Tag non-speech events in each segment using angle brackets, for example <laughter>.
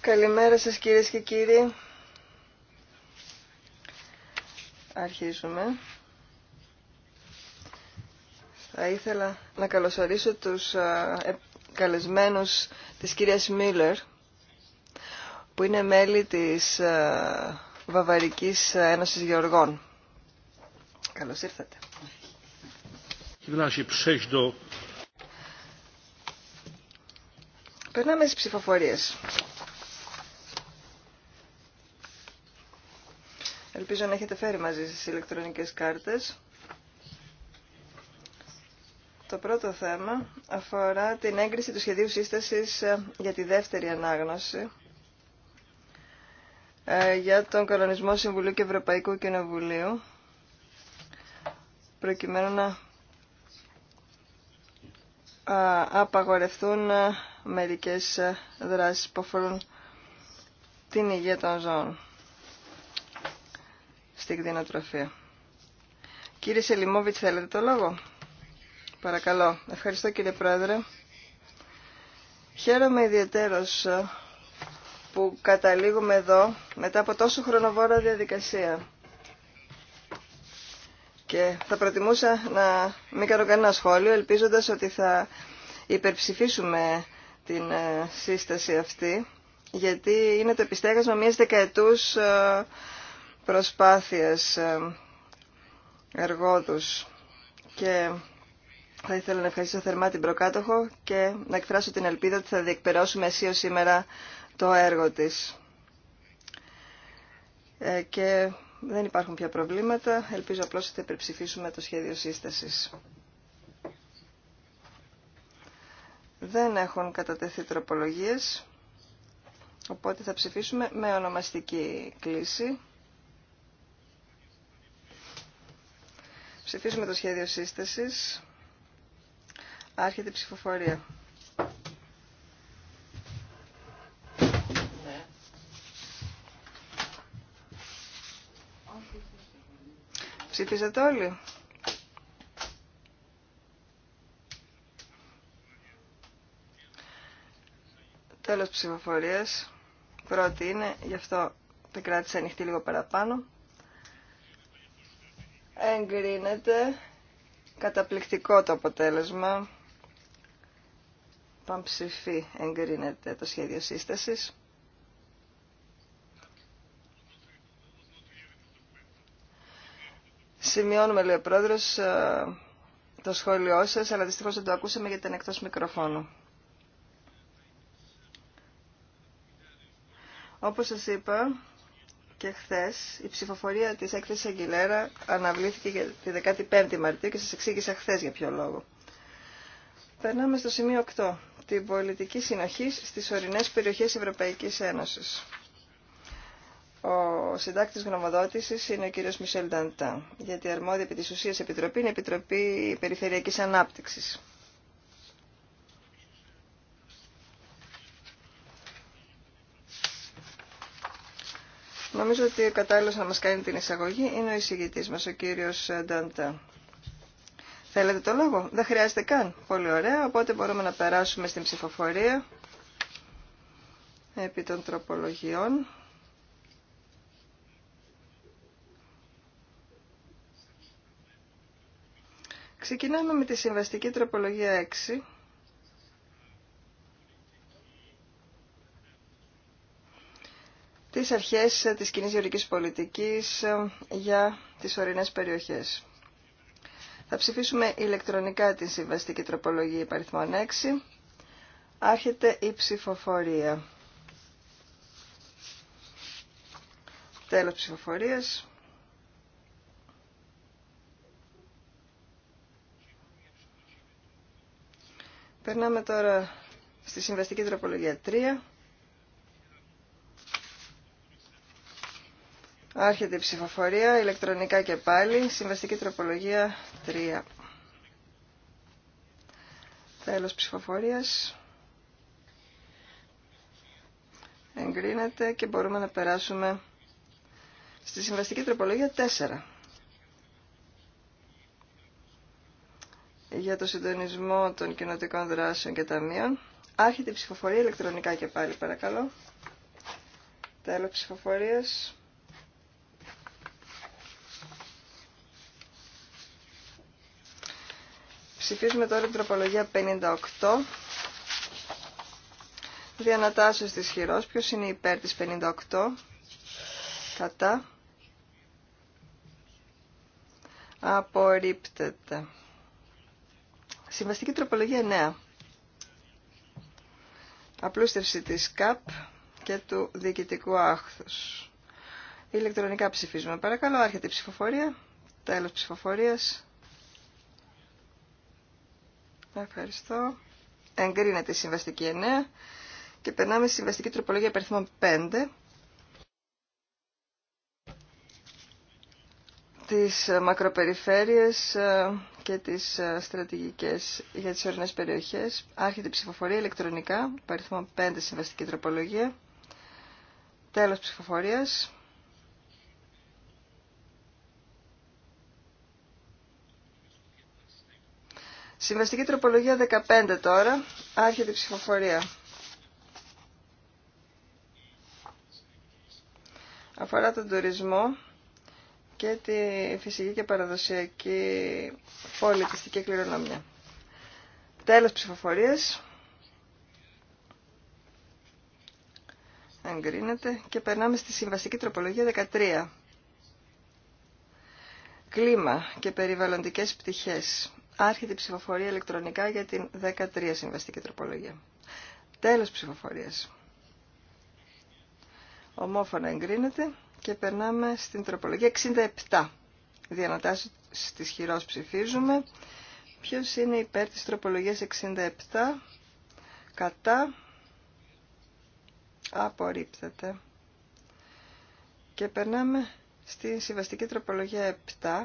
Καλημέρα σας κυρίες και κύριοι. Αρχίζουμε. Θα ήθελα να καλωσορίσω τους ε, καλεσμένους της κυρίας Μίλλερ, που είναι μέλη της Βαβαρικής Ένωσης Γεωργών. Καλώς ήρθατε. Περνάμε στις ψηφοφορίες. Ελπίζω να έχετε φέρει μαζί στις ηλεκτρονικές κάρτες. Το πρώτο θέμα αφορά την έγκριση του σχεδίου σύστασης ε, για τη δεύτερη ανάγνωση ε, για τον κανονισμό Συμβουλίου και Ευρωπαϊκού Κοινοβουλίου προκειμένου να απαγορευτούν μερικές δράσεις που αφορούν την υγεία των ζώων στη κτηνοτροφία. Κύριε Σελιμόβιτς, θέλετε το λόγο. Παρακαλώ. Ευχαριστώ κύριε Πρόεδρε. Χαίρομαι ιδιαίτερος που καταλήγουμε εδώ μετά από τόσο χρονοβόρα διαδικασία. Και θα προτιμούσα να μην κάνω κανένα σχόλιο, ελπίζοντας ότι θα υπερψηφίσουμε την ε, σύσταση αυτή, γιατί είναι το επιστέγασμα μιας δεκαετούς ε, προσπάθειας ε, εργόδους. Και θα ήθελα να ευχαριστήσω θερμά την προκάτοχο και να εκφράσω την ελπίδα ότι θα διεκπαιρώσουμε εσύ σήμερα το έργο της. και δεν υπάρχουν πια προβλήματα. Ελπίζω απλώς ότι θα υπερψηφίσουμε το σχέδιο σύστασης. Δεν έχουν κατατεθεί τροπολογίες, οπότε θα ψηφίσουμε με ονομαστική κλίση. Ψηφίσουμε το σχέδιο σύστασης. Άρχεται η ψηφοφορία. Ψηφίσατε όλοι. Τέλος ψηφοφορίας. Πρώτη είναι, γι' αυτό την κράτησα ανοιχτή λίγο παραπάνω. Εγκρίνεται. Καταπληκτικό το αποτέλεσμα. Πανψηφί εγκρίνεται το σχέδιο σύστασης. Σημειώνουμε, λέει ο πρόεδρος, ε, το σχόλιο σα, αλλά δυστυχώ δεν το ακούσαμε γιατί ήταν εκτό μικροφώνου. Όπως σας είπα και χθε η ψηφοφορία της Έκθεση Αγγιλέρα αναβλήθηκε για τη 15η Μαρτίου και σας εξήγησα χθε για ποιο λόγο. Περνάμε στο σημείο 8, την πολιτική συνοχή στις ορεινές περιοχές Ευρωπαϊκή Ένωση. Ο συντάκτης γνωμοδότηση είναι ο κύριος Μισελ Νταντά, γιατί η αρμόδια επί τη ουσία επιτροπή είναι η Επιτροπή Περιφερειακής Ανάπτυξης. Νομίζω ότι ο κατάλληλο να μα κάνει την εισαγωγή είναι ο εισηγητής μας, ο κύριος Νταντά. Θέλετε το λόγο? Δεν χρειάζεται καν. Πολύ ωραία, οπότε μπορούμε να περάσουμε στην ψηφοφορία επί των τροπολογιών. Ξεκινάμε με τη συμβαστική τροπολογία 6. τις αρχές της κοινή γεωρικής πολιτικής ε, για τις ορεινές περιοχές. Θα ψηφίσουμε ηλεκτρονικά τη συμβαστική τροπολογία υπαριθμών 6. Άρχεται η ψηφοφορία. Τέλος ψηφοφορίας. Περνάμε τώρα στη συμβαστική τροπολογία 3. Άρχεται η ψηφοφορία, ηλεκτρονικά και πάλι, συμβαστική τροπολογία 3. Τέλος ψηφοφορίας. Εγκρίνεται και μπορούμε να περάσουμε στη συμβαστική τροπολογία 4. για το συντονισμό των κοινοτικών δράσεων και ταμείων. Άρχεται η ψηφοφορία ηλεκτρονικά και πάλι παρακαλώ. Τέλο ψηφοφορίας. Ψηφίζουμε τώρα την τροπολογία 58. Διανατάσσεως της χειρός. Ποιο είναι υπέρ τη 58. Κατά. Απορρίπτεται. Συμβαστική τροπολογία 9. Απλούστευση της ΚΑΠ και του διοικητικού άχθους. Ηλεκτρονικά ψηφίζουμε. Παρακαλώ, άρχεται η ψηφοφορία. Τέλος ψηφοφορίας. Ευχαριστώ. Εγκρίνεται η συμβαστική 9 και περνάμε στη συμβαστική τροπολογία περιθμών 5 τις μακροπεριφέρειες ε, και τις ε, στρατηγικές για τις ορεινές περιοχές. Άρχεται η ψηφοφορία ηλεκτρονικά, παριθμό 5 συμβαστική τροπολογία. Τέλος ψηφοφορίας. Συμβαστική τροπολογία 15 τώρα. Άρχεται η ψηφοφορία. Αφορά τον τουρισμό και τη φυσική και παραδοσιακή πολιτιστική κληρονομιά. Τέλος ψηφοφορίας. Εγκρίνεται και περνάμε στη συμβαστική τροπολογία 13. Κλίμα και περιβαλλοντικές πτυχές. Άρχεται η ψηφοφορία ηλεκτρονικά για την 13 συμβαστική τροπολογία. Τέλος ψηφοφορίας. Ομόφωνα εγκρίνεται. Και περνάμε στην τροπολογία 67. Διανατάσσει τη χειρό ψηφίζουμε. Ποιο είναι υπέρ τη τροπολογία 67. Κατά. Απορρίπτεται. Και περνάμε στη συμβαστική τροπολογία 7.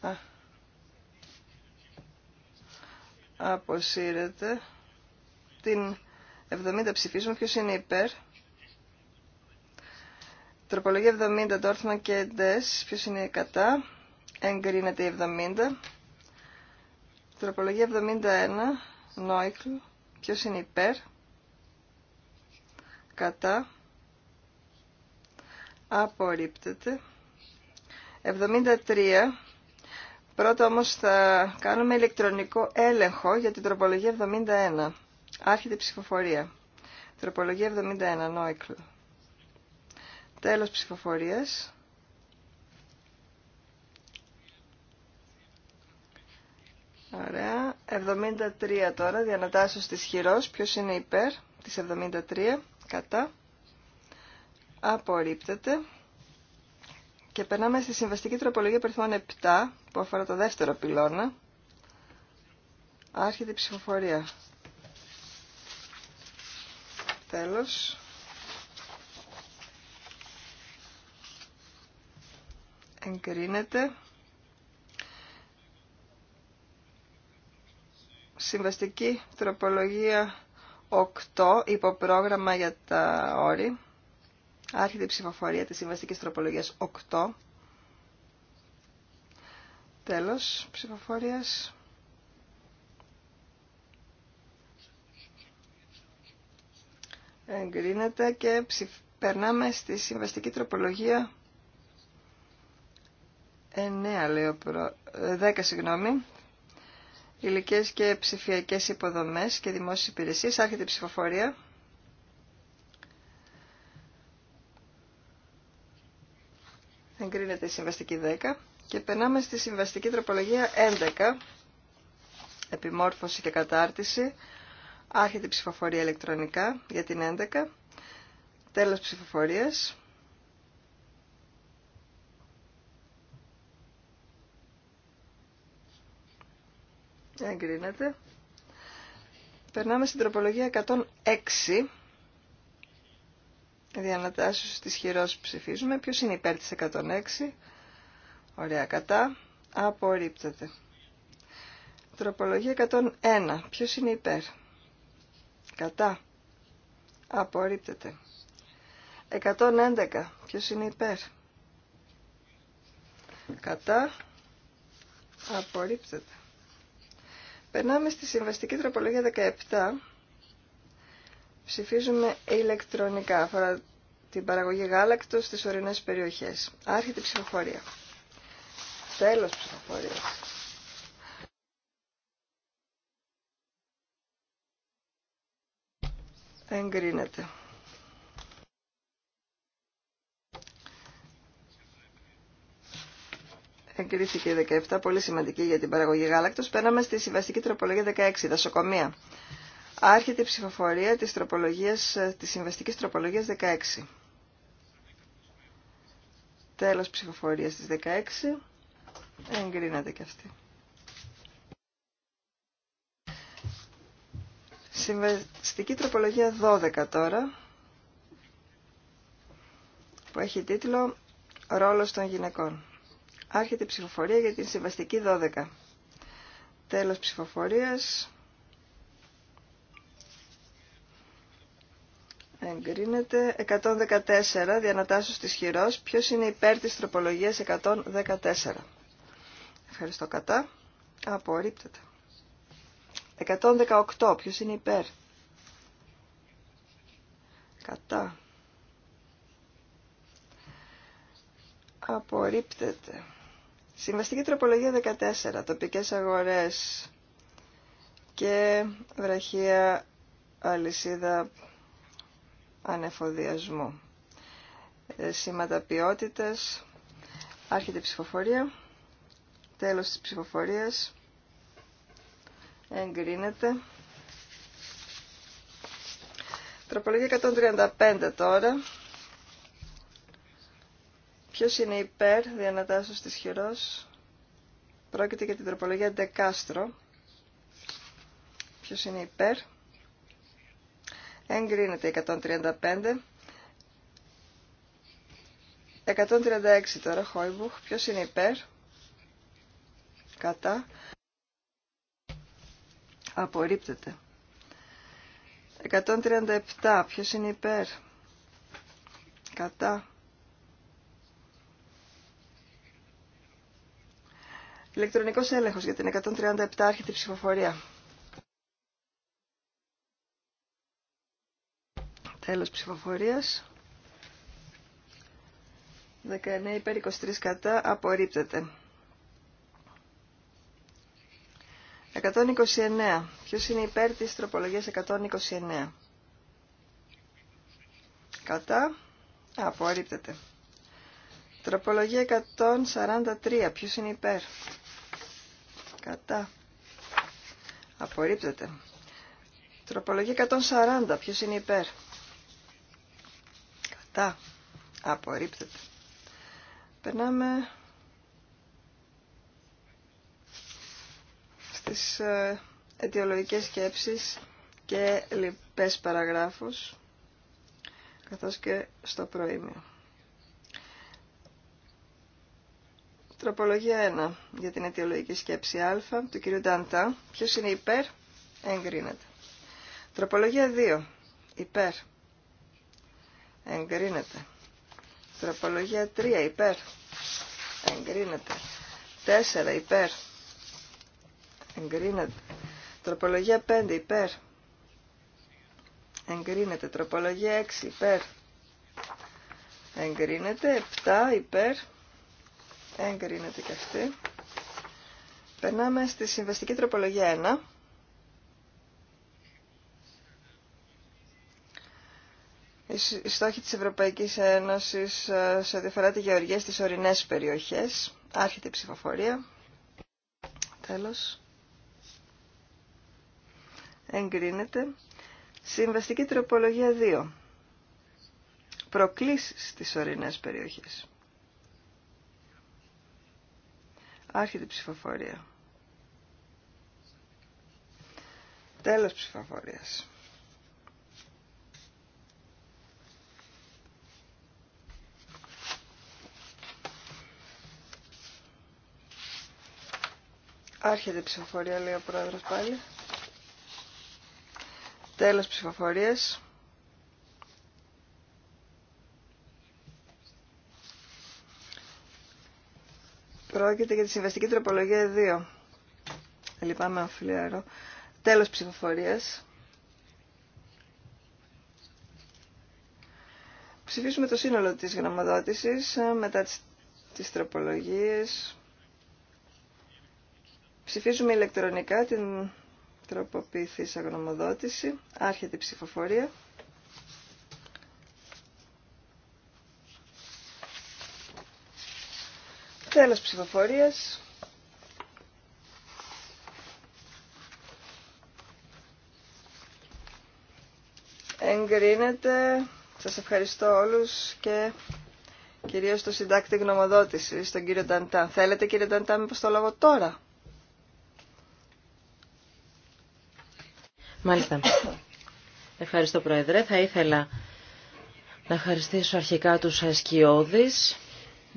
Α. Αποσύρεται. Την 70 ψηφίζουμε. ποιο είναι υπέρ. Τροπολογία 70, Dortmund και Des. Ποιο είναι κατά. Εγκρίνεται η 70. Τροπολογία 71, Νόικλ. Ποιο είναι υπέρ. Κατά. Απορρίπτεται. 73. Πρώτα όμως θα κάνουμε ηλεκτρονικό έλεγχο για την τροπολογία 71. Άρχεται η ψηφοφορία. Τροπολογία 71, Νόικλ. Τέλος ψηφοφορίας. Ωραία. 73 τώρα, Διανατάσσω της χειρός. Ποιος είναι υπέρ της 73, κατά. Απορρίπτεται. Και περνάμε στη συμβαστική τροπολογία περιθμών 7, που αφορά το δεύτερο πυλώνα. Άρχεται η ψηφοφορία. Τέλος. εγκρίνεται. Συμβαστική τροπολογία 8, υποπρόγραμμα για τα όρη. Άρχεται η ψηφοφορία της συμβαστικής τροπολογίας 8. Τέλος ψηφοφορίας. Εγκρίνεται και ψηφ... περνάμε στη συμβαστική τροπολογία 9 ε, ναι, λέει ο 10 ε, συγγνώμη. Υλικέ και ψηφιακές υποδομές και δημόσιες υπηρεσίες. Άρχεται η ψηφοφορία. Εγκρίνεται η συμβαστική 10. Και περνάμε στη συμβαστική τροπολογία 11. Επιμόρφωση και κατάρτιση. Άρχεται η ψηφοφορία ηλεκτρονικά για την 11. Τέλος ψηφοφορίας. Εγκρίνεται. Περνάμε στην τροπολογία 106. Διανατάσεις της χειρός ψηφίζουμε. Ποιος είναι υπέρ της 106. Ωραία κατά. Απορρίπτεται. Τροπολογία 101. Ποιος είναι υπέρ. Κατά. Απορρίπτεται. 111. Ποιος είναι υπέρ. Κατά. Απορρίπτεται. Περνάμε στη συμβαστική τροπολογία 17. Ψηφίζουμε ηλεκτρονικά. Αφορά την παραγωγή γάλακτος στις ορεινές περιοχές. Άρχεται η ψηφοφορία. Τέλος ψηφοφορίας. Εγκρίνεται. εγκρίθηκε η 17, πολύ σημαντική για την παραγωγή γάλακτος. Πέραμε στη συμβαστική τροπολογία 16, δασοκομεία. Άρχεται η ψηφοφορία της, τροπολογίας, της συμβαστικής τροπολογίας 16. Τέλος ψηφοφορίας της 16. Εγκρίνεται και αυτή. Συμβαστική τροπολογία 12 τώρα, που έχει τίτλο «Ρόλος των γυναικών». Άρχεται η ψηφοφορία για την συμβαστική 12. Τέλος ψηφοφορίας. Εγκρίνεται 114 Διανατάσσω της χειρός. Ποιος είναι υπέρ της τροπολογίας 114. Ευχαριστώ κατά. Απορρίπτεται. 118. Ποιος είναι υπέρ. Κατά. Απορρίπτεται. Συμβαστική τροπολογία 14. Τοπικές αγορές και βραχία αλυσίδα ανεφοδιασμού. Ε, σήματα ποιότητας. Άρχεται η ψηφοφορία. Τέλος της ψηφοφορίας. Εγκρίνεται. Τροπολογία 135 τώρα. Ποιο είναι υπέρ διανατάσσεως της χειρός. Πρόκειται για την τροπολογία Ντεκάστρο. ποιο είναι υπέρ. Εγκρίνεται 135. 136 τώρα, Χόιμπουχ. Ποιο είναι υπέρ. Κατά. Απορρίπτεται. 137. ποιο είναι υπέρ. Κατά. Ηλεκτρονικός έλεγχος για την 137 της ψηφοφορία. Τέλος ψηφοφορίας. 19 υπέρ 23 κατά απορρίπτεται. 129. Ποιος είναι υπέρ της τροπολογίας 129. Κατά. Απορρίπτεται. Τροπολογία 143. Ποιος είναι υπέρ. Κατά. Απορρίπτεται. Τροπολογία 140. Ποιος είναι υπέρ. Κατά. Απορρίπτεται. Περνάμε στις ε, αιτιολογικές σκέψεις και λοιπές παραγράφους καθώς και στο προήμιο. Τροπολογία 1 για την αιτιολογική σκέψη α του κ. Νταντά. Ποιο είναι υπέρ, εγκρίνεται. Τροπολογία 2. Υπέρ. Εγκρίνεται. Τροπολογία 3. Υπέρ. Εγκρίνεται. 4. Υπέρ. Εγκρίνεται. Τροπολογία 5. Υπέρ. Εγκρίνεται. Τροπολογία 6. Υπέρ. Εγκρίνεται. 7. Υπέρ. Εγκρίνεται και αυτή. Περνάμε στη συμβαστική τροπολογία 1. Οι στόχοι της Ευρωπαϊκής Ένωσης ε, σε ό,τι αφορά τη γεωργία στις ορεινές περιοχές. Άρχεται η ψηφοφορία. Τέλος. Εγκρίνεται. Συμβαστική τροπολογία 2. Προκλήσεις στις ορεινές περιοχές. Άρχεται η ψηφοφορία. Τέλος ψηφοφορίας. Άρχεται η ψηφοφορία, λέει ο πρόεδρος πάλι. Τέλος ψηφοφορίας. Πρόκειται για τη συμβαστική τροπολογία 2. Λυπάμαι αμφιλιαρό. Τέλος ψηφοφορίας. Ψηφίσουμε το σύνολο της γνωμοδότησης ε, μετά τις, τις τροπολογίες. Ψηφίζουμε ηλεκτρονικά την τροποποιηθήσα γνωμοδότηση. Άρχεται η ψηφοφορία. Τέλος ψηφοφορίας. Εγκρίνεται. Σας ευχαριστώ όλους και κυρίως το συντάκτη γνωμοδότησης, τον κύριο Νταντάν. Θέλετε κύριε Νταντάν μήπως το λόγο τώρα. Μάλιστα. Ευχαριστώ Πρόεδρε. Θα ήθελα να ευχαριστήσω αρχικά τους ασκιώδεις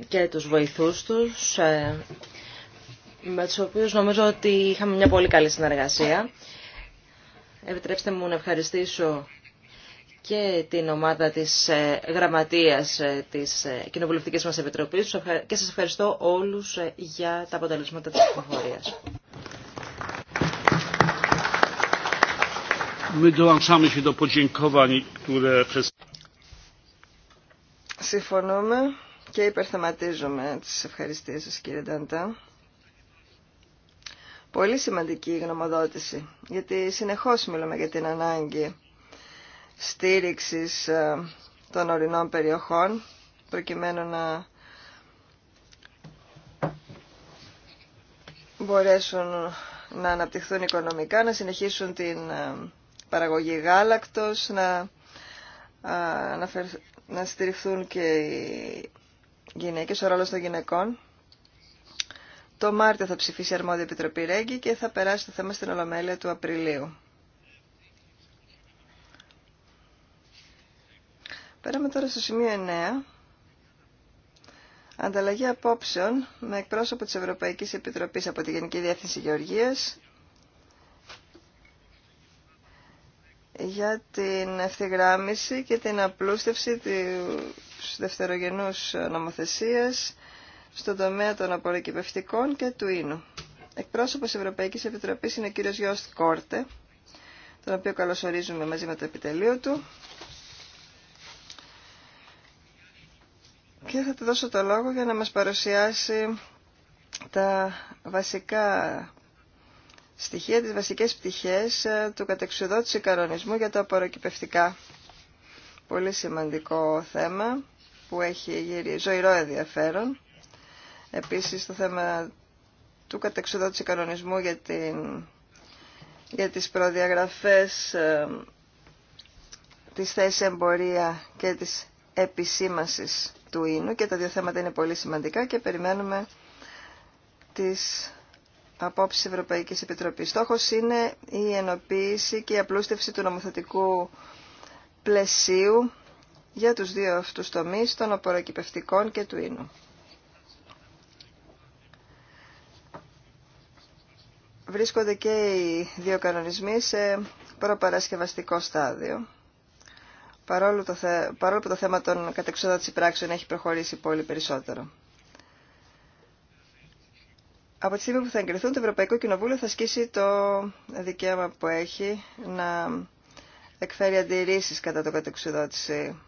και τους βοηθούς τους, ε, με τους οποίους νομίζω ότι είχαμε μια πολύ καλή συνεργασία. Επιτρέψτε μου να ευχαριστήσω και την ομάδα της ε, γραμματείας ε, της Κοινοβουλευτικής μας Επιτροπής και σας ευχαριστώ όλους για τα αποτελέσματα της ψηφοφορίας. Συμφωνούμε και υπερθεματίζουμε τις ευχαριστίες σας κύριε Νταντά. Πολύ σημαντική η γνωμοδότηση, γιατί συνεχώς μιλούμε για την ανάγκη στήριξης ε, των ορεινών περιοχών, προκειμένου να μπορέσουν να αναπτυχθούν οικονομικά, να συνεχίσουν την ε, παραγωγή γάλακτος, να, ε, να στηριχθούν και οι γυναίκες, ο ρόλος των γυναικών. Το Μάρτιο θα ψηφίσει η Αρμόδια Επιτροπή Ρέγγι και θα περάσει το θέμα στην Ολομέλεια του Απριλίου. Πέραμε τώρα στο σημείο 9. Ανταλλαγή απόψεων με εκπρόσωπο της Ευρωπαϊκής Επιτροπής από τη Γενική Διεύθυνση Γεωργίας για την ευθυγράμμιση και την απλούστευση του δευτερογενούς νομοθεσίες στον τομέα των απορροκυπευτικών και του ίνου. Εκπρόσωπος Ευρωπαϊκής Επιτροπής είναι ο κύριος Γιώστ Κόρτε, τον οποίο καλωσορίζουμε μαζί με το επιτελείο του. Και θα του δώσω το λόγο για να μας παρουσιάσει τα βασικά στοιχεία, τις βασικές πτυχές ε, του κατεξουδότηση κανονισμού για τα απορροκυπευτικά. Πολύ σημαντικό θέμα που έχει ζωηρό ενδιαφέρον. Επίσης το θέμα του κατεξοδότηση κανονισμού για, την, για τις προδιαγραφές ε, της θέσης εμπορία και της επισήμασης του ίνου και τα δύο θέματα είναι πολύ σημαντικά και περιμένουμε τις απόψεις Ευρωπαϊκής Επιτροπής. Στόχος είναι η ενοποίηση και η απλούστευση του νομοθετικού πλαισίου για τους δύο αυτούς τομείς των απορροκυπευτικών και του ίνου. Βρίσκονται και οι δύο κανονισμοί σε προπαρασκευαστικό στάδιο. Παρόλο, το Παρόλο που το θέμα των κατεξοδότηση πράξεων έχει προχωρήσει πολύ περισσότερο. Από τη στιγμή που θα εγκριθούν, το Ευρωπαϊκό Κοινοβούλιο θα σκίσει το δικαίωμα που έχει να εκφέρει αντιρρήσεις κατά το κατεξοδότηση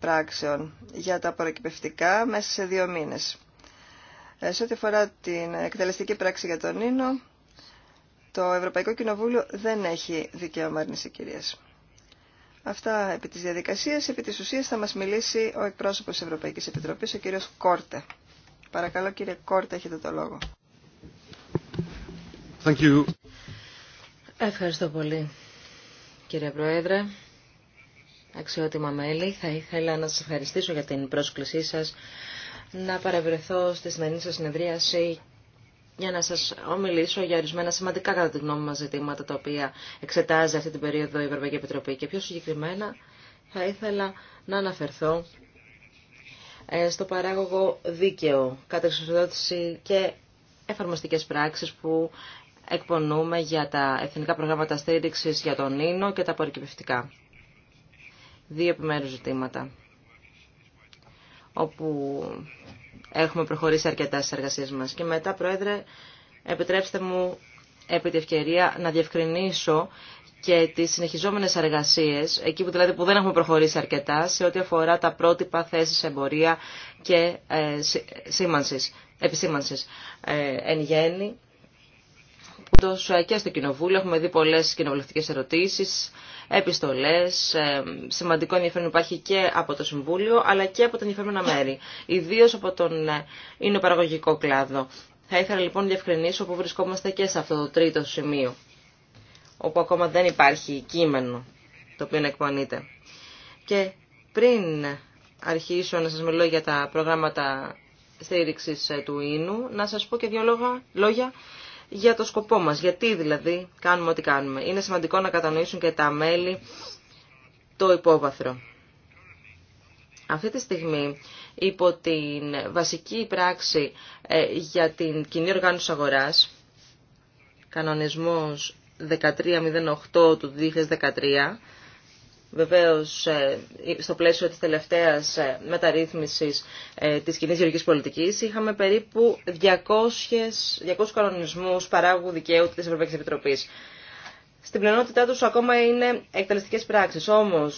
πράξεων για τα προκυπευτικά μέσα σε δύο μήνες. Ε, σε ό,τι αφορά την εκτελεστική πράξη για τον Ίνο, το Ευρωπαϊκό Κοινοβούλιο δεν έχει δικαίωμα άρνηση Αυτά επί της διαδικασίας, επί της ουσίας θα μας μιλήσει ο εκπρόσωπος της Ευρωπαϊκής Επιτροπής, ο κύριος Κόρτε. Παρακαλώ κύριε Κόρτε, έχετε το λόγο. Ευχαριστώ πολύ κύριε Πρόεδρε αξιότιμα μέλη. Θα ήθελα να σας ευχαριστήσω για την πρόσκλησή σας να παρευρεθώ στη σημερινή σας συνεδρίαση για να σας ομιλήσω για ορισμένα σημαντικά κατά τη γνώμη μας ζητήματα τα οποία εξετάζει αυτή την περίοδο η Ευρωπαϊκή Επιτροπή και πιο συγκεκριμένα θα ήθελα να αναφερθώ ε, στο παράγωγο δίκαιο, κατεξοδότηση και εφαρμοστικές πράξεις που εκπονούμε για τα εθνικά προγράμματα στήριξης για τον Ίνο και τα απορροκυπευτικά δύο επιμέρους ζητήματα όπου έχουμε προχωρήσει αρκετά στις εργασίες μας. Και μετά, Πρόεδρε, επιτρέψτε μου επί τη ευκαιρία να διευκρινίσω και τι συνεχιζόμενες εργασίε, εκεί που δηλαδή που δεν έχουμε προχωρήσει αρκετά, σε ό,τι αφορά τα πρότυπα θέσεις εμπορία και ε, επισήμανσης. Ε, εν γέννη, Όντως και στο Κοινοβούλιο έχουμε δει πολλές κοινοβουλευτικές ερωτήσεις, επιστολές, ε, σημαντικό ενδιαφέρον υπάρχει και από το Συμβούλιο αλλά και από τα ενδιαφέρουνα μέρη, ιδίω από τον ε, παραγωγικό κλάδο. Θα ήθελα λοιπόν να διευκρινίσω που βρισκόμαστε και σε αυτό το τρίτο σημείο, όπου ακόμα δεν υπάρχει κείμενο το οποίο εκπονείται. Και πριν αρχίσω να σας μιλώ για τα προγράμματα στήριξης ε, του Ίνου, να σας πω και δύο λόγια για το σκοπό μας. Γιατί δηλαδή κάνουμε ό,τι κάνουμε. Είναι σημαντικό να κατανοήσουν και τα μέλη το υπόβαθρο. Αυτή τη στιγμή υπό την βασική πράξη ε, για την κοινή οργάνωση αγοράς, κανονισμός 1308 του 2013, Βεβαίως, ε, στο πλαίσιο της τελευταίας ε, μεταρρύθμισης ε, της κοινή γεωργικής πολιτικής, είχαμε περίπου 200, 200 κανονισμούς παράγου δικαίου της Ευρωπαϊκής Επιτροπής. Στην πλειονότητά του ακόμα είναι εκτελεστικέ πράξει. Όμω,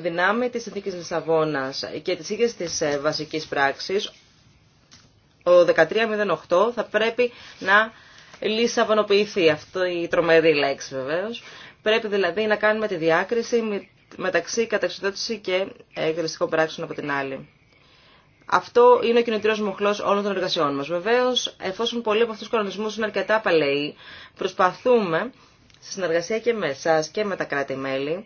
δυνάμει τη συνθήκη Λισαβόνα και τη ίδια της βασική πράξη, ο 1308 θα πρέπει να λισαβονοποιηθεί, αυτή η τρομερή λέξη βεβαίω. Πρέπει δηλαδή να κάνουμε τη διάκριση μεταξύ καταξιδότηση και ε, εκτελεστικών πράξεων από την άλλη. Αυτό είναι ο κινητήριο μοχλός όλων των εργασιών μας. Βεβαίω, εφόσον πολλοί από αυτού τους κανονισμού είναι αρκετά παλαιοί, προσπαθούμε, σε συνεργασία και με εσά και με τα κράτη-μέλη,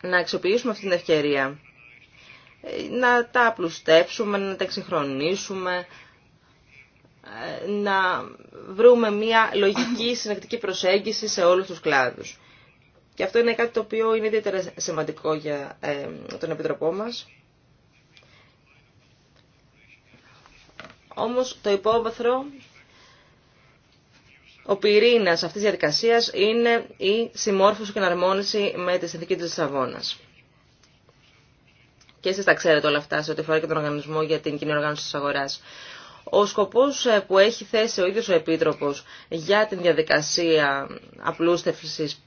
να αξιοποιήσουμε αυτή την ευκαιρία. Ε, να τα απλουστεύσουμε, να τα εξυγχρονίσουμε, ε, να βρούμε μια λογική συνεκτική προσέγγιση σε όλους τους κλάδους. Και αυτό είναι κάτι το οποίο είναι ιδιαίτερα σημαντικό για ε, τον Επιτροπό μας. Όμως το υπόβαθρο, ο πυρήνας αυτής της διαδικασίας είναι η συμμόρφωση και εναρμόνιση με τη συνθήκη της Λισαβόνας. Και εσείς τα ξέρετε όλα αυτά σε ό,τι φοράει και τον οργανισμό για την κοινή οργάνωση της αγοράς. Ο σκοπός ε, που έχει θέσει ο ίδιος ο Επίτροπος για την διαδικασία απλούστευσης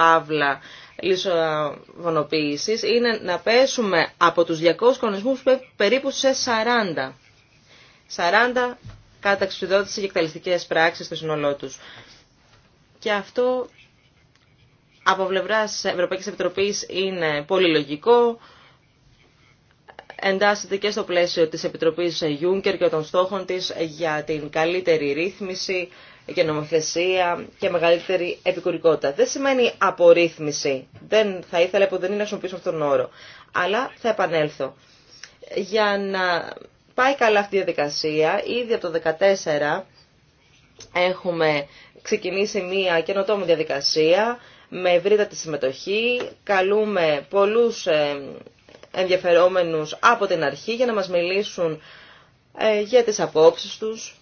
παύλα λησοβονοποίησης είναι να πέσουμε από του 200 κανονισμούς περίπου σε 40. 40 κατά εξουδότηση και εκταλιστικές πράξεις στο σύνολό τους. Και αυτό από πλευρά Ευρωπαϊκής Επιτροπής είναι πολύ λογικό. Εντάσσεται και στο πλαίσιο της Επιτροπής Juncker και των στόχων της για την καλύτερη ρύθμιση και νομοθεσία και μεγαλύτερη επικουρικότητα. Δεν σημαίνει απορρίθμιση. Δεν θα ήθελα που δεν είναι να χρησιμοποιήσω αυτόν τον όρο. Αλλά θα επανέλθω. Για να πάει καλά αυτή η διαδικασία, ήδη από το 2014 έχουμε ξεκινήσει μια καινοτόμη διαδικασία με ευρύτατη συμμετοχή. Καλούμε πολλούς ε, ενδιαφερόμενους από την αρχή για να μας μιλήσουν ε, για τις απόψεις τους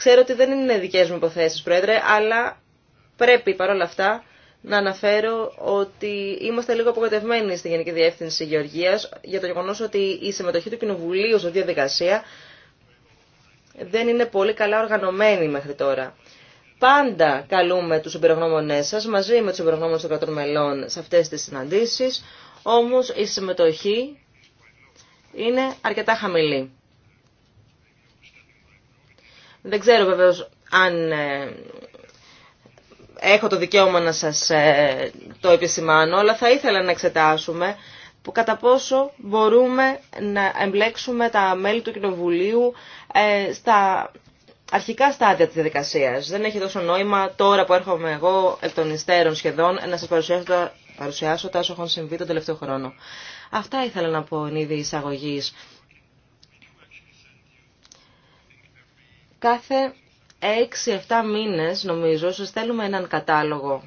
Ξέρω ότι δεν είναι δικές μου υποθέσεις, Πρόεδρε, αλλά πρέπει παρόλα αυτά να αναφέρω ότι είμαστε λίγο απογοητευμένοι στη Γενική Διεύθυνση Γεωργίας για το γεγονός ότι η συμμετοχή του Κοινοβουλίου σε διαδικασία δεν είναι πολύ καλά οργανωμένη μέχρι τώρα. Πάντα καλούμε τους εμπειρογνώμονές σας μαζί με τους εμπειρογνώμονες των κρατών μελών σε αυτές τις συναντήσεις, όμως η συμμετοχή είναι αρκετά χαμηλή. Δεν ξέρω βεβαίως αν ε, έχω το δικαίωμα να σας ε, το επισημάνω, αλλά θα ήθελα να εξετάσουμε που κατά πόσο μπορούμε να εμπλέξουμε τα μέλη του Κοινοβουλίου ε, στα αρχικά στάδια της διαδικασίας. Δεν έχει τόσο νόημα τώρα που έρχομαι εγώ εκ των υστέρων σχεδόν να σας παρουσιάσω τα, παρουσιάσω έχουν συμβεί τον τελευταίο χρόνο. Αυτά ήθελα να πω εν είδη εισαγωγής. Κάθε 6-7 μήνες, νομίζω, σας στέλνουμε έναν κατάλογο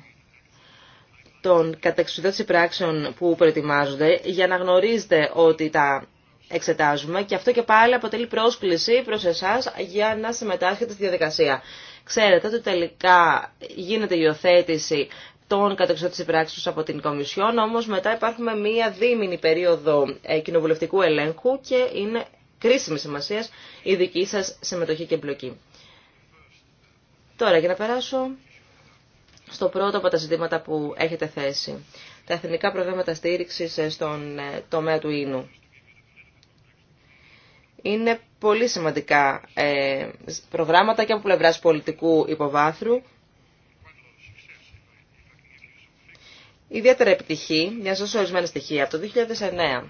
των κατεξουδότηση πράξεων που προετοιμάζονται για να γνωρίζετε ότι τα εξετάζουμε και αυτό και πάλι αποτελεί πρόσκληση προς εσάς για να συμμετάσχετε στη διαδικασία. Ξέρετε ότι τελικά γίνεται υιοθέτηση των κατεξοδότηση πράξεων από την Κομισιόν, όμως μετά υπάρχουμε μία δίμηνη περίοδο ε, κοινοβουλευτικού ελέγχου και είναι κρίσιμη σημασία η δική σας συμμετοχή και εμπλοκή. Τώρα για να περάσω στο πρώτο από τα ζητήματα που έχετε θέσει. Τα εθνικά προγράμματα στήριξη στον ε, τομέα του ίνου. Είναι πολύ σημαντικά ε, προγράμματα και από πλευρά πολιτικού υποβάθρου. Ιδιαίτερα επιτυχή, για ζωή σας στοιχεία, από το 2009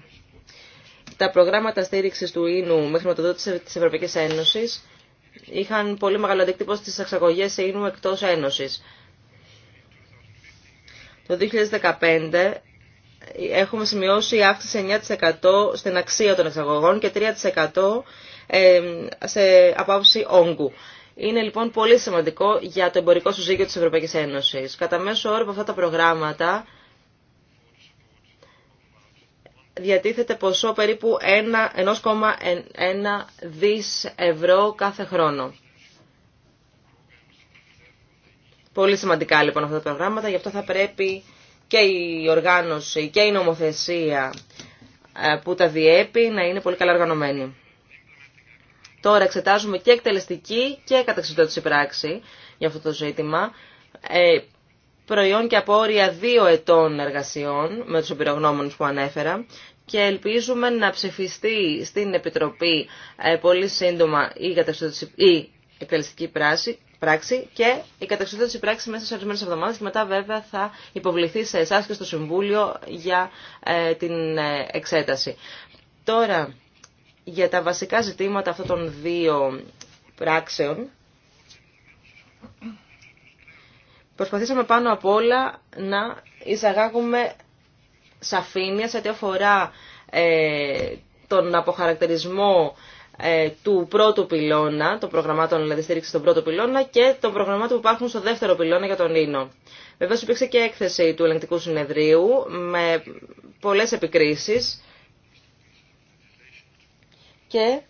τα προγράμματα στήριξη του ίνου με χρηματοδότηση της Ευρωπαϊκής Ένωσης είχαν πολύ μεγάλο αντίκτυπο στις εξαγωγέ ίνου εκτός Ένωσης. Το 2015 έχουμε σημειώσει αύξηση 9% στην αξία των εξαγωγών και 3% σε απόψη όγκου. Είναι λοιπόν πολύ σημαντικό για το εμπορικό συζύγιο της Ευρωπαϊκής Ένωσης. Κατά μέσο όρο από αυτά τα προγράμματα διατίθεται ποσό περίπου 1,1 δις ευρώ κάθε χρόνο. Πολύ σημαντικά λοιπόν αυτά τα προγράμματα, γι' αυτό θα πρέπει και η οργάνωση και η νομοθεσία ε, που τα διέπει να είναι πολύ καλά οργανωμένη. Τώρα εξετάζουμε και εκτελεστική και καταξιδότηση πράξη για αυτό το ζήτημα. Ε, προϊόν και όρια δύο ετών εργασιών με τους εμπειρογνώμονους που ανέφερα και ελπίζουμε να ψηφιστεί στην Επιτροπή ε, πολύ σύντομα η, η εκτελεστική πράξη, και η καταξιδότηση πράξη μέσα σε ορισμένε εβδομάδες και μετά βέβαια θα υποβληθεί σε εσά και στο Συμβούλιο για ε, την ε, εξέταση. Τώρα, για τα βασικά ζητήματα αυτών των δύο πράξεων, Προσπαθήσαμε πάνω απ' όλα να εισαγάγουμε σαφήνεια σε ό,τι αφορά ε, τον αποχαρακτηρισμό ε, του πρώτου πυλώνα, των προγραμμάτων δηλαδή στήριξη στον πρώτο πυλώνα και των προγραμμάτων που υπάρχουν στο δεύτερο πυλώνα για τον Ίνο. Βεβαίω υπήρξε και έκθεση του ελεγκτικού συνεδρίου με πολλές επικρίσεις και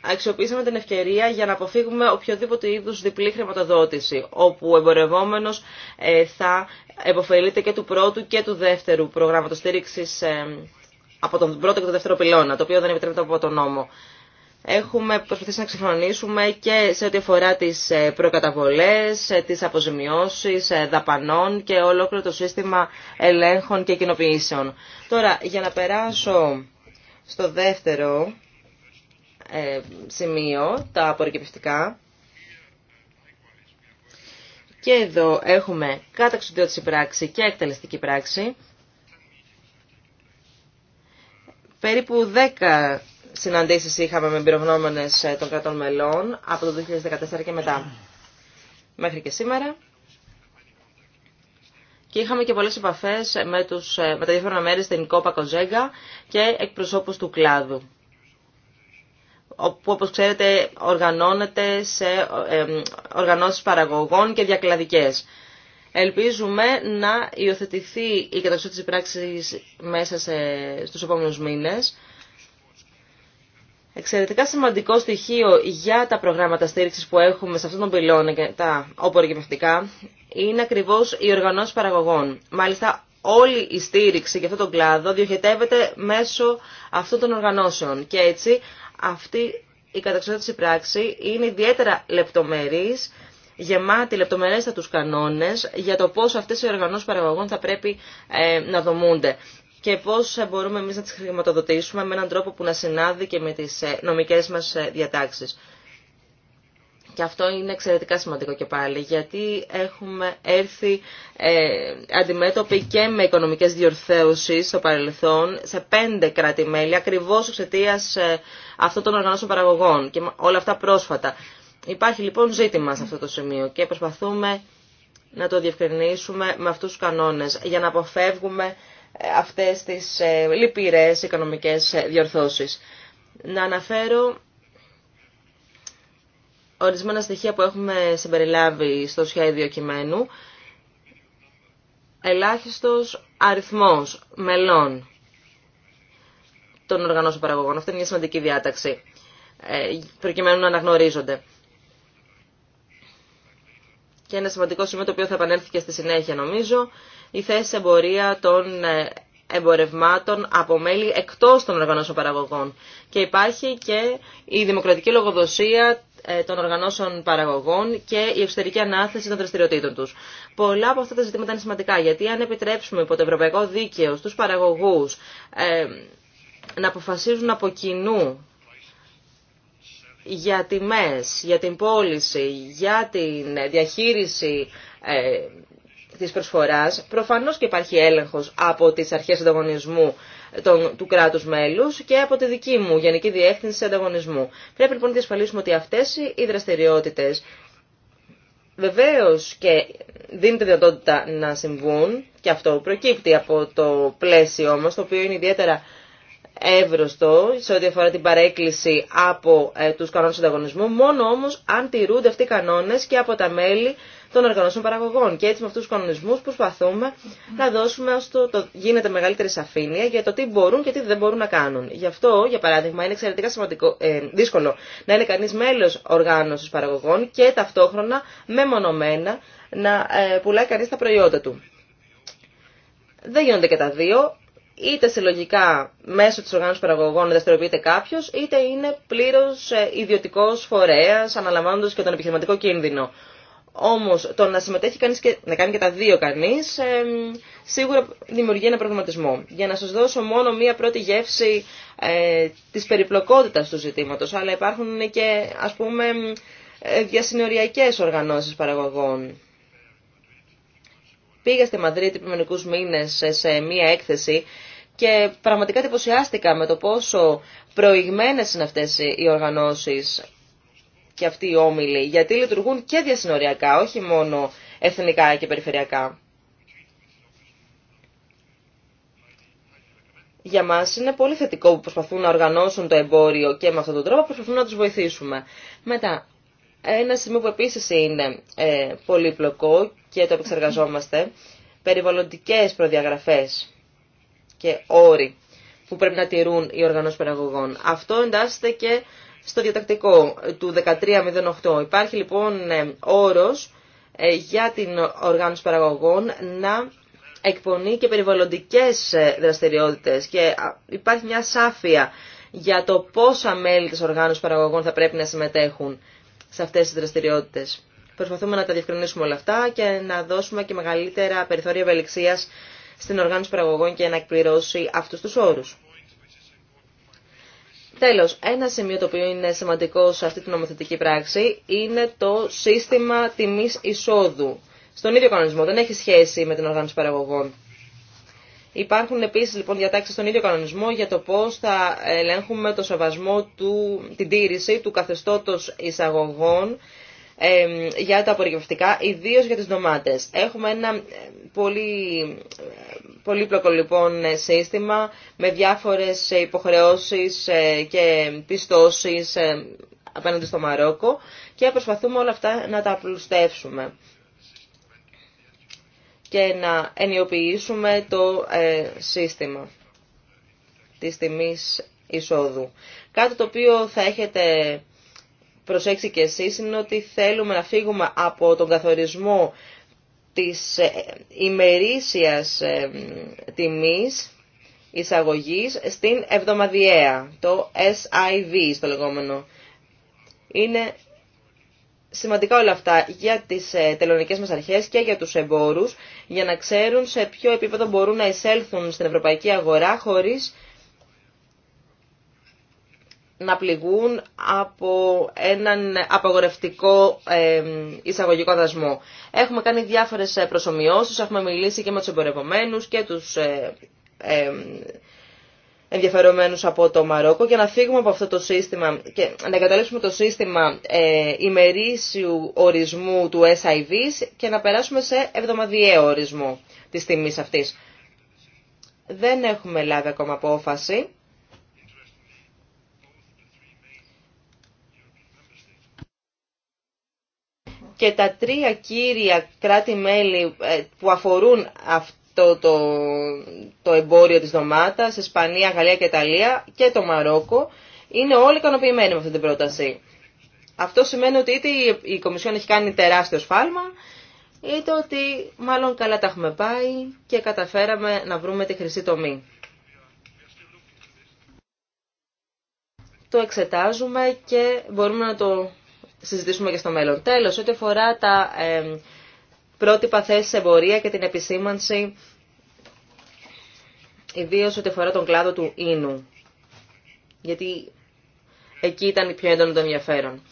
αξιοποιήσαμε την ευκαιρία για να αποφύγουμε οποιοδήποτε είδους διπλή χρηματοδότηση, όπου ο εμπορευόμενος ε, θα επωφελείται και του πρώτου και του δεύτερου προγράμματος στήριξης ε, από τον πρώτο και τον δεύτερο πυλώνα, το οποίο δεν επιτρέπεται από τον νόμο. Έχουμε προσπαθήσει να ξεχρονίσουμε και σε ό,τι αφορά τις ε, προκαταβολές, τις αποζημιώσεις δαπανών και ολόκληρο το σύστημα ελέγχων και κοινοποιήσεων. Τώρα, για να περάσω στο δεύτερο ε, σημείο, τα απορρικεπτικά. Και εδώ έχουμε καταξιδιώτηση πράξη και εκτελεστική πράξη. Περίπου 10 συναντήσεις είχαμε με εμπειρογνώμενες ε, των κρατών μελών από το 2014 και μετά μέχρι και σήμερα. Και είχαμε και πολλές επαφές με, τους, ε, με τα διάφορα μέρη στην Κόπα Κοζέγκα και εκπροσώπους του κλάδου όπου όπως ξέρετε οργανώνεται σε οργανώσεις παραγωγών και διακλαδικές. Ελπίζουμε να υιοθετηθεί η καταξιότητα της πράξης μέσα σε, στους επόμενους μήνες. Εξαιρετικά σημαντικό στοιχείο για τα προγράμματα στήριξης που έχουμε σε αυτόν τον πυλώνα και τα οπορικευευτικά είναι ακριβώς οι οργανώσεις παραγωγών. Μάλιστα όλη η στήριξη για αυτόν τον κλάδο διοχετεύεται μέσω αυτών των οργανώσεων και έτσι αυτή η καταξιότηση πράξη είναι ιδιαίτερα λεπτομερής, γεμάτη λεπτομερέστα τους κανόνες για το πώς αυτές οι οργανώσεις παραγωγών θα πρέπει ε, να δομούνται και πώς μπορούμε εμείς να τις χρηματοδοτήσουμε με έναν τρόπο που να συνάδει και με τις ε, νομικές μας ε, διατάξεις. Και αυτό είναι εξαιρετικά σημαντικό και πάλι, γιατί έχουμε έρθει ε, αντιμέτωποι και με οικονομικές διορθέωσεις στο παρελθόν σε πέντε κράτη-μέλη, ακριβώς εξαιτία ε, αυτών των οργανώσεων παραγωγών και όλα αυτά πρόσφατα. Υπάρχει λοιπόν ζήτημα σε αυτό το σημείο και προσπαθούμε να το διευκρινίσουμε με αυτούς τους κανόνες για να αποφεύγουμε ε, αυτές τις λυπηρές οικονομικές διορθώσεις. Να αναφέρω ορισμένα στοιχεία που έχουμε συμπεριλάβει στο σχέδιο κειμένου. Ελάχιστος αριθμός μελών των οργανώσεων παραγωγών. Αυτή είναι μια σημαντική διάταξη, ε, προκειμένου να αναγνωρίζονται. Και ένα σημαντικό σημείο το οποίο θα επανέλθει και στη συνέχεια νομίζω, η θέση εμπορία των ε, εμπορευμάτων από μέλη εκτός των οργανώσεων παραγωγών. Και υπάρχει και η δημοκρατική λογοδοσία ε, των οργανώσεων παραγωγών και η εξωτερική ανάθεση των δραστηριοτήτων τους. Πολλά από αυτά τα ζητήματα είναι σημαντικά, γιατί αν επιτρέψουμε υπό το ευρωπαϊκό δίκαιο στους παραγωγούς ε, να αποφασίζουν από κοινού για τιμέ, για την πώληση, για την διαχείριση ε, της προσφοράς, προφανώς και υπάρχει έλεγχος από τις αρχές ανταγωνισμού τον, του κράτους μέλους και από τη δική μου Γενική Διεύθυνση Ανταγωνισμού. Πρέπει λοιπόν να διασφαλίσουμε ότι αυτές οι δραστηριότητες βεβαίως και δίνεται δυνατότητα να συμβούν και αυτό προκύπτει από το πλαίσιο μας, το οποίο είναι ιδιαίτερα εύρωστο σε ό,τι αφορά την παρέκκληση από ε, τους κανόνες ανταγωνισμού, μόνο όμως αν τηρούνται αυτοί οι κανόνες και από τα μέλη των οργανώσεων παραγωγών. Και έτσι με αυτού του κανονισμού προσπαθούμε να δώσουμε ώστε το γίνεται μεγαλύτερη σαφήνεια για το τι μπορούν και τι δεν μπορούν να κάνουν. Γι' αυτό, για παράδειγμα, είναι εξαιρετικά ε, δύσκολο να είναι κανεί μέλο οργάνωση παραγωγών και ταυτόχρονα μεμονωμένα να ε, πουλάει κανεί τα προϊόντα του. Δεν γίνονται και τα δύο είτε συλλογικά μέσω τη οργάνωση παραγωγών δραστηριοποιείται κάποιο, είτε είναι πλήρω ε, ιδιωτικό φορέα, αναλαμβάνοντα και τον επιχειρηματικό κίνδυνο. Όμως το να συμμετέχει κανεί και να κάνει και τα δύο κανείς σίγουρα δημιουργεί ένα προβληματισμό. Για να σα δώσω μόνο μία πρώτη γεύση ε, της περιπλοκότητας του ζητήματος, αλλά υπάρχουν και ας πούμε ε, διασυνοριακέ οργανώσεις παραγωγών. Πήγα στη Μαδρίτη πριν μήνε σε μία έκθεση και πραγματικά εντυπωσιάστηκα με το πόσο προηγμένες είναι αυτές οι οργανώσεις και αυτοί οι όμιλοι, γιατί λειτουργούν και διασυνοριακά, όχι μόνο εθνικά και περιφερειακά. Για μα είναι πολύ θετικό που προσπαθούν να οργανώσουν το εμπόριο και με αυτόν τον τρόπο προσπαθούν να του βοηθήσουμε. Μετά, ένα σημείο που επίση είναι πολύ ε, πολύπλοκο και το επεξεργαζόμαστε, περιβαλλοντικέ προδιαγραφέ και όροι που πρέπει να τηρούν οι οργανώσει παραγωγών. Αυτό εντάσσεται και στο διατακτικό του 1308. Υπάρχει λοιπόν ε, όρος ε, για την οργάνωση παραγωγών να εκπονεί και περιβαλλοντικές ε, δραστηριότητες και υπάρχει μια σάφεια για το πόσα μέλη της οργάνωσης παραγωγών θα πρέπει να συμμετέχουν σε αυτές τις δραστηριότητες. Προσπαθούμε να τα διευκρινίσουμε όλα αυτά και να δώσουμε και μεγαλύτερα περιθώρια ευελιξίας στην οργάνωση παραγωγών και να εκπληρώσει αυτούς τους όρους. Τέλος, ένα σημείο το οποίο είναι σημαντικό σε αυτή την νομοθετική πράξη είναι το σύστημα τιμή εισόδου. Στον ίδιο κανονισμό, δεν έχει σχέση με την οργάνωση παραγωγών. Υπάρχουν επίσης λοιπόν διατάξεις στον ίδιο κανονισμό για το πώς θα ελέγχουμε το σεβασμό, του, την τήρηση του καθεστώτος εισαγωγών ε, για τα απορριγευτικά, ιδίω για τι ντομάτε. Έχουμε ένα ε, πολύ πολύπλοκο λοιπόν σύστημα με διάφορες υποχρεώσεις ε, και πιστώσεις ε, απέναντι στο Μαρόκο και προσπαθούμε όλα αυτά να τα απλουστεύσουμε και να ενιοποιήσουμε το ε, σύστημα της τιμής εισόδου. Κάτι το οποίο θα έχετε προσέξει και εσείς είναι ότι θέλουμε να φύγουμε από τον καθορισμό της ε, ημερήσιας ε, τιμής εισαγωγής στην εβδομαδιαία, το SIV στο λεγόμενο. Είναι σημαντικά όλα αυτά για τις ε, τελωνικές μας αρχές και για τους εμπόρους, για να ξέρουν σε ποιο επίπεδο μπορούν να εισέλθουν στην ευρωπαϊκή αγορά χωρίς να πληγούν από έναν απαγορευτικό ε, εισαγωγικό δασμό. Έχουμε κάνει διάφορες ε, προσωμιώσεις, έχουμε μιλήσει και με τους εμπορευομένους και τους ε, ενδιαφερομένους από το Μαρόκο για να φύγουμε από αυτό το σύστημα και να εγκαταλείψουμε το σύστημα ημερήσιου ορισμού του SIV και να περάσουμε σε εβδομαδιαίο ορισμό της τιμής αυτής. Δεν έχουμε λάβει ακόμα απόφαση και τα τρία κύρια κράτη-μέλη ε, που αφορούν αυτό το, το εμπόριο της δομάτας Ισπανία, Γαλλία και Ιταλία και το Μαρόκο, είναι όλοι ικανοποιημένοι με αυτή την πρόταση. Αυτό σημαίνει ότι είτε η Κομισιόν έχει κάνει τεράστιο σφάλμα, είτε ότι μάλλον καλά τα έχουμε πάει και καταφέραμε να βρούμε τη χρυσή τομή. Το εξετάζουμε και μπορούμε να το συζητήσουμε και στο μέλλον. Τέλος, ό,τι αφορά τα ε, πρότυπα θέσεις εμπορία και την επισήμανση, ιδίως ό,τι αφορά τον κλάδο του ίνου. Γιατί εκεί ήταν η πιο έντονο το ενδιαφέρον.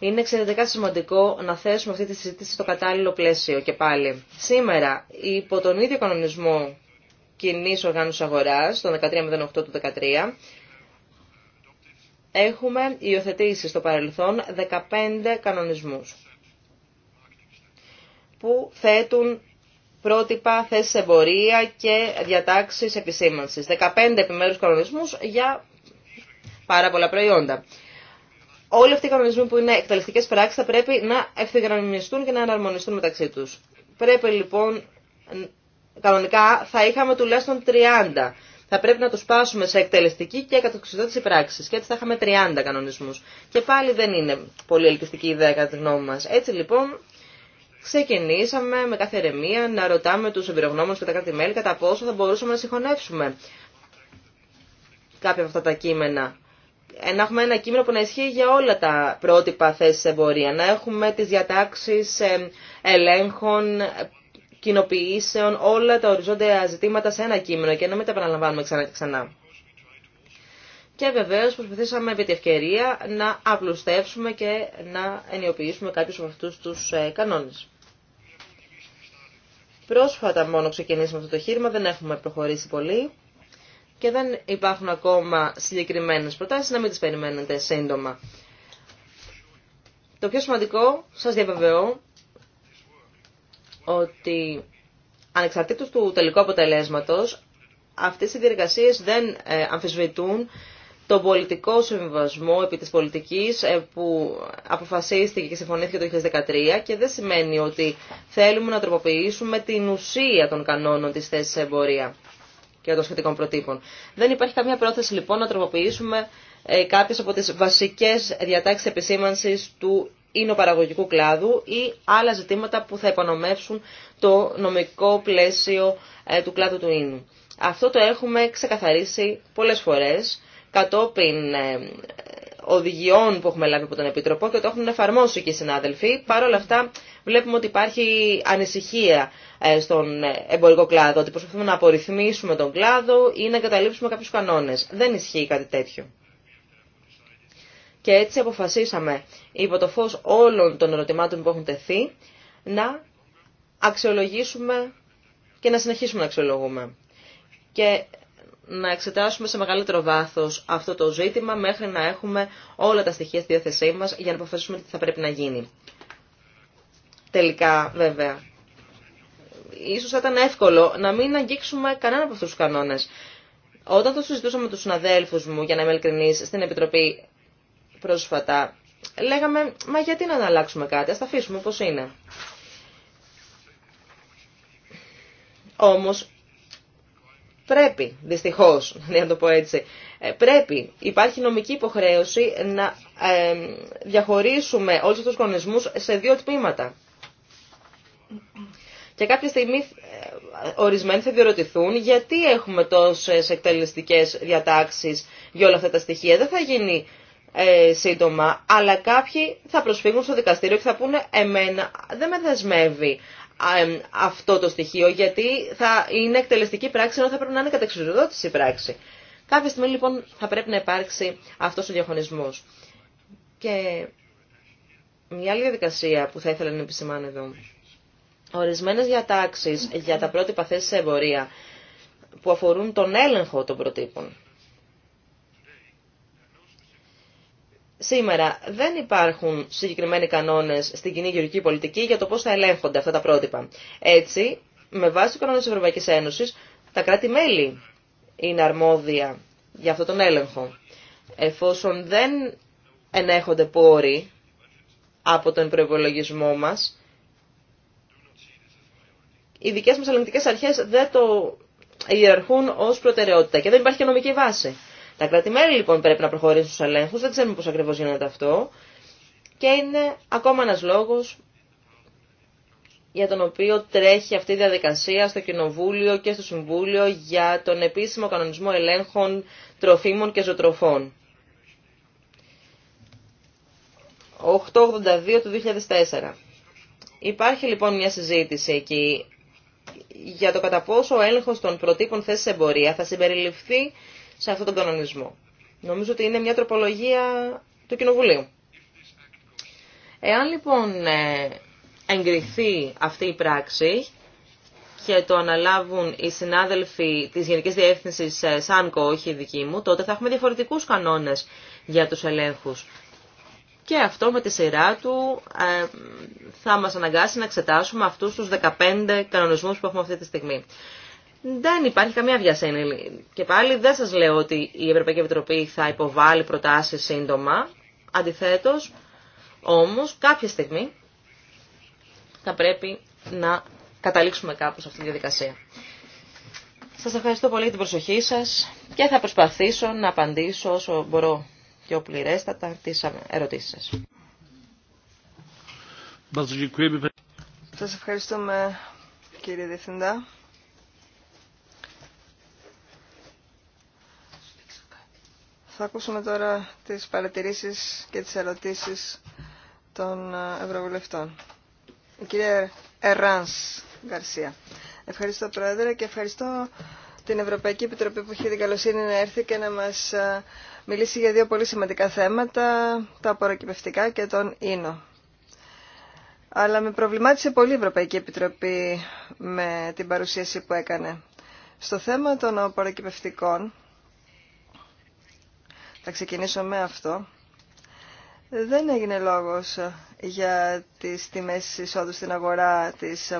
Είναι εξαιρετικά σημαντικό να θέσουμε αυτή τη συζήτηση στο κατάλληλο πλαίσιο και πάλι. Σήμερα, υπό τον ίδιο κανονισμό κοινή οργάνωση αγορά, το 1308 του έχουμε υιοθετήσει στο παρελθόν 15 κανονισμούς που θέτουν πρότυπα, θέσεις εμπορία και διατάξεις επισήμανσης. 15 επιμέρους κανονισμούς για πάρα πολλά προϊόντα. Όλοι αυτοί οι κανονισμοί που είναι εκτελεστικές πράξεις θα πρέπει να ευθυγραμμιστούν και να εναρμονιστούν μεταξύ τους. Πρέπει λοιπόν, κανονικά θα είχαμε τουλάχιστον 30 θα πρέπει να του πάσουμε σε εκτελεστική και κατοξιδότηση πράξη. Και έτσι θα είχαμε 30 κανονισμούς. Και πάλι δεν είναι πολύ ελκυστική ιδέα κατά τη γνώμη μα. Έτσι λοιπόν ξεκινήσαμε με κάθε ερεμία να ρωτάμε τους εμπειρογνώμους και τα κράτη-μέλη κατά πόσο θα μπορούσαμε να συγχωνεύσουμε κάποια από αυτά τα κείμενα. Ε, να έχουμε ένα κείμενο που να ισχύει για όλα τα πρότυπα θέσει εμπορία. Να έχουμε τις διατάξεις ε, ελέγχων κοινοποιήσεων όλα τα οριζόντια ζητήματα σε ένα κείμενο και να μην τα επαναλαμβάνουμε ξανά και ξανά. Και βεβαίως προσπαθήσαμε επί τη ευκαιρία να απλουστεύσουμε και να ενιοποιήσουμε κάποιους από αυτούς τους ε, κανόνες. Πρόσφατα μόνο ξεκινήσαμε αυτό το χείρημα, δεν έχουμε προχωρήσει πολύ και δεν υπάρχουν ακόμα συγκεκριμένες προτάσεις, να μην τις περιμένετε σύντομα. Το πιο σημαντικό, σας διαβεβαιώ, ότι ανεξαρτήτως του τελικού αποτελέσματος, αυτές οι διεργασίες δεν ε, αμφισβητούν το πολιτικό συμβιβασμό επί της πολιτικής ε, που αποφασίστηκε και συμφωνήθηκε το 2013 και δεν σημαίνει ότι θέλουμε να τροποποιήσουμε την ουσία των κανόνων της θέσης εμπορία και των σχετικών προτύπων. Δεν υπάρχει καμία πρόθεση λοιπόν να τροποποιήσουμε ε, κάποιες από τις βασικές διατάξεις επισήμανσης του παραγωγικού κλάδου ή άλλα ζητήματα που θα υπονομεύσουν το νομικό πλαίσιο ε, του κλάδου του ίνου. Αυτό το έχουμε ξεκαθαρίσει πολλές φορές κατόπιν ε, οδηγιών που έχουμε λάβει από τον Επίτροπο και το έχουν εφαρμόσει και οι συνάδελφοι. Παρ' όλα αυτά βλέπουμε ότι υπάρχει ανησυχία ε, στον εμπορικό κλάδο, ότι προσπαθούμε να απορριθμίσουμε τον κλάδο ή να εγκαταλείψουμε κάποιους κανόνες. Δεν ισχύει κάτι τέτοιο. Και έτσι αποφασίσαμε υπό το φως όλων των ερωτημάτων που έχουν τεθεί να αξιολογήσουμε και να συνεχίσουμε να αξιολογούμε. Και να εξετάσουμε σε μεγαλύτερο βάθος αυτό το ζήτημα μέχρι να έχουμε όλα τα στοιχεία στη διάθεσή μας για να αποφασίσουμε τι θα πρέπει να γίνει. Τελικά βέβαια. Ίσως θα ήταν εύκολο να μην αγγίξουμε κανένα από αυτούς τους κανόνες. Όταν το συζητούσαμε με τους συναδέλφους μου, για να είμαι στην Επιτροπή πρόσφατα, λέγαμε, μα γιατί να αλλάξουμε κάτι, ας τα αφήσουμε όπως είναι. Όμως, πρέπει, δυστυχώς, <laughs> να το πω έτσι, ε, πρέπει, υπάρχει νομική υποχρέωση να ε, διαχωρίσουμε όλους τους κανονισμούς σε δύο τμήματα. Και κάποια στιγμή ε, ορισμένοι θα διερωτηθούν γιατί έχουμε τόσες εκτελεστικές διατάξεις για όλα αυτά τα στοιχεία. Δεν θα γίνει ε, σύντομα, αλλά κάποιοι θα προσφύγουν στο δικαστήριο και θα πούνε εμένα δεν με δεσμεύει αυτό το στοιχείο, γιατί θα είναι εκτελεστική πράξη, ενώ θα πρέπει να είναι κατεξουσιοδότηση πράξη. Κάποια στιγμή λοιπόν θα πρέπει να υπάρξει αυτός ο διαχωνισμός. Και μια άλλη διαδικασία που θα ήθελα να επισημάνω εδώ. Ορισμένες διατάξεις για τα πρότυπα θέσεις σε εμπορία που αφορούν τον έλεγχο των προτύπων. Σήμερα δεν υπάρχουν συγκεκριμένοι κανόνες στην κοινή γεωργική πολιτική για το πώς θα ελέγχονται αυτά τα πρότυπα. Έτσι, με βάση του κανόνες τη Ευρωπαϊκής Ένωσης, τα κράτη-μέλη είναι αρμόδια για αυτόν τον έλεγχο. Εφόσον δεν ενέχονται πόροι από τον προπολογισμό μας, οι δικές μας ελεγκτικέ αρχές δεν το ιεραρχούν ω προτεραιότητα και δεν υπάρχει και νομική βάση. Τα κρατημέρια λοιπόν πρέπει να προχωρήσουν στου ελέγχου. δεν ξέρουμε πώ ακριβώ γίνεται αυτό και είναι ακόμα ένα λόγος για τον οποίο τρέχει αυτή η διαδικασία στο Κοινοβούλιο και στο Συμβούλιο για τον επίσημο κανονισμό ελέγχων τροφίμων και ζωοτροφών. 882 του 2004. Υπάρχει λοιπόν μια συζήτηση εκεί για το κατά πόσο ο έλεγχος των προτύπων θέσης εμπορία θα συμπεριληφθεί σε αυτόν τον κανονισμό. Νομίζω ότι είναι μια τροπολογία του Κοινοβουλίου. Εάν λοιπόν ε, εγκριθεί αυτή η πράξη και το αναλάβουν οι συνάδελφοι της Γενικής Διεύθυνσης ε, ΣΑΝΚΟ, όχι δική μου, τότε θα έχουμε διαφορετικούς κανόνες για τους ελέγχους. Και αυτό με τη σειρά του ε, θα μας αναγκάσει να εξετάσουμε αυτούς τους 15 κανονισμούς που έχουμε αυτή τη στιγμή δεν υπάρχει καμία βιασύνη Και πάλι δεν σας λέω ότι η Ευρωπαϊκή Επιτροπή θα υποβάλει προτάσεις σύντομα. Αντιθέτως, όμως, κάποια στιγμή θα πρέπει να καταλήξουμε κάπως αυτή τη διαδικασία. Σας ευχαριστώ πολύ για την προσοχή σας και θα προσπαθήσω να απαντήσω όσο μπορώ πιο πληρέστατα τις ερωτήσεις σας. Σας ευχαριστούμε κύριε Διευθυντά. Θα ακούσουμε τώρα τις παρατηρήσεις και τις ερωτήσεις των ε, Ευρωβουλευτών. Η κυρία Εράνς Γκαρσία. Ευχαριστώ Πρόεδρε και ευχαριστώ την Ευρωπαϊκή Επιτροπή που έχει την καλοσύνη να έρθει και να μας ε, μιλήσει για δύο πολύ σημαντικά θέματα, τα απορροκυπευτικά και τον ίνο. Αλλά με προβλημάτισε πολύ η Ευρωπαϊκή Επιτροπή με την παρουσίαση που έκανε. Στο θέμα των απορροκυπευτικών, θα ξεκινήσω με αυτό. Δεν έγινε λόγος για τις τιμές εισόδου στην αγορά της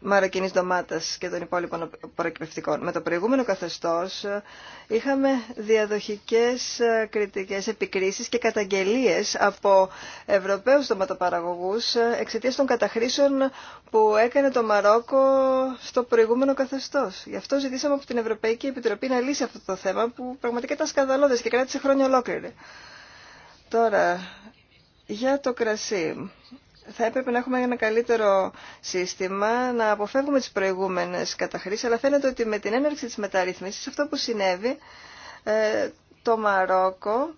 μαροκινής ντομάτας και των υπόλοιπων προκυπευτικών. Με το προηγούμενο καθεστώς ε, είχαμε διαδοχικές ε, κριτικές επικρίσεις και καταγγελίες από Ευρωπαίους ντοματοπαραγωγούς ε, εξαιτίας των καταχρήσεων που έκανε το Μαρόκο στο προηγούμενο καθεστώς. Γι' αυτό ζητήσαμε από την Ευρωπαϊκή Επιτροπή να λύσει αυτό το θέμα που πραγματικά ήταν σκανδαλώδες και κράτησε χρόνια ολόκληρη. Τώρα, για το κρασί θα έπρεπε να έχουμε ένα καλύτερο σύστημα, να αποφεύγουμε τις προηγούμενες καταχρήσεις, αλλά φαίνεται ότι με την έναρξη της μεταρρύθμισης αυτό που συνέβη, ε, το Μαρόκο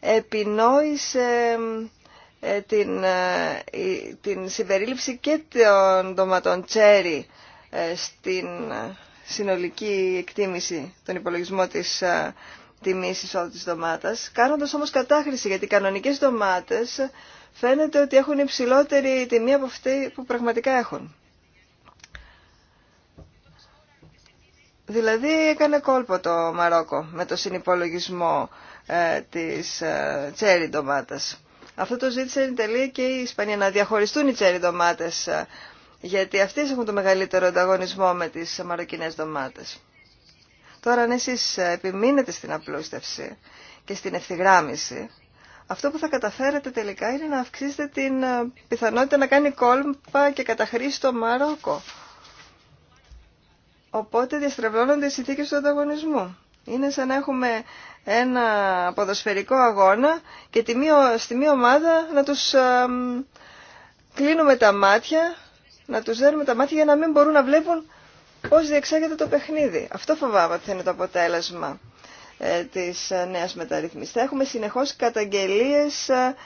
επινόησε ε, την, ε, την συμπερίληψη και των ντοματών τσέρι στην συνολική εκτίμηση, τον υπολογισμό της τιμής εισόδου της ντομάτας, κάνοντας όμως κατάχρηση, γιατί οι κανονικές ντομάτες φαίνεται ότι έχουν υψηλότερη τιμή από αυτή που πραγματικά έχουν. Δηλαδή έκανε κόλπο το Μαρόκο με το συνυπολογισμό ε, της ε, τσέρι ντομάτας. Αυτό το ζήτησε η τελεί και η Ισπανία να διαχωριστούν οι τσέρι ντομάτες ε, γιατί αυτές έχουν το μεγαλύτερο ανταγωνισμό με τις μαροκινές ντομάτες. Τώρα αν εσείς ε, επιμείνετε στην απλούστευση και στην ευθυγράμμιση αυτό που θα καταφέρετε τελικά είναι να αυξήσετε την ε, πιθανότητα να κάνει κόλπα και καταχρήσει το Μαρόκο. Οπότε διαστρεβλώνονται οι συνθήκες του ανταγωνισμού. Είναι σαν να έχουμε ένα ποδοσφαιρικό αγώνα και στη μία ομάδα να τους ε, κλείνουμε τα μάτια, να τους δέρουμε τα μάτια για να μην μπορούν να βλέπουν πώς διεξάγεται το παιχνίδι. Αυτό φοβάμαι ότι θα είναι το αποτέλεσμα ε, της ε, νέας μεταρρύθμισης. Θα έχουμε συνεχώς καταγγελίες ε,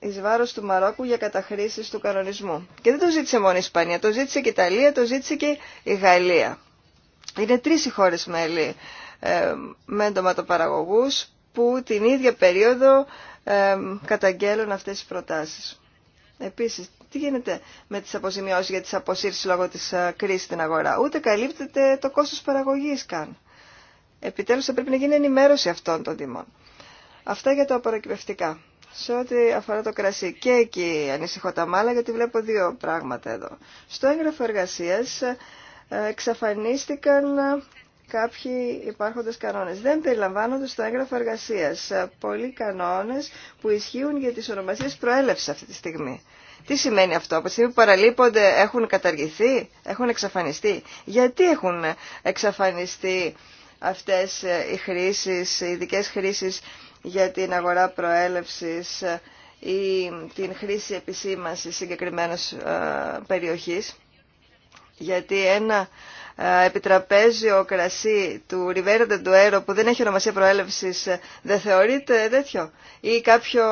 εις βάρος του Μαρόκου για καταχρήσεις του κανονισμού. Και δεν το ζήτησε μόνο η Ισπανία, το ζήτησε και η Ιταλία, το ζήτησε και η Γαλλία. Είναι τρεις οι χώρες μέλη με εντοματοπαραγωγούς που την ίδια περίοδο καταγγέλουν αυτές τις προτάσεις. Επίσης, τι γίνεται με τις αποζημιώσεις για τις αποσύρσεις λόγω της κρίσης στην αγορά. Ούτε καλύπτεται το κόστος παραγωγής καν. Επιτέλους θα πρέπει να γίνει ενημέρωση αυτών των τιμών. Αυτά για τα απορροκυπευτικά. Σε ό,τι αφορά το κρασί, και εκεί ανησυχώ τα μάλα γιατί βλέπω δύο πράγματα εδώ. Στο έγγραφο εργασία ε, εξαφανίστηκαν κάποιοι υπάρχοντες κανόνες. Δεν περιλαμβάνονται στο έγγραφο εργασία ε, πολλοί κανόνες που ισχύουν για τις ονομασίες προέλευσης αυτή τη στιγμή. Τι σημαίνει αυτό, από τη στιγμή που παραλείπονται έχουν καταργηθεί, έχουν εξαφανιστεί. Γιατί έχουν εξαφανιστεί αυτές ε, οι χρήσεις, οι ειδικές χρήσεις για την αγορά προέλευσης ε, ή την χρήση επισήμανσης συγκεκριμένης ε, περιοχής. Γιατί ένα επιτραπέζιο κρασί του Ριβέρα Ντεντουέρο που δεν έχει ονομασία προέλευσης δεν θεωρείται τέτοιο. Ή κάποιο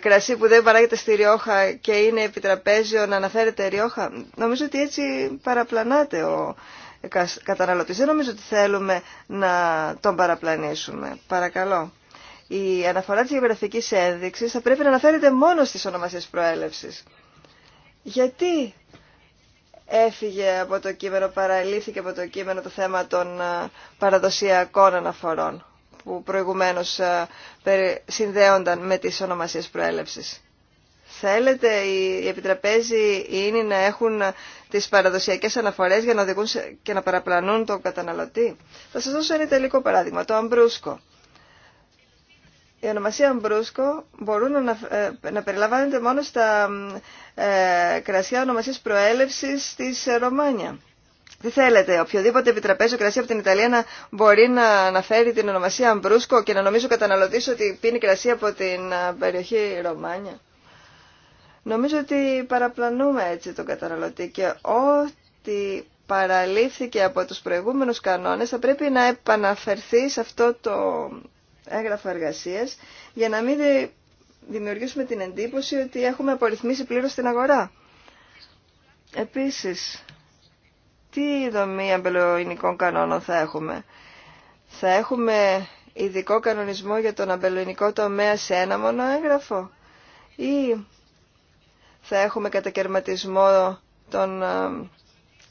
κρασί που δεν παράγεται στη Ριόχα και είναι επιτραπέζιο να αναφέρεται Ριόχα. Νομίζω ότι έτσι παραπλανάται ο καταναλωτής. Δεν νομίζω ότι θέλουμε να τον παραπλανήσουμε. Παρακαλώ. Η αναφορά της γεωγραφικής ένδειξης θα πρέπει να αναφέρεται μόνο στις ονομασίες προέλευσης. Γιατί έφυγε από το κείμενο, παραλήθηκε από το κείμενο το θέμα των παραδοσιακών αναφορών που προηγουμένως συνδέονταν με τις ονομασίες προέλευσης. Θέλετε οι επιτραπέζοι είναι να έχουν τις παραδοσιακές αναφορές για να οδηγούν και να παραπλανούν τον καταναλωτή. Θα σας δώσω ένα τελικό παράδειγμα, το αμπρούσκο. Η ονομασία αμπρούσκο μπορούν να, ε, να περιλαμβάνεται μόνο στα ε, κρασιά ονομασία προέλευσης της Ρωμάνια. Δεν θέλετε οποιοδήποτε επιτραπέζιο κρασί από την Ιταλία να μπορεί να αναφέρει την ονομασία Αμπρούσκο και να νομίζω καταναλωτή ότι πίνει κρασί από την ε, περιοχή Ρωμάνια. Νομίζω ότι παραπλανούμε έτσι τον καταναλωτή και ό,τι παραλήφθηκε από τους προηγούμενους κανόνες θα πρέπει να επαναφερθεί σε αυτό το έγγραφο εργασίας για να μην δημιουργήσουμε την εντύπωση ότι έχουμε απορριθμίσει πλήρως την αγορά. Επίσης, τι δομή αμπελοεινικών κανόνων θα έχουμε. Θα έχουμε ειδικό κανονισμό για τον αμπελοεινικό τομέα σε ένα μόνο έγγραφο ή θα έχουμε κατακαιρματισμό των ε,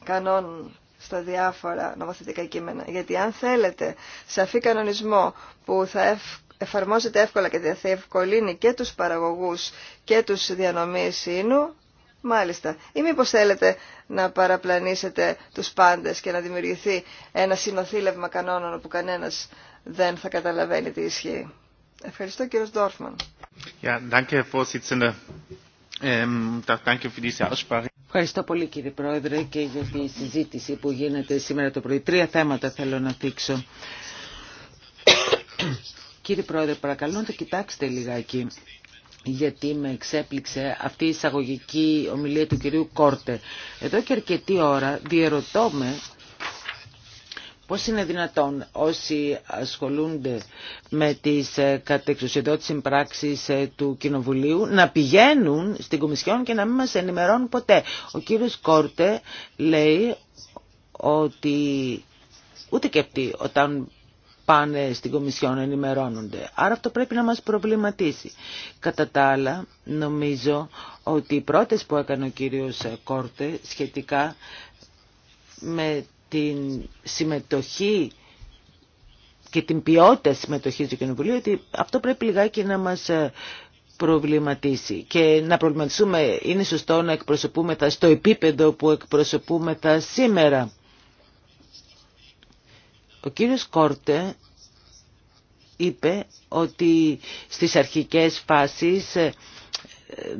κανόνων στα διάφορα νομοθετικά κείμενα. Γιατί αν θέλετε σαφή κανονισμό που θα εφαρμόζεται εύκολα και θα ευκολύνει και τους παραγωγούς και τους διανομής ίνου, μάλιστα. Ή μήπως θέλετε να παραπλανήσετε τους πάντες και να δημιουργηθεί ένα συνοθήλευμα κανόνων που κανένας δεν θα καταλαβαίνει τι ισχύει. Ευχαριστώ κύριο Ντόρφμαν. Ευχαριστώ πολύ κύριε Πρόεδρε και για τη συζήτηση που γίνεται σήμερα το πρωί. Τρία θέματα θέλω να δείξω. Κύριε Πρόεδρε, παρακαλώ να το κοιτάξετε λιγάκι γιατί με εξέπληξε αυτή η εισαγωγική ομιλία του κυρίου Κόρτε. Εδώ και αρκετή ώρα διερωτώ με Πώς είναι δυνατόν όσοι ασχολούνται με τις ε, κατεξουσιοδότηση πράξεις ε, του Κοινοβουλίου να πηγαίνουν στην Κομισιόν και να μην μας ενημερώνουν ποτέ. Ο κύριος Κόρτε λέει ότι ούτε και αυτοί όταν πάνε στην Κομισιόν ενημερώνονται. Άρα αυτό πρέπει να μας προβληματίσει. Κατά τα άλλα, νομίζω ότι οι πρώτες που έκανε ο κύριος Κόρτε σχετικά με την συμμετοχή και την ποιότητα συμμετοχής του Κοινοβουλίου, ότι αυτό πρέπει λιγάκι να μας ε, προβληματίσει και να προβληματιστούμε είναι σωστό να εκπροσωπούμε τα στο επίπεδο που εκπροσωπούμε τα σήμερα. Ο κύριος Κόρτε είπε ότι στις αρχικές φάσεις ε,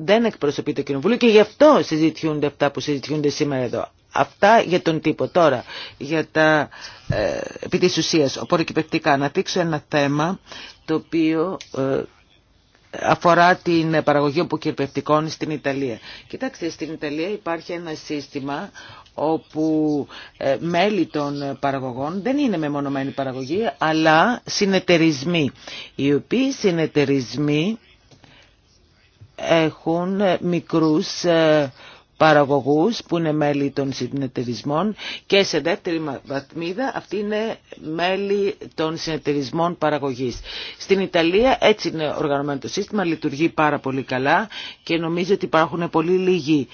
δεν εκπροσωπεί το Κοινοβούλιο και γι' αυτό συζητιούνται αυτά που συζητιούνται σήμερα εδώ. Αυτά για τον τύπο. Τώρα, για τα, ε, επί της ουσίας, οπωροκυπευτικά, να δείξω ένα θέμα το οποίο ε, αφορά την παραγωγή οπωροκυπευτικών στην Ιταλία. Κοιτάξτε, στην Ιταλία υπάρχει ένα σύστημα όπου ε, μέλη των παραγωγών δεν είναι μεμονωμένη παραγωγή, αλλά συνεταιρισμοί, οι οποίοι συνεταιρισμοί έχουν μικρούς ε, παραγωγούς που είναι μέλη των συνεταιρισμών και σε δεύτερη βαθμίδα αυτοί είναι μέλη των συνεταιρισμών παραγωγής. Στην Ιταλία έτσι είναι οργανωμένο το σύστημα, λειτουργεί πάρα πολύ καλά και νομίζω ότι υπάρχουν πολύ λίγοι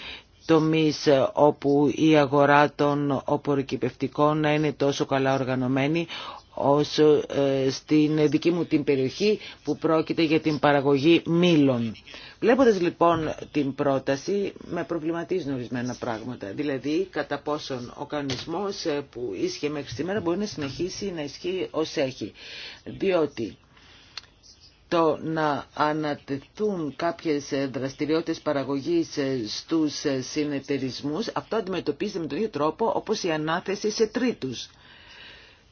τομείς ε, όπου η αγορά των οποροκυπευτικών να είναι τόσο καλά οργανωμένη όσο ε, στην δική μου την περιοχή που πρόκειται για την παραγωγή μήλων. Βλέποντας λοιπόν την πρόταση, με προβληματίζουν ορισμένα πράγματα. Δηλαδή, κατά πόσον ο κανονισμός ε, που ίσχυε μέχρι σήμερα μπορεί να συνεχίσει να ισχύει ως έχει. Διότι το να ανατεθούν κάποιες δραστηριότητες παραγωγής ε, στους ε, συνεταιρισμούς, αυτό αντιμετωπίζεται με τον ίδιο τρόπο όπως η ανάθεση σε τρίτους.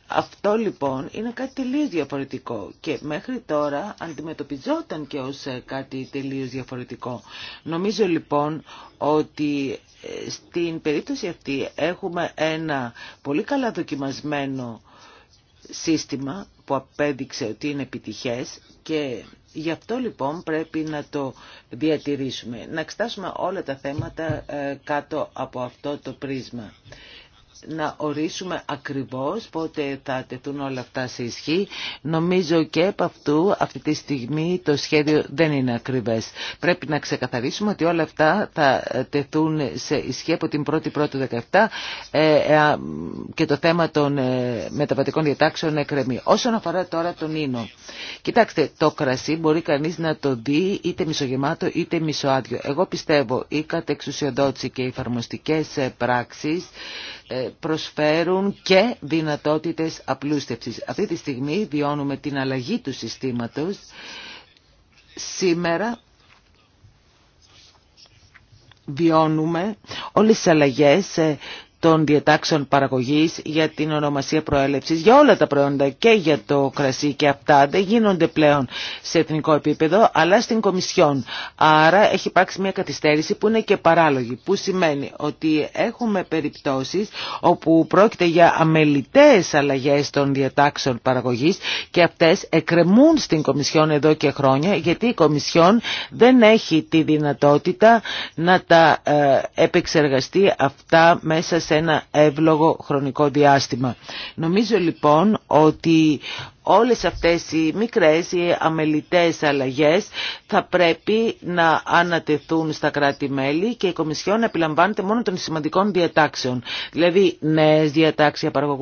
Αυτό λοιπόν είναι κάτι τελείως διαφορετικό και μέχρι τώρα αντιμετωπιζόταν και ως ε, κάτι τελείως διαφορετικό. Νομίζω λοιπόν ότι ε, στην περίπτωση αυτή έχουμε ένα πολύ καλά δοκιμασμένο σύστημα που απέδειξε ότι είναι επιτυχές και γι' αυτό λοιπόν πρέπει να το διατηρήσουμε, να εξτάσουμε όλα τα θέματα ε, κάτω από αυτό το πρίσμα να ορίσουμε ακριβώς πότε θα τεθούν όλα αυτά σε ισχύ. Νομίζω και από αυτού αυτή τη στιγμή το σχέδιο δεν είναι ακριβές. Πρέπει να ξεκαθαρίσουμε ότι όλα αυτά θα τεθούν σε ισχύ από την 1η 1 η 17 και το θέμα των ε, μεταβατικών διατάξεων εκκρεμεί. Όσον αφορά τώρα τον ίνο. Κοιτάξτε, το κρασί μπορεί κανείς να το δει είτε μισογεμάτο είτε μισοάδιο. Εγώ πιστεύω η κατεξουσιοδότηση και οι εφαρμοστικές ε, πράξεις ε, προσφέρουν και δυνατότητες απλούστευσης. Αυτή τη στιγμή βιώνουμε την αλλαγή του συστήματος. Σήμερα βιώνουμε όλες τις αλλαγές ε, των διατάξεων παραγωγής για την ονομασία προέλευσης για όλα τα προϊόντα και για το κρασί και αυτά δεν γίνονται πλέον σε εθνικό επίπεδο αλλά στην Κομισιόν. Άρα έχει υπάρξει μια καθυστέρηση που είναι και παράλογη που σημαίνει ότι έχουμε περιπτώσεις όπου πρόκειται για αμελητές αλλαγές των διατάξεων παραγωγής και αυτές εκκρεμούν στην Κομισιόν εδώ και χρόνια γιατί η Κομισιόν δεν έχει τη δυνατότητα να τα ε, επεξεργαστεί αυτά μέσα σε ένα εύλογο χρονικό διάστημα. Νομίζω λοιπόν ότι όλες αυτές οι μικρές, ή αμελητές αλλαγές θα πρέπει να ανατεθούν στα κράτη-μέλη και η Κομισιόν επιλαμβάνεται μόνο των σημαντικών διατάξεων. Δηλαδή νέες διατάξεις για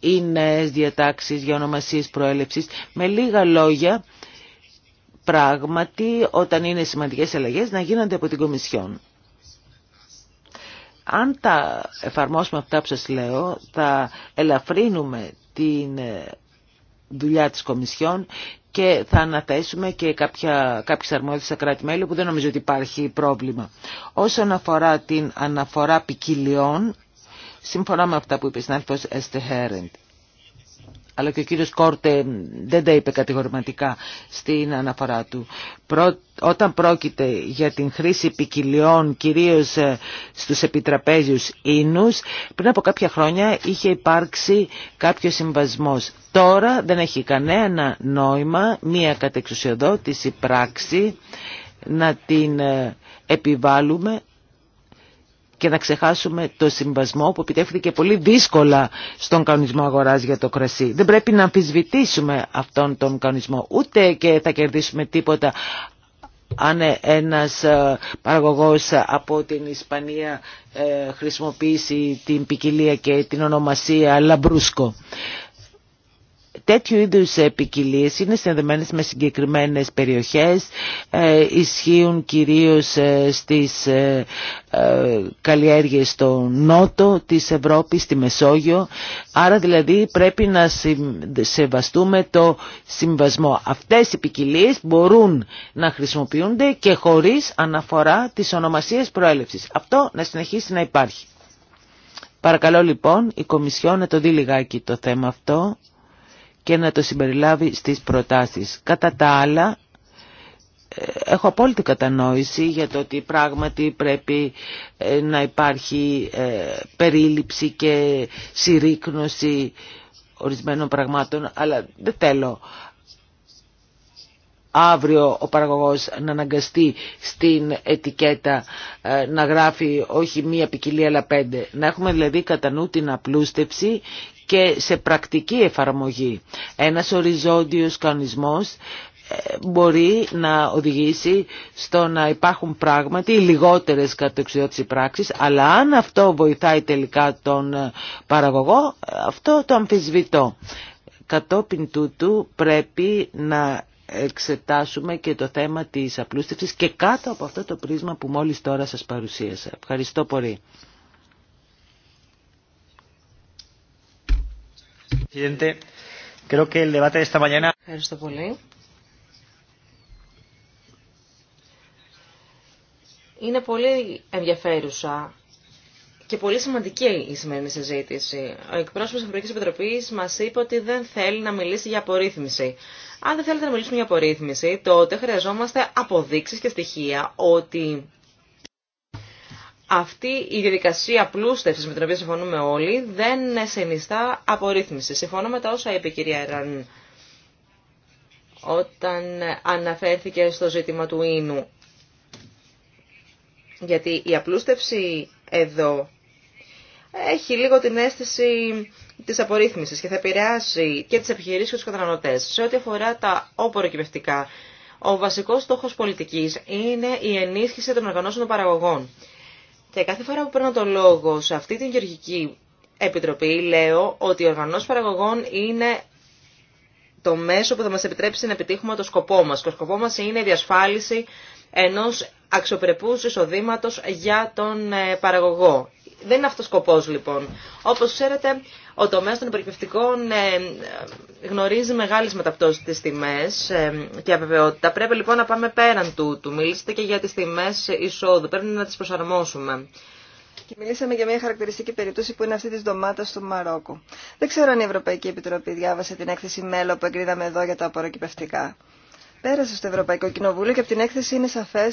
ή νέες διατάξεις για ονομασίες προέλευσης. Με λίγα λόγια, πράγματι, όταν είναι σημαντικές αλλαγές, να γίνονται από την Κομισιόν αν τα εφαρμόσουμε αυτά που σας λέω, θα ελαφρύνουμε την ε, δουλειά της Κομισιόν και θα αναθέσουμε και κάποια, κάποιες αρμόδιες στα κράτη-μέλη που δεν νομίζω ότι υπάρχει πρόβλημα. Όσον αφορά την αναφορά ποικιλιών, συμφωνώ με αυτά που είπε η συνάδελφος Εστεχέρεντ αλλά και ο κύριος Κόρτε δεν τα είπε κατηγορηματικά στην αναφορά του. Όταν πρόκειται για την χρήση ποικιλιών, κυρίως ε, στους επιτραπέζιους ίνους, πριν από κάποια χρόνια είχε υπάρξει κάποιο συμβασμός. Τώρα δεν έχει κανένα νόημα μία κατεξουσιοδότηση πράξη να την ε, επιβάλλουμε και να ξεχάσουμε το συμβασμό που επιτεύχθηκε πολύ δύσκολα στον κανονισμό αγοράς για το κρασί. Δεν πρέπει να αμφισβητήσουμε αυτόν τον κανονισμό, ούτε και θα κερδίσουμε τίποτα αν ένας ε, παραγωγός από την Ισπανία ε, χρησιμοποιήσει την ποικιλία και την ονομασία Λαμπρούσκο τέτοιου είδους ποικιλίε είναι συνδεδεμένες με συγκεκριμένες περιοχές, ε, ισχύουν κυρίως ε, στις ε, καλλιέργειες στο νότο της Ευρώπης, στη Μεσόγειο. Άρα δηλαδή πρέπει να σεβαστούμε το συμβασμό. Αυτές οι ποικιλίε μπορούν να χρησιμοποιούνται και χωρίς αναφορά της ονομασίας προέλευσης. Αυτό να συνεχίσει να υπάρχει. Παρακαλώ λοιπόν η Κομισιόν να το δει λιγάκι το θέμα αυτό και να το συμπεριλάβει στις προτάσεις. Κατά τα άλλα, ε, έχω απόλυτη κατανόηση για το ότι πράγματι πρέπει ε, να υπάρχει ε, περίληψη και συρρήκνωση ορισμένων πραγμάτων, αλλά δεν θέλω αύριο ο παραγωγός να αναγκαστεί στην ετικέτα να γράφει όχι μία ποικιλία αλλά πέντε. Να έχουμε δηλαδή κατά νου την απλούστευση και σε πρακτική εφαρμογή. Ένας οριζόντιος κανονισμός ε, μπορεί να οδηγήσει στο να υπάρχουν πράγματι λιγότερες κατεξιότητες πράξεις, αλλά αν αυτό βοηθάει τελικά τον ε, παραγωγό, ε, αυτό το αμφισβητώ. Κατόπιν τούτου πρέπει να εξετάσουμε και το θέμα της απλούστευσης και κάτω από αυτό το πρίσμα που μόλις τώρα σας παρουσίασα. Ευχαριστώ πολύ. Ευχαριστώ πολύ. Είναι πολύ ενδιαφέρουσα και πολύ σημαντική η σημερινή συζήτηση. Ο εκπρόσωπο τη Ευρωπαϊκή Επιτροπή μα είπε ότι δεν θέλει να μιλήσει για απορρίθμιση. Αν δεν θέλετε να μιλήσουμε για απορρίθμιση, τότε χρειαζόμαστε αποδείξει και στοιχεία ότι αυτή η διαδικασία πλούστευσης με την οποία συμφωνούμε όλοι δεν συνιστά απορρίθμιση. Συμφωνώ με τα όσα είπε η κυρία Ραν όταν αναφέρθηκε στο ζήτημα του ίνου. Γιατί η απλούστευση εδώ έχει λίγο την αίσθηση της απορρίθμισης και θα επηρεάσει και τις επιχειρήσεις και τους καταναλωτές. Σε ό,τι αφορά τα όπορο ο βασικός στόχος πολιτικής είναι η ενίσχυση των οργανώσεων των παραγωγών και κάθε φορά που παίρνω το λόγο σε αυτή την γεωργική επιτροπή λέω ότι ο οργανός παραγωγών είναι το μέσο που θα μας επιτρέψει να επιτύχουμε το σκοπό μας. Και ο σκοπό μας είναι η διασφάλιση ενός αξιοπρεπούς εισοδήματος για τον ε, παραγωγό δεν είναι αυτό ο σκοπό λοιπόν. Όπω ξέρετε, ο τομέας των υπερκευτικών ε, γνωρίζει μεγάλες μεταπτώσεις τιμέ τιμές ε, και αβεβαιότητα. Πρέπει λοιπόν να πάμε πέραν τούτου. Μιλήσατε και για τις τιμές εισόδου. Πρέπει να τι προσαρμόσουμε. Και μιλήσαμε για μια χαρακτηριστική περίπτωση που είναι αυτή τη ντομάτα του Μαρόκου. Δεν ξέρω αν η Ευρωπαϊκή Επιτροπή διάβασε την έκθεση μέλο που εγκρίναμε εδώ για τα απορροκυπευτικά. Πέρασε στο Ευρωπαϊκό Κοινοβούλιο και από την έκθεση είναι σαφέ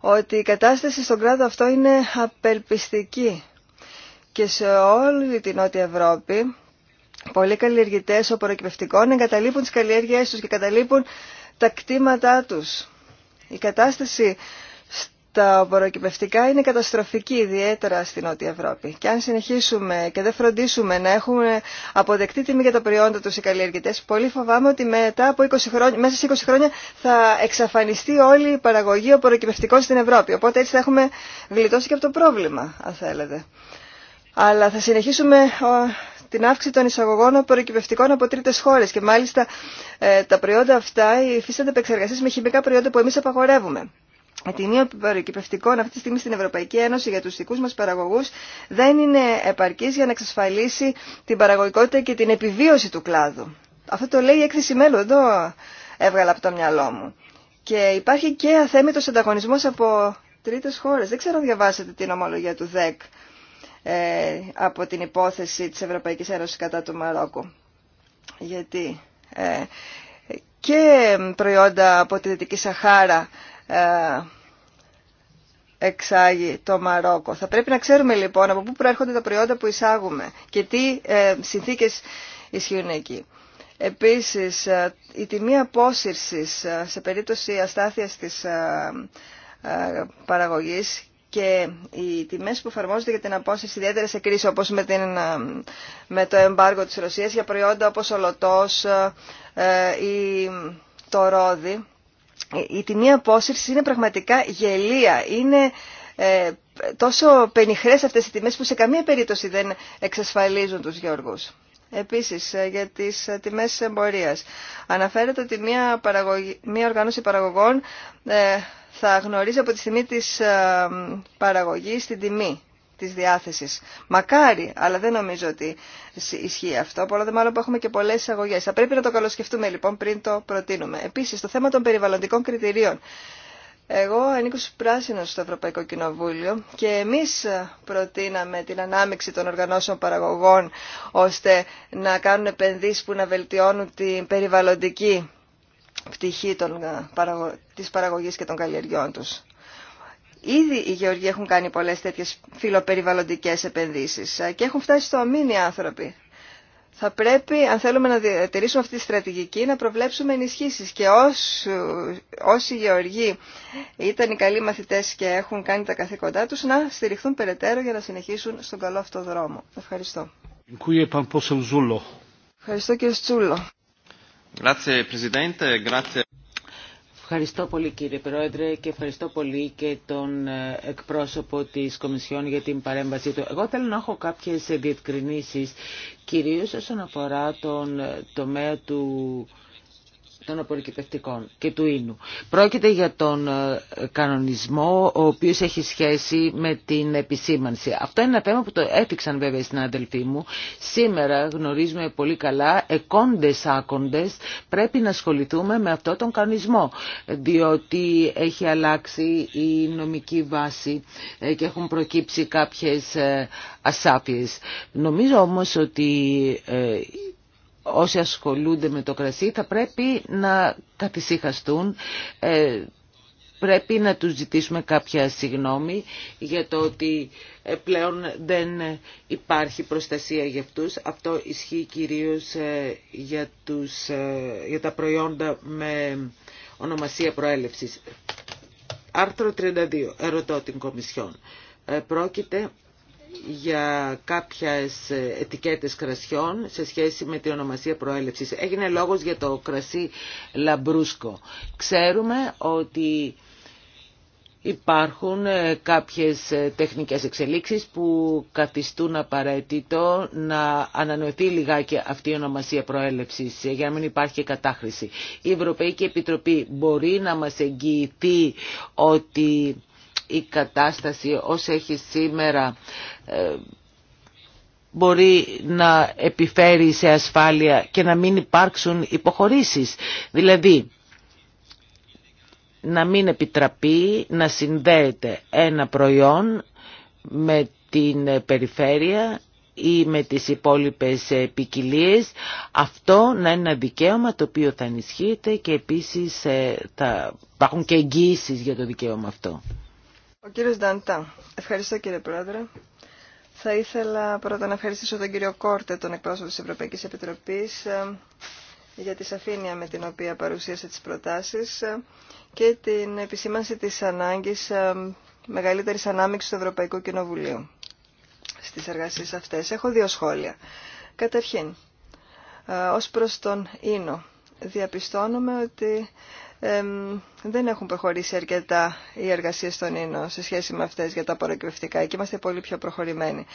ότι η κατάσταση στον κράτο αυτό είναι απελπιστική και σε όλη την Νότια Ευρώπη πολλοί καλλιεργητές οπωροκυπευτικών εγκαταλείπουν τις καλλιέργειές τους και εγκαταλείπουν τα κτήματά τους. Η κατάσταση τα απορροκυπευτικά είναι καταστροφική ιδιαίτερα στην Νότια Ευρώπη. Και αν συνεχίσουμε και δεν φροντίσουμε να έχουμε αποδεκτή τιμή για τα προϊόντα τους οι καλλιεργητές, πολύ φοβάμαι ότι μετά από 20 χρόνια, μέσα σε 20 χρόνια θα εξαφανιστεί όλη η παραγωγή απορροκυπευτικών στην Ευρώπη. Οπότε έτσι θα έχουμε γλιτώσει και από το πρόβλημα, αν θέλετε. Αλλά θα συνεχίσουμε την αύξηση των εισαγωγών απορροκυπευτικών από τρίτε χώρε. Και μάλιστα ε, τα προϊόντα αυτά υφίστανται επεξεργασίε με χημικά προϊόντα που εμεί απαγορεύουμε τιμή προεκυπευτικών αυτή τη στιγμή στην Ευρωπαϊκή Ένωση για τους δικού μας παραγωγούς δεν είναι επαρκής για να εξασφαλίσει την παραγωγικότητα και την επιβίωση του κλάδου. Αυτό το λέει η έκθεση μέλου, εδώ έβγαλα από το μυαλό μου. Και υπάρχει και αθέμητος ανταγωνισμός από τρίτες χώρες. Δεν ξέρω αν διαβάσετε την ομολογία του ΔΕΚ ε, από την υπόθεση της Ευρωπαϊκής Ένωσης κατά του Μαρόκου. Γιατί ε, και προϊόντα από τη Δυτική Σαχάρα ε, εξάγει το Μαρόκο. Θα πρέπει να ξέρουμε λοιπόν από πού προέρχονται τα προϊόντα που εισάγουμε και τι ε, συνθήκες ισχύουν εκεί. Επίσης, ε, η τιμή απόσυρσης σε περίπτωση αστάθειας της παραγωγής και οι τιμές που εφαρμόζονται για την απόσυρση ιδιαίτερα σε κρίση όπως με, την, με το εμπάργο της Ρωσίας για προϊόντα όπως ο λωτός ή το ρόδι η τιμή απόσυρσης είναι πραγματικά γελία. Είναι ε, τόσο πενιχρές αυτές οι τιμές που σε καμία περίπτωση δεν εξασφαλίζουν τους γεωργούς. Επίσης, ε, για τις ε, τιμές εμπορίας. Αναφέρεται ότι μια, μια οργάνωση παραγωγών θα γνωρίζει από τη στιγμή της ε, παραγωγής την τιμή της διάθεσης. Μακάρι, αλλά δεν νομίζω ότι ισχύει αυτό, πολλά δε μάλλον που έχουμε και πολλές εισαγωγές. Θα πρέπει να το καλοσκεφτούμε λοιπόν πριν το προτείνουμε. Επίσης, το θέμα των περιβαλλοντικών κριτηρίων. Εγώ ανήκω στους πράσινους στο Ευρωπαϊκό Κοινοβούλιο και εμείς προτείναμε την ανάμειξη των οργανώσεων παραγωγών ώστε να κάνουν επενδύσεις που να βελτιώνουν την περιβαλλοντική πτυχή των, ε, της παραγωγής και των καλλιεργιών τους. Ήδη οι Γεωργοί έχουν κάνει πολλές τέτοιες φιλοπεριβαλλοντικές επενδύσεις ε, και έχουν φτάσει στο οι άνθρωποι. Θα πρέπει, αν θέλουμε να διατηρήσουμε αυτή τη στρατηγική, να προβλέψουμε ενισχύσεις. Και όσοι, γεωργοί ήταν οι καλοί μαθητές και έχουν κάνει τα καθήκοντά τους, να στηριχθούν περαιτέρω για να συνεχίσουν στον καλό αυτό δρόμο. Ευχαριστώ. Ευχαριστώ κύριε grazie. Ευχαριστώ πολύ κύριε Πρόεδρε και ευχαριστώ πολύ και τον ε, εκπρόσωπο της Κομισιόν για την παρέμβασή του. Εγώ θέλω να έχω κάποιες διευκρινήσεις, κυρίως όσον αφορά τον ε, τομέα του των απορροκητευτικών και του ίνου. Πρόκειται για τον ε, κανονισμό ο οποίος έχει σχέση με την επισήμανση. Αυτό είναι ένα θέμα που το έφυξαν βέβαια στην συνάδελφοί μου. Σήμερα γνωρίζουμε πολύ καλά, εκόντες άκοντες πρέπει να ασχοληθούμε με αυτό τον κανονισμό διότι έχει αλλάξει η νομική βάση ε, και έχουν προκύψει κάποιες ε, ασάφειες. Νομίζω όμως ότι όσοι ασχολούνται με το κρασί θα πρέπει να καθησυχαστούν ε, πρέπει να τους ζητήσουμε κάποια συγνώμη για το ότι ε, πλέον δεν υπάρχει προστασία για αυτούς. Αυτό ισχύει κυρίως ε, για, τους, για τα προϊόντα με ονομασία προέλευσης. Άρθρο 32. Ερωτώ την Κομισιόν. Πρόκειται για κάποιες ετικέτες κρασιών σε σχέση με την ονομασία προέλευσης. Έγινε λόγος για το κρασί λαμπρούσκο. Ξέρουμε ότι υπάρχουν ε, κάποιες ε, τεχνικές εξελίξεις που καθιστούν απαραίτητο να ανανοηθεί λιγάκι αυτή η ονομασία προέλευσης ε, για να μην υπάρχει κατάχρηση. Η Ευρωπαϊκή Επιτροπή μπορεί να μας εγγυηθεί ότι η κατάσταση όσο έχει σήμερα ε, μπορεί να επιφέρει σε ασφάλεια και να μην υπάρξουν υποχωρήσεις. Δηλαδή, να μην επιτραπεί να συνδέεται ένα προϊόν με την περιφέρεια ή με τις υπόλοιπες ποικιλίε. Αυτό να είναι ένα δικαίωμα το οποίο θα ενισχύεται και επίσης ε, θα υπάρχουν και εγγύησεις για το δικαίωμα αυτό. Ο κύριος Νταντά. Ευχαριστώ κύριε Πρόεδρε. Θα ήθελα πρώτα να ευχαριστήσω τον κύριο Κόρτε, τον εκπρόσωπο της Ευρωπαϊκής Επιτροπής, ε, για τη σαφήνεια με την οποία παρουσίασε τις προτάσεις ε, και την επισήμανση της ανάγκης ε, μεγαλύτερης ανάμειξης του Ευρωπαϊκού Κοινοβουλίου στις εργασίες αυτές. Έχω δύο σχόλια. Καταρχήν, ως προς τον Ίνο, διαπιστώνουμε ότι δεν έχουν προχωρήσει αρκετά οι εργασίε των ίνων σε σχέση με αυτέ για τα απορροκρυφτικά. Εκεί είμαστε πολύ πιο προχωρημένοι.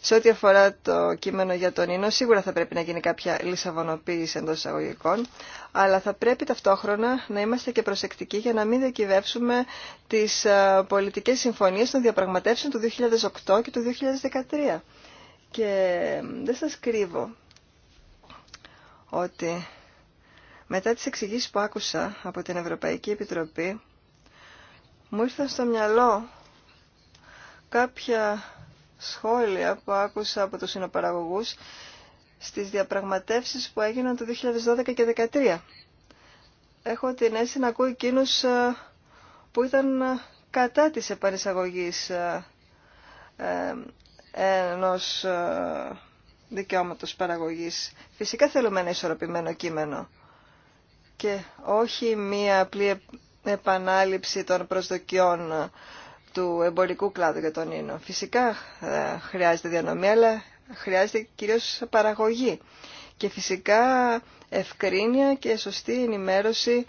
Σε ό,τι αφορά το κείμενο για τον ίνο, σίγουρα θα πρέπει να γίνει κάποια λισαβονοποίηση εντό εισαγωγικών, αλλά θα πρέπει ταυτόχρονα να είμαστε και προσεκτικοί για να μην διακυβεύσουμε τι ε, πολιτικέ συμφωνίε των διαπραγματεύσεων του 2008 και του 2013. Και δεν σας κρύβω ότι μετά τις εξηγήσεις που άκουσα από την Ευρωπαϊκή Επιτροπή, μου ήρθαν στο μυαλό κάποια σχόλια που άκουσα από τους συνοπαραγωγούς στις διαπραγματεύσεις που έγιναν το 2012 και 2013. Έχω την αίσθηση να ακούω εκείνους ε, που ήταν ε, κατά της επανεισαγωγής ε, ενός δικαιώματος παραγωγής. Φυσικά θέλουμε ένα ισορροπημένο κείμενο και όχι μία απλή επανάληψη των προσδοκιών ε, του εμπορικού κλάδου για τον ίνο. Φυσικά ε, χρειάζεται διανομή, αλλά χρειάζεται κυρίως παραγωγή. Και φυσικά ευκρίνεια και σωστή ενημέρωση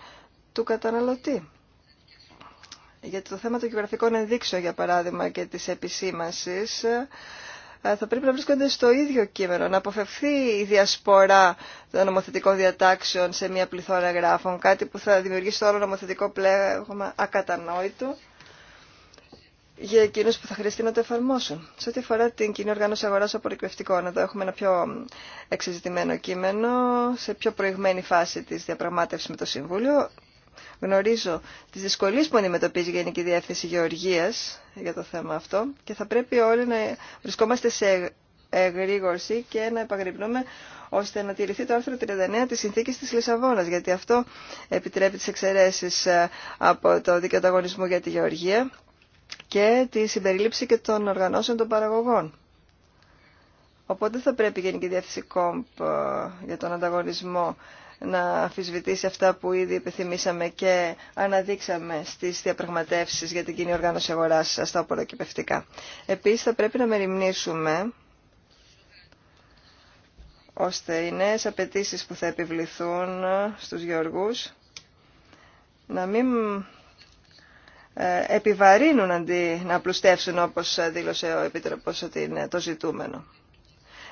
του καταναλωτή. Για το θέμα των γεωγραφικών ενδείξεων, για παράδειγμα, και της επισήμασης ε, θα πρέπει να βρίσκονται στο ίδιο κείμενο, να αποφευθεί η διασπορά των νομοθετικών διατάξεων σε μια πληθώρα γράφων, κάτι που θα δημιουργήσει το όλο νομοθετικό πλέγμα ακατανόητο για εκείνου που θα χρειαστεί να το εφαρμόσουν. Σε ό,τι αφορά την κοινή οργάνωση αγορά απορριπευτικών, εδώ έχουμε ένα πιο εξεζητημένο κείμενο, σε πιο προηγμένη φάση τη διαπραγμάτευση με το Συμβούλιο. Γνωρίζω τις δυσκολίες που αντιμετωπίζει η Γενική Διεύθυνση Γεωργίας για το θέμα αυτό και θα πρέπει όλοι να βρισκόμαστε σε εγρήγορση και να επαγρυπνούμε ώστε να τηρηθεί το άρθρο 39 της συνθήκης της Λισαβόνας γιατί αυτό επιτρέπει τις εξαιρέσεις ε, από το δίκαιο ανταγωνισμού για τη γεωργία και τη συμπεριλήψη και των οργανώσεων των παραγωγών. Οπότε θα πρέπει η Γενική Διεύθυνση ΚΟΜΠ ε, για τον ανταγωνισμό να αφισβητήσει αυτά που ήδη επιθυμήσαμε και αναδείξαμε στις διαπραγματεύσεις για την κοινή οργάνωση αγοράς στα απορροκυπευτικά. Επίσης θα πρέπει να μεριμνήσουμε ώστε οι νέες απαιτήσεις που θα επιβληθούν στους γεωργούς να μην ε, επιβαρύνουν αντί να απλουστεύσουν όπως δήλωσε ο Επίτροπος ότι είναι το ζητούμενο.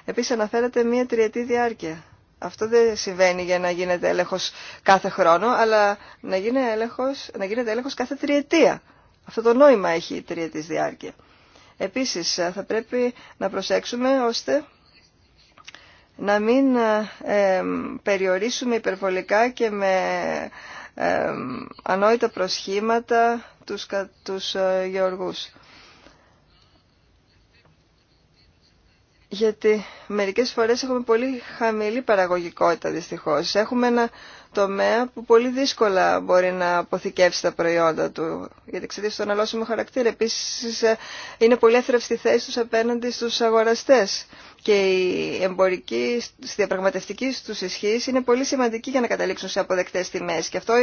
Επίσης αναφέρατε μία τριετή διάρκεια. Αυτό δεν συμβαίνει για να γίνεται έλεγχος κάθε χρόνο, αλλά να γίνεται έλεγχος, να γίνεται έλεγχος κάθε τριετία. Αυτό το νόημα έχει η τριετής διάρκεια. Επίσης, ε, θα πρέπει να προσέξουμε ώστε να μην ε, περιορίσουμε υπερβολικά και με ε, ανόητα προσχήματα τους, τους ε, γεωργούς. γιατί μερικές φορές έχουμε πολύ χαμηλή παραγωγικότητα δυστυχώς. Έχουμε ένα τομέα που πολύ δύσκολα μπορεί να αποθηκεύσει τα προϊόντα του. Γιατί εξαιτία στον αλώσιμο χαρακτήρα Επίση ε, είναι πολύ έθρευστη θέση του απέναντι στου αγοραστέ. Και η εμπορική, στη διαπραγματευτική του ισχύ είναι πολύ σημαντική για να καταλήξουν σε αποδεκτέ τιμέ. Και αυτό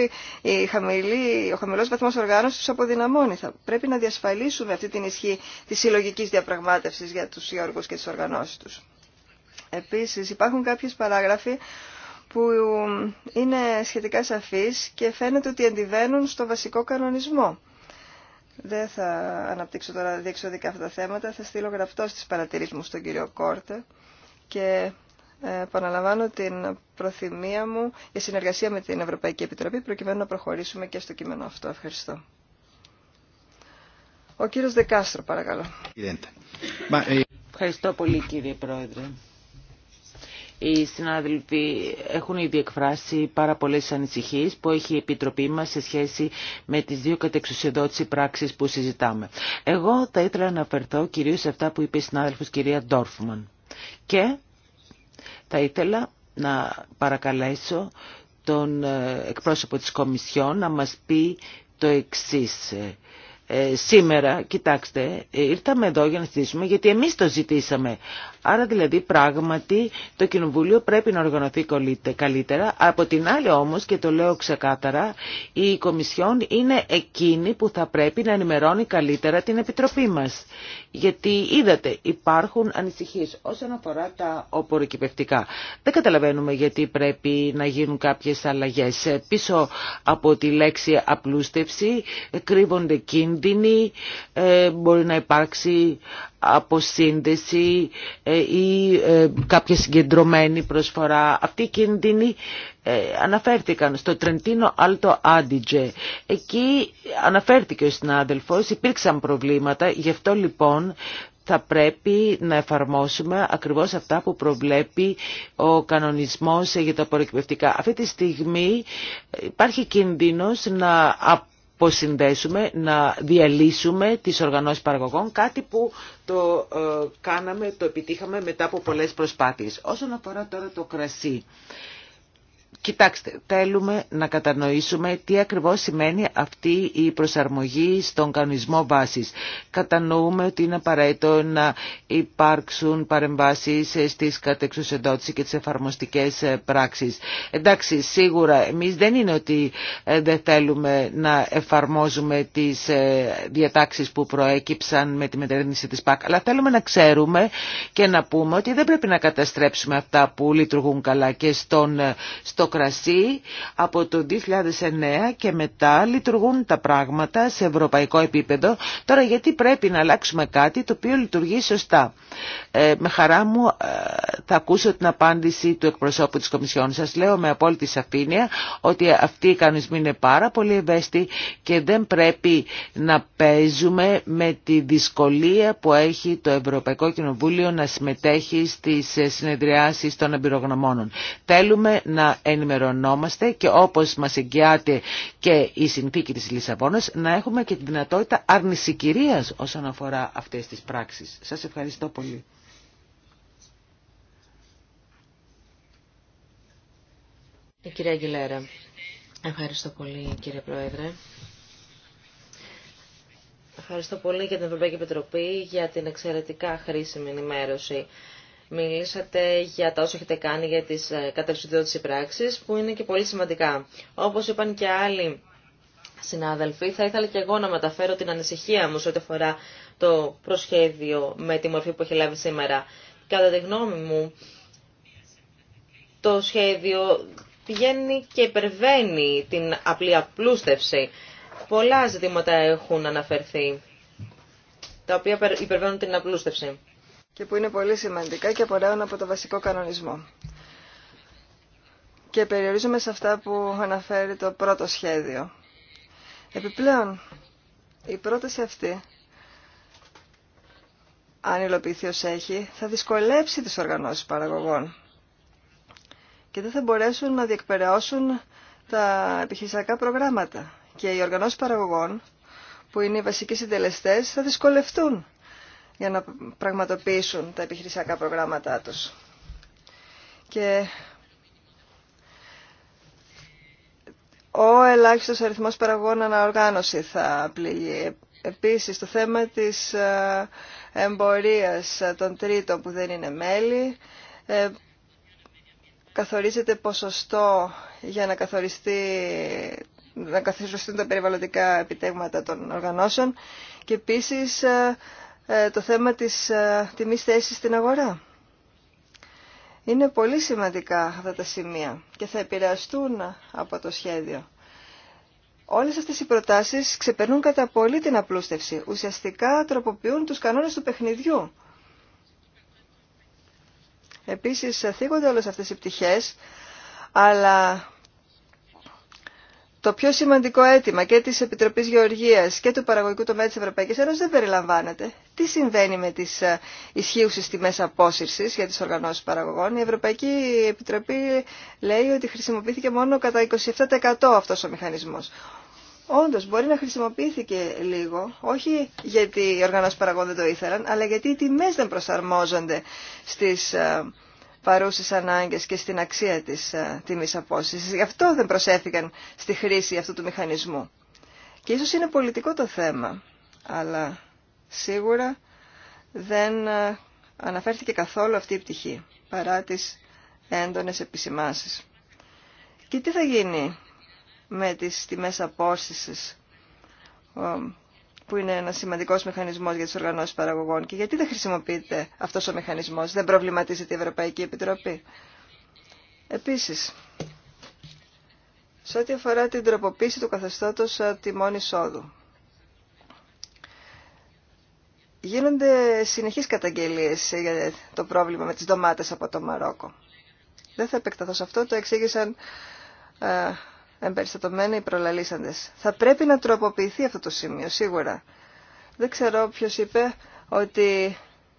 η χαμηλή, ο χαμηλό βαθμό οργάνωση του αποδυναμώνει. Θα πρέπει να διασφαλίσουμε αυτή την ισχύ τη συλλογική διαπραγματεύση για του Γιώργους και τι οργανώσει του. Επίσης υπάρχουν κάποιες παράγραφοι που είναι σχετικά σαφείς και φαίνεται ότι αντιβαίνουν στο βασικό κανονισμό. Δεν θα αναπτύξω τώρα διεξοδικά αυτά τα θέματα, θα στείλω γραπτό στις παρατηρήσεις μου στον κύριο Κόρτε και ε, επαναλαμβάνω την προθυμία μου για συνεργασία με την Ευρωπαϊκή Επιτροπή προκειμένου να προχωρήσουμε και στο κείμενο αυτό. Ευχαριστώ. Ο κύριος Δεκάστρο, παρακαλώ. Ε, Ευχαριστώ πολύ κύριε Πρόεδρε. Οι συνάδελφοι έχουν ήδη εκφράσει πάρα πολλές ανησυχίες που έχει η Επιτροπή μας σε σχέση με τις δύο κατεξουσιοδότηση πράξεις που συζητάμε. Εγώ θα ήθελα να αναφερθώ κυρίως σε αυτά που είπε η συνάδελφος κυρία Ντόρφμαν. Και θα ήθελα να παρακαλέσω τον ε, εκπρόσωπο της Κομισιόν να μας πει το εξής. Ε, σήμερα, κοιτάξτε, ε, ήρθαμε εδώ για να συζητήσουμε γιατί εμείς το ζητήσαμε. Άρα δηλαδή πράγματι το Κοινοβούλιο πρέπει να οργανωθεί καλύτερα. Από την άλλη όμως και το λέω ξεκάθαρα η Κομισιόν είναι εκείνη που θα πρέπει να ενημερώνει καλύτερα την Επιτροπή μας. Γιατί είδατε υπάρχουν ανησυχίες όσον αφορά τα οποροκυπευτικά. Δεν καταλαβαίνουμε γιατί πρέπει να γίνουν κάποιες αλλαγές. Ε, πίσω από τη λέξη απλούστευση ε, κρύβονται κίνδυνοι, ε, μπορεί να υπάρξει αποσύνδεση ε, ή ε, κάποια συγκεντρωμένη προσφορά. αυτη οι κίνδυνοι ε, αναφέρθηκαν στο Τρεντίνο Αλτο Άντιτζε. Εκεί αναφέρθηκε ο συνάδελφος, υπήρξαν προβλήματα, γι' αυτό λοιπόν θα πρέπει να εφαρμόσουμε ακριβώς αυτά που προβλέπει ο κανονισμός για τα απορροκυπευτικά. Αυτή τη στιγμή υπάρχει κίνδυνος να συνδέσουμε να διαλύσουμε τις οργανώσεις παραγωγών, κάτι που το ε, κάναμε, το επιτύχαμε μετά από πολλές προσπάθειες. Όσον αφορά τώρα το κρασί, Κοιτάξτε, θέλουμε να κατανοήσουμε τι ακριβώς σημαίνει αυτή η προσαρμογή στον κανονισμό βάσης. Κατανοούμε ότι είναι απαραίτητο να υπάρξουν παρεμβάσεις στις κατεξουσιοδότηση και τις εφαρμοστικές πράξεις. Εντάξει, σίγουρα εμείς δεν είναι ότι ε, δεν θέλουμε να εφαρμόζουμε τις ε, διατάξεις που προέκυψαν με τη μεταρρύθμιση της ΠΑΚ, αλλά θέλουμε να ξέρουμε και να πούμε ότι δεν πρέπει να καταστρέψουμε αυτά που λειτουργούν καλά και στον ε, στο κρασί από το 2009 και μετά λειτουργούν τα πράγματα σε ευρωπαϊκό επίπεδο. Τώρα γιατί πρέπει να αλλάξουμε κάτι το οποίο λειτουργεί σωστά. Ε, με χαρά μου ε, θα ακούσω την απάντηση του εκπροσώπου της Κομισιόν. Σας λέω με απόλυτη σαφήνεια ότι αυτοί οι κανονισμοί είναι πάρα πολύ ευαίσθητοι και δεν πρέπει να παίζουμε με τη δυσκολία που έχει το Ευρωπαϊκό Κοινοβούλιο να συμμετέχει στις συνεδριάσεις των εμπειρογνωμόνων. Θέλουμε να ενημερωνόμαστε και όπως μας εγγυάται και η συνθήκη της Λισαβόνας να έχουμε και τη δυνατότητα αρνησικυρίας όσον αφορά αυτές τις πράξεις. Σας ευχαριστώ πολύ. Ε, κυρία Αγγιλέρα. Ευχαριστώ πολύ κύριε Πρόεδρε. Ευχαριστώ πολύ για την Ευρωπαϊκή Επιτροπή για την εξαιρετικά χρήσιμη ενημέρωση. Μιλήσατε για τα όσα έχετε κάνει για τις ε, κατευθυντικές πράξεις που είναι και πολύ σημαντικά. Όπως είπαν και άλλοι συνάδελφοι, θα ήθελα και εγώ να μεταφέρω την ανησυχία μου σε ό,τι αφορά το προσχέδιο με τη μορφή που έχει λάβει σήμερα. Κατά τη γνώμη μου, το σχέδιο πηγαίνει και υπερβαίνει την απλή απλούστευση. Πολλά ζητήματα έχουν αναφερθεί, τα οποία υπερβαίνουν την απλούστευση και που είναι πολύ σημαντικά και απορρέουν από το βασικό κανονισμό. Και περιορίζομαι σε αυτά που αναφέρει το πρώτο σχέδιο. Επιπλέον, η πρόταση αυτή, αν υλοποιηθεί ως έχει, θα δυσκολέψει τις οργανώσεις παραγωγών και δεν θα μπορέσουν να διεκπαιρεώσουν τα επιχειρησιακά προγράμματα. Και οι οργανώσεις παραγωγών, που είναι οι βασικοί συντελεστές, θα δυσκολευτούν για να πραγματοποιήσουν τα επιχειρησιακά προγράμματά τους. Και ο ελάχιστος αριθμός παραγωγών αναοργάνωση θα πληγεί. Επίσης, το θέμα της ε, εμπορίας ε, των τρίτων που δεν είναι μέλη, ε, καθορίζεται ποσοστό για να καθοριστεί να καθοριστούν τα περιβαλλοντικά επιτέγματα των οργανώσεων και επίσης ε, το θέμα της ε, τιμής θέσης στην αγορά. Είναι πολύ σημαντικά αυτά τα σημεία και θα επηρεαστούν από το σχέδιο. Όλες αυτές οι προτάσεις ξεπερνούν κατά πολύ την απλούστευση. Ουσιαστικά τροποποιούν τους κανόνες του παιχνιδιού. Επίσης θίγονται όλες αυτές οι πτυχές, αλλά το πιο σημαντικό αίτημα και της Επιτροπής Γεωργίας και του παραγωγικού τομέα της Ευρωπαϊκής Ένωσης δεν περιλαμβάνεται. Τι συμβαίνει με τις ε, ισχύουσες τιμές απόσυρσης για τις οργανώσεις παραγωγών. Η Ευρωπαϊκή Επιτροπή λέει ότι χρησιμοποιήθηκε μόνο κατά 27% αυτός ο μηχανισμός. Όντω, μπορεί να χρησιμοποιήθηκε λίγο, όχι γιατί οι οργανώσει παραγωγών δεν το ήθελαν, αλλά γιατί οι τιμέ δεν προσαρμόζονται στι ε, παρούσες ανάγκες και στην αξία της ε, τιμής απόσυσης. Γι' αυτό δεν προσέφηκαν στη χρήση αυτού του μηχανισμού. Και ίσως είναι πολιτικό το θέμα, αλλά σίγουρα δεν ε, αναφέρθηκε καθόλου αυτή η πτυχή, παρά τις έντονες επισημάσεις. Και τι θα γίνει με τις τιμές απόσυσης που είναι ένα σημαντικό μηχανισμό για τι οργανώσει παραγωγών. Και γιατί δεν χρησιμοποιείται αυτό ο μηχανισμό, δεν προβληματίζεται η Ευρωπαϊκή Επιτροπή. Επίση, σε ό,τι αφορά την τροποποίηση του καθεστώτο ε, τιμών εισόδου. Γίνονται συνεχείς καταγγελίες για το πρόβλημα με τις ντομάτες από το Μαρόκο. Δεν θα επεκταθώ σε αυτό, το εξήγησαν ε, εμπεριστατωμένα οι προλαλήσαντες. Θα πρέπει να τροποποιηθεί αυτό το σημείο, σίγουρα. Δεν ξέρω ποιο είπε ότι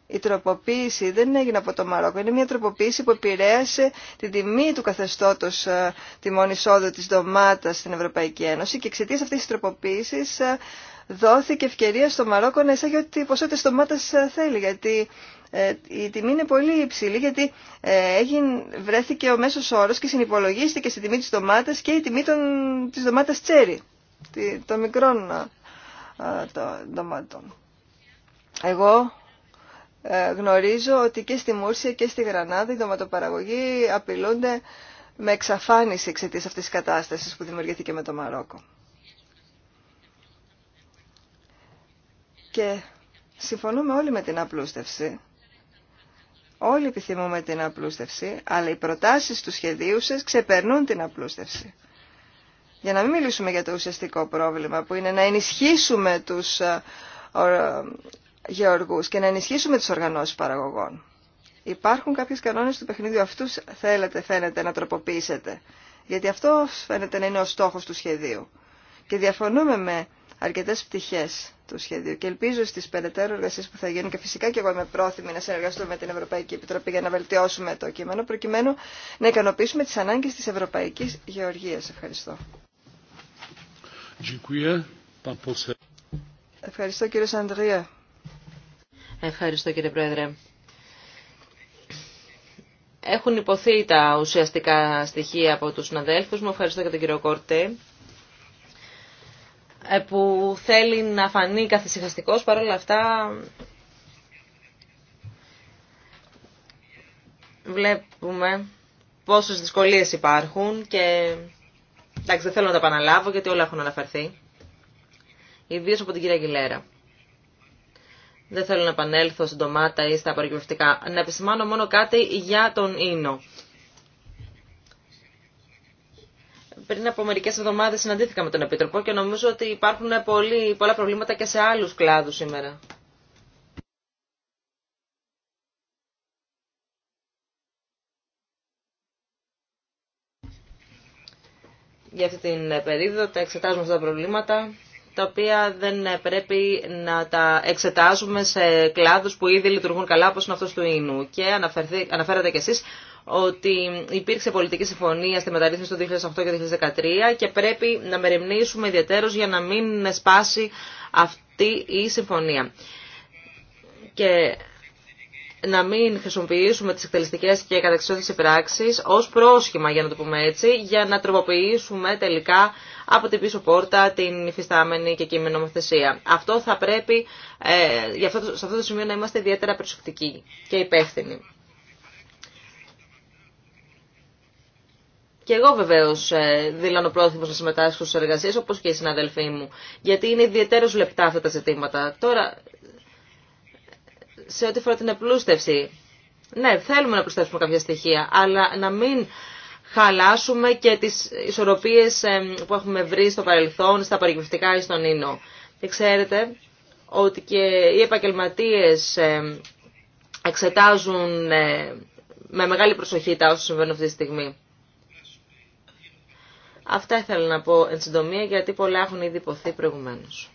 η τροποποίηση δεν έγινε από το Μαρόκο. Είναι μια τροποποίηση που επηρέασε την τιμή του καθεστώτος ε, τιμών εισόδου τη ντομάτα στην Ευρωπαϊκή Ένωση και εξαιτία αυτής της τροποποίηση ε, δόθηκε ευκαιρία στο Μαρόκο να εισάγει ό,τι ποσότητες ντομάτας ε, θέλει, γιατί ε, η τιμή είναι πολύ υψηλή, γιατί ε, βρέθηκε ο μέσο όρο και συνυπολογίστηκε στη τιμή τη ντομάτα και η τιμή τη ντομάτα τσέρι, των μικρών ντομάτων. Εγώ γνωρίζω ότι και στη Μούρσια και στη Γρανάδα οι ντοματοπαραγωγοί απειλούνται με εξαφάνιση εξαιτία αυτή τη κατάσταση που δημιουργήθηκε με το Μαρόκο. Και συμφωνούμε όλοι με την απλούστευση. Όλοι επιθυμούμε την απλούστευση, αλλά οι προτάσεις του σχεδίου σας ξεπερνούν την απλούστευση. Για να μην μιλήσουμε για το ουσιαστικό πρόβλημα που είναι να ενισχύσουμε τους ε, ε, γεωργούς και να ενισχύσουμε τις οργανώσεις παραγωγών. Υπάρχουν κάποιες κανόνες του παιχνιδιού, αυτούς θέλετε φαίνεται να τροποποιήσετε, γιατί αυτό φαίνεται να είναι ο στόχος του σχεδίου. Και διαφωνούμε με αρκετές πτυχές του σχεδίου. Και ελπίζω στι περαιτέρω εργασίε που θα γίνουν και φυσικά και εγώ είμαι πρόθυμη να συνεργαστούμε με την Ευρωπαϊκή Επιτροπή για να βελτιώσουμε το κείμενο προκειμένου να ικανοποιήσουμε τι ανάγκε τη Ευρωπαϊκή Γεωργία. Ευχαριστώ. Ευχαριστώ κύριε Σαντρία. Ευχαριστώ κύριε Πρόεδρε. Έχουν υποθεί τα ουσιαστικά στοιχεία από τους συναδέλφους μου. Ευχαριστώ και τον κύριο Κόρτε ε, που θέλει να φανεί καθησυχαστικός, παρόλα αυτά βλέπουμε πόσες δυσκολίες υπάρχουν και εντάξει δεν θέλω να τα επαναλάβω γιατί όλα έχουν αναφερθεί. Ιδίως από την κυρία Γιλέρα. Δεν θέλω να επανέλθω στην ντομάτα ή στα απορριπευτικά. Να επισημάνω μόνο κάτι για τον Ίνο. πριν από μερικέ εβδομάδε συναντήθηκα με τον Επίτροπο και νομίζω ότι υπάρχουν πολύ, πολλά προβλήματα και σε άλλους κλάδους σήμερα. Για αυτή την περίοδο τα εξετάζουμε αυτά τα προβλήματα τα οποία δεν πρέπει να τα εξετάζουμε σε κλάδους που ήδη λειτουργούν καλά, όπως είναι αυτός του Ίνου. Και αναφέρατε κι εσείς ότι υπήρξε πολιτική συμφωνία στη μεταρρύθμιση του 2008 και 2013 και πρέπει να μεριμνήσουμε ιδιαίτερως για να μην σπάσει αυτή η συμφωνία. Και να μην χρησιμοποιήσουμε τις εκτελεστικές και καταξιώδεις πράξεις ως πρόσχημα, για να το πούμε έτσι, για να τροποποιήσουμε τελικά από την πίσω πόρτα την υφιστάμενη και κείμενο νομοθεσία. Αυτό θα πρέπει, ε, για αυτό, σε αυτό το σημείο να είμαστε ιδιαίτερα προσεκτικοί και υπεύθυνοι. Και εγώ βεβαίω ε, δηλώνω πρόθυμο να συμμετάσχω στι εργασίε όπω και οι συναδελφοί μου. Γιατί είναι ιδιαίτερω λεπτά αυτά τα ζητήματα. Τώρα, σε ό,τι φορά την επλούστευση, Ναι, θέλουμε να προστατεύσουμε κάποια στοιχεία, αλλά να μην χαλάσουμε και τις ισορροπίες ε, που έχουμε βρει στο παρελθόν, στα παρεγκυφτικά ή στον ίνο. Και ξέρετε ότι και οι επαγγελματίες ε, εξετάζουν ε, με μεγάλη προσοχή τα όσα συμβαίνουν αυτή τη στιγμή. Αυτά ήθελα να πω εν συντομία γιατί πολλά έχουν ήδη υποθεί προηγουμένως.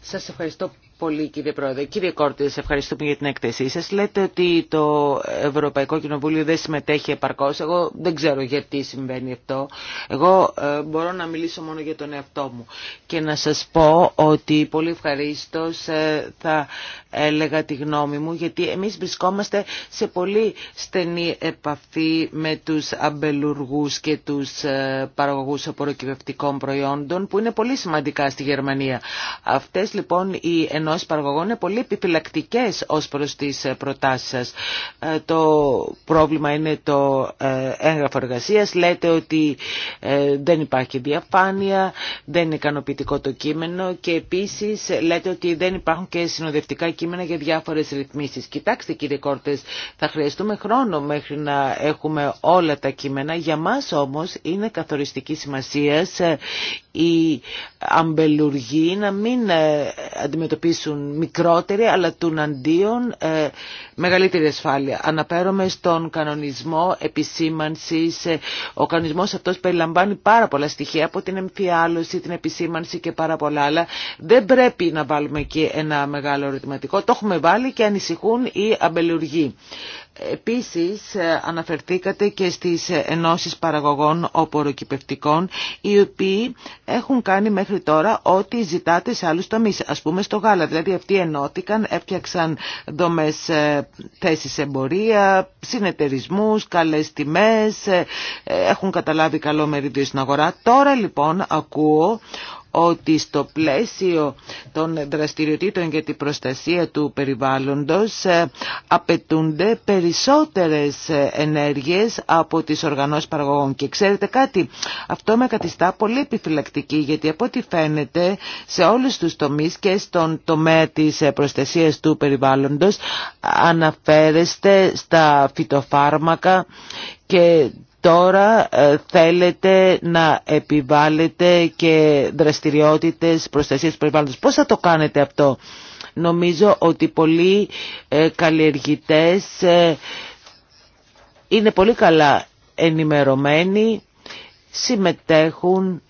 Σας ευχαριστώ πολύ κύριε Πρόεδρε. Κύριε Κόρτη, σε ευχαριστούμε για την έκθεσή σας. Λέτε ότι το Ευρωπαϊκό Κοινοβούλιο δεν συμμετέχει επαρκώς. Εγώ δεν ξέρω γιατί συμβαίνει αυτό. Εγώ ε, μπορώ να μιλήσω μόνο για τον εαυτό μου και να σας πω ότι πολύ ευχαρίστω ε, θα έλεγα τη γνώμη μου γιατί εμείς βρισκόμαστε σε πολύ στενή επαφή με τους αμπελουργούς και τους ε, παραγωγούς απορροκυβευτικών προϊόντων που είναι πολύ σημαντικά στη Γερμανία. Αυτές λοιπόν οι ως είναι πολύ επιφυλακτικέ ως προς τις ε, προτάσεις σας. Ε, το πρόβλημα είναι το ε, έγγραφο εργασίας. Λέτε ότι δεν υπάρχει διαφάνεια, δεν είναι ικανοποιητικό το κείμενο και επίσης λέτε ότι δεν υπάρχουν και συνοδευτικά κείμενα για διάφορες ρυθμίσεις. Κοιτάξτε κύριε Κόρτες, θα χρειαστούμε χρόνο μέχρι να έχουμε όλα τα κείμενα. Για μας όμως είναι καθοριστική σημασία οι αμπελουργοί να μην ε, αντιμετωπίσουν μικρότερη αλλά τουναντίον αντίον ε, μεγαλύτερη ασφάλεια. Αναπέρομαι στον κανονισμό επισήμανσης. Ε, ο κανονισμός αυτός περιλαμβάνει πάρα πολλά στοιχεία από την εμφιάλωση, την επισήμανση και πάρα πολλά άλλα. Δεν πρέπει να βάλουμε εκεί ένα μεγάλο ερωτηματικό. Το έχουμε βάλει και ανησυχούν οι αμπελουργοί. Επίσης ε, αναφερθήκατε και στις ενώσεις παραγωγών οποροκυπευτικών οι οποίοι έχουν κάνει μέχρι τώρα ό,τι ζητάτε σε άλλους τομείς ας πούμε στο γάλα δηλαδή αυτοί ενώθηκαν, έπιαξαν δομές ε, θέσεις εμπορία συνεταιρισμούς, καλές τιμές ε, έχουν καταλάβει καλό μερίδιο στην αγορά τώρα λοιπόν ακούω ότι στο πλαίσιο των δραστηριοτήτων για την προστασία του περιβάλλοντος ε, απαιτούνται περισσότερες ε, ενέργειες από τις οργανώσεις παραγωγών. Και ξέρετε κάτι, αυτό με κατιστά πολύ επιφυλακτική γιατί από ό,τι φαίνεται σε όλους τους τομείς και στον τομέα της ε, προστασίας του περιβάλλοντος αναφέρεστε στα φυτοφάρμακα Τώρα ε, θέλετε να επιβάλλετε και δραστηριότητες προστασίας του περιβάλλοντος. Πώς θα το κάνετε αυτό. Νομίζω ότι πολλοί ε, καλλιεργητές ε, είναι πολύ καλά ενημερωμένοι, συμμετέχουν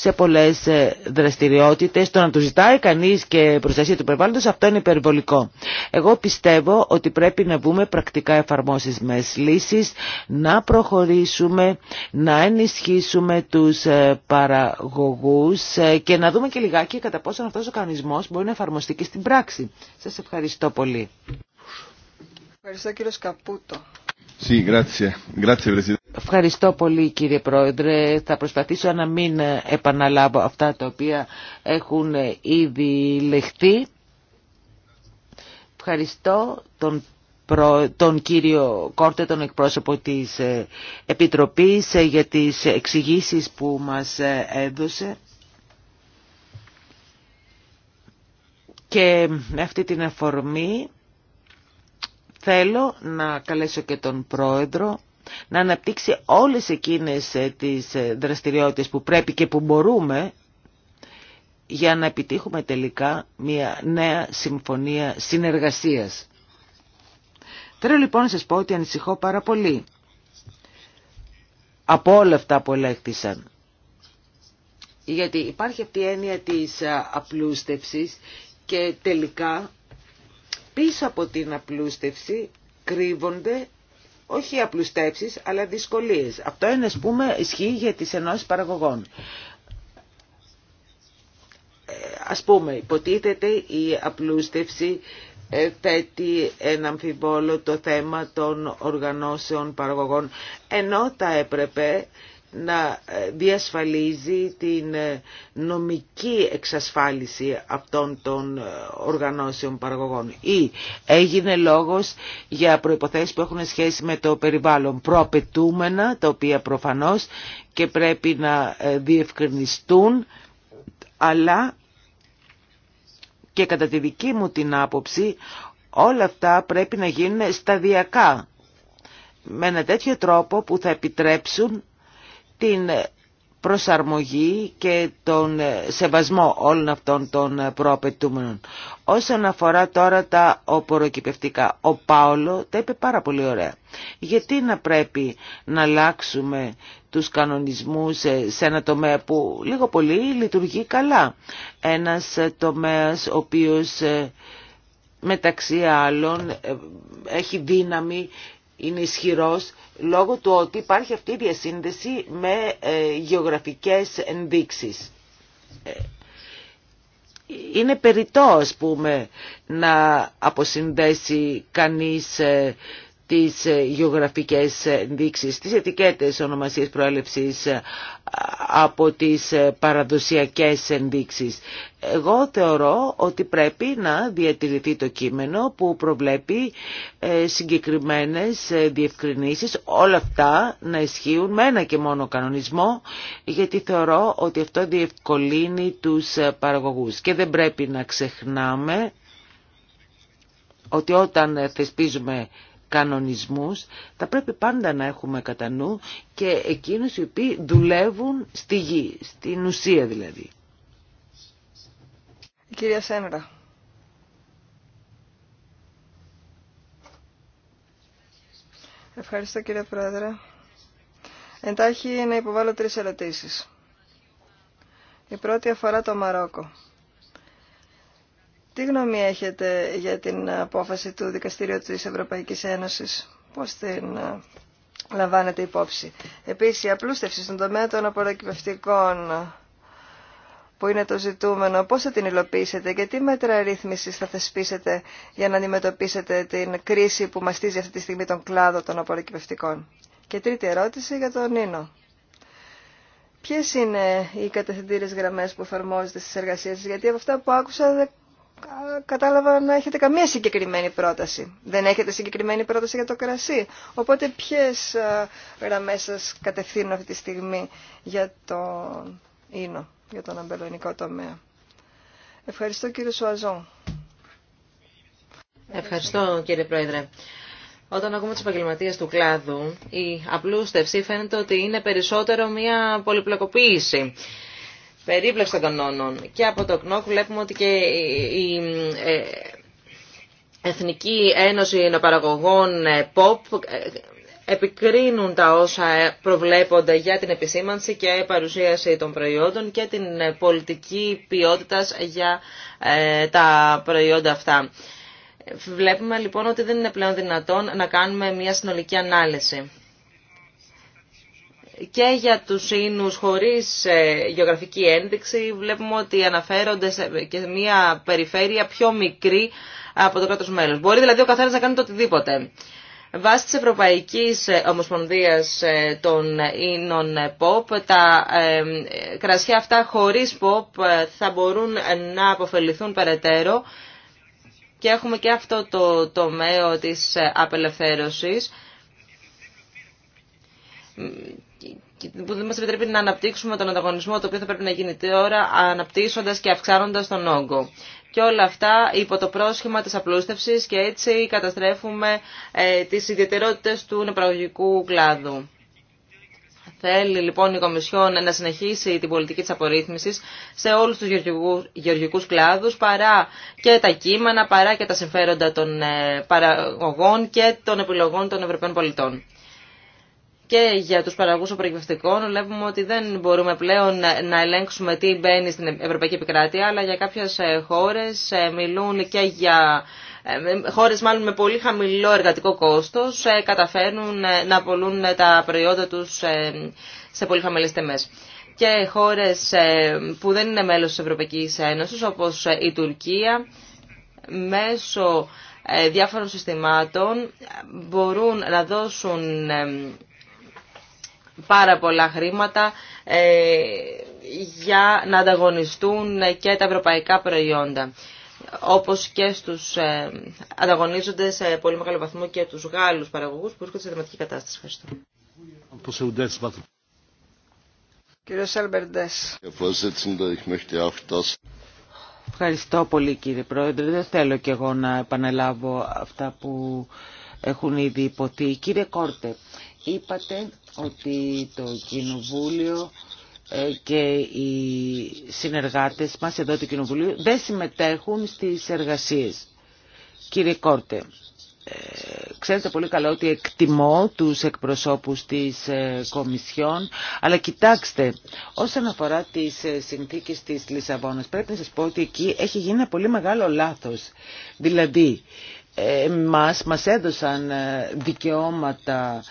σε πολλές ε, δραστηριότητες. Το να του ζητάει κανείς και προστασία του περιβάλλοντος, αυτό είναι υπερβολικό. Εγώ πιστεύω ότι πρέπει να βούμε πρακτικά εφαρμόσεις με λύσεις, να προχωρήσουμε, να ενισχύσουμε τους ε, παραγωγούς ε, και να δούμε και λιγάκι κατά πόσο αυτός ο κανονισμός μπορεί να εφαρμοστεί και στην πράξη. Σας ευχαριστώ πολύ. Ευχαριστώ κύριο Καπούτο. Sì, grazie. Grazie, Ευχαριστώ πολύ κύριε Πρόεδρε. Θα προσπαθήσω να μην επαναλάβω αυτά τα οποία έχουν ήδη λεχθεί. Ευχαριστώ τον κύριο Κόρτε, τον εκπρόσωπο της ε, Επιτροπής ε, για τις εξηγήσεις που μας ε, έδωσε. Και με αυτή την αφορμή θέλω να καλέσω και τον πρόεδρο να αναπτύξει όλες εκείνες ε, τις ε, δραστηριότητες που πρέπει και που μπορούμε για να επιτύχουμε τελικά μια νέα συμφωνία συνεργασίας. Θέλω λοιπόν να σας πω ότι ανησυχώ πάρα πολύ από όλα αυτά που ελέγχθησαν. Γιατί υπάρχει αυτή η έννοια της ε, απλούστευσης και τελικά πίσω από την απλούστευση κρύβονται όχι απλουστέψεις, αλλά δυσκολίες. Αυτό είναι, ας πούμε, ισχύει για τις ενώσεις παραγωγών. Ε, ας πούμε, υποτίθεται η απλούστευση ε, θέτει ένα αμφιβόλο το θέμα των οργανώσεων παραγωγών, ενώ τα έπρεπε να ε, διασφαλίζει την ε, νομική εξασφάλιση αυτών των ε, οργανώσεων παραγωγών ή έγινε λόγος για προϋποθέσεις που έχουν σχέση με το περιβάλλον προαπαιτούμενα τα οποία προφανώς και πρέπει να διευκρινιστούν αλλά και κατά τη δική μου την άποψη όλα αυτά πρέπει να γίνουν σταδιακά με ένα τέτοιο τρόπο που θα επιτρέψουν την προσαρμογή και τον σεβασμό όλων αυτών των προαπαιτούμενων. Όσον αφορά τώρα τα οποροκυπευτικά, ο Πάολο τα είπε πάρα πολύ ωραία. Γιατί να πρέπει να αλλάξουμε τους κανονισμούς σε ένα τομέα που λίγο πολύ λειτουργεί καλά. Ένας τομέας ο οποίος ε, μεταξύ άλλων ε, έχει δύναμη είναι ισχυρός λόγω του ότι υπάρχει αυτή η διασύνδεση με ε, γεωγραφικές ενδείξεις. Ε, είναι περιττό, ας πούμε, να αποσυνδέσει κανείς ε, τις ε, γεωγραφικές ενδείξεις, τις ετικέτες ονομασίες προέλευσης ε, από τις ε, παραδοσιακές ενδείξεις. Εγώ θεωρώ ότι πρέπει να διατηρηθεί το κείμενο που προβλέπει συγκεκριμένες διευκρινήσεις, όλα αυτά να ισχύουν με ένα και μόνο κανονισμό, γιατί θεωρώ ότι αυτό διευκολύνει τους παραγωγούς. Και δεν πρέπει να ξεχνάμε ότι όταν θεσπίζουμε κανονισμούς θα πρέπει πάντα να έχουμε κατά νου και εκείνους οι οποίοι δουλεύουν στη γη, στην ουσία δηλαδή. Η κυρία Ευχαριστώ κύριε Πρόεδρε. Εντάχει να υποβάλω τρεις ερωτήσεις. Η πρώτη αφορά το Μαρόκο. Τι γνώμη έχετε για την απόφαση του Δικαστηρίου της Ευρωπαϊκής Ένωσης, πώς την ε, λαμβάνετε υπόψη. Επίσης, η απλούστευση στον τομέα των απορροκυπευτικών ε, που είναι το ζητούμενο, πώς θα την υλοποιήσετε και τι μέτρα ρύθμισης θα θεσπίσετε για να αντιμετωπίσετε την κρίση που μαστίζει αυτή τη στιγμή τον κλάδο των απορροκυπευτικών. Και τρίτη ερώτηση για τον Νίνο. Ποιες είναι οι κατευθυντήρες γραμμές που εφαρμόζετε στις εργασίες σας, γιατί από αυτά που άκουσα δεν κατάλαβα να έχετε καμία συγκεκριμένη πρόταση. Δεν έχετε συγκεκριμένη πρόταση για το κρασί. Οπότε ποιες γραμμές σας κατευθύνουν αυτή τη στιγμή για το ίνο, για τον αμπελονικό τομέα. Ευχαριστώ κύριε Σουαζό. Ευχαριστώ κύριε Πρόεδρε. Όταν ακούμε τις επαγγελματίε του κλάδου, η απλούστευση φαίνεται ότι είναι περισσότερο μια πολυπλοκοποίηση περίπλοξη των όνων. Και από το ΚΝΟΚ βλέπουμε ότι και η ε, Εθνική Ένωση Ενοπαραγωγών ε, ΠΟΠ ε, επικρίνουν τα όσα προβλέπονται για την επισήμανση και παρουσίαση των προϊόντων και την πολιτική ποιότητας για τα προϊόντα αυτά. Βλέπουμε λοιπόν ότι δεν είναι πλέον δυνατόν να κάνουμε μια συνολική ανάλυση και για τους ίνους χωρίς ε, γεωγραφική ένδειξη βλέπουμε ότι αναφέρονται και σε μια περιφέρεια πιο μικρή από το κράτος μέλος. Μπορεί δηλαδή ο καθένας να κάνει το οτιδήποτε. Βάσει της Ευρωπαϊκής ε, Ομοσπονδίας ε, των Ίνων ΠΟΠ, τα κρασιά αυτά χωρίς ΠΟΠ θα μπορούν να αποφεληθούν περαιτέρω και έχουμε και αυτό το τομέα της απελευθέρωσης που δεν μα επιτρέπει να αναπτύξουμε τον ανταγωνισμό το οποίο θα πρέπει να γίνει τώρα αναπτύσσοντα και αυξάνοντα τον όγκο. Και όλα αυτά υπό το πρόσχημα της απλούστευσης και έτσι καταστρέφουμε ε, τις ιδιαιτερότητες του νεπραγωγικού κλάδου. Θέλει λοιπόν η Κομισιόν να συνεχίσει την πολιτική της απορρίθμισης σε όλους τους γεωργικούς, γεωργικούς κλάδους παρά και τα κείμενα, παρά και τα συμφέροντα των ε, παραγωγών και των επιλογών των Ευρωπαίων πολιτών και για τους παραγωγούς προεκπαιδευτικών βλέπουμε ότι δεν μπορούμε πλέον να ελέγξουμε τι μπαίνει στην Ευρωπαϊκή Επικράτεια, αλλά για κάποιες ε, χώρες ε, μιλούν και για ε, χώρες μάλλον με πολύ χαμηλό εργατικό κόστος καταφέρνουν να απολούν τα προϊόντα τους σε πολύ χαμηλές τιμές. Και χώρες που δεν είναι μέλος της Ευρωπαϊκής Ένωσης όπως η Τουρκία μέσω διάφορων συστημάτων μπορούν να δώσουν πάρα πολλά χρήματα ε, για να ανταγωνιστούν και τα ευρωπαϊκά προϊόντα όπως και στους ε, ανταγωνίζονται σε πολύ μεγάλο βαθμό και τους Γάλλους παραγωγούς που βρίσκονται σε δημοτική κατάσταση. Ευχαριστώ. Κύριε Σέλμπερντες. Ευχαριστώ πολύ κύριε Πρόεδρε. Δεν θέλω και εγώ να επαναλάβω αυτά που έχουν ήδη υποθεί. Κύριε Κόρτεπ, Είπατε ότι το Κοινοβούλιο ε, και οι συνεργάτες μας εδώ του Κοινοβουλίου δεν συμμετέχουν στις εργασίες. Κύριε Κόρτε, ε, ξέρετε πολύ καλά ότι εκτιμώ τους εκπροσώπους της ε, Κομισιόν, αλλά κοιτάξτε, όσον αφορά τις συνθήκες της Λισαβόνας, πρέπει να σας πω ότι εκεί έχει γίνει ένα πολύ μεγάλο λάθος. Δηλαδή, μας, μας έδωσαν δικαιώματα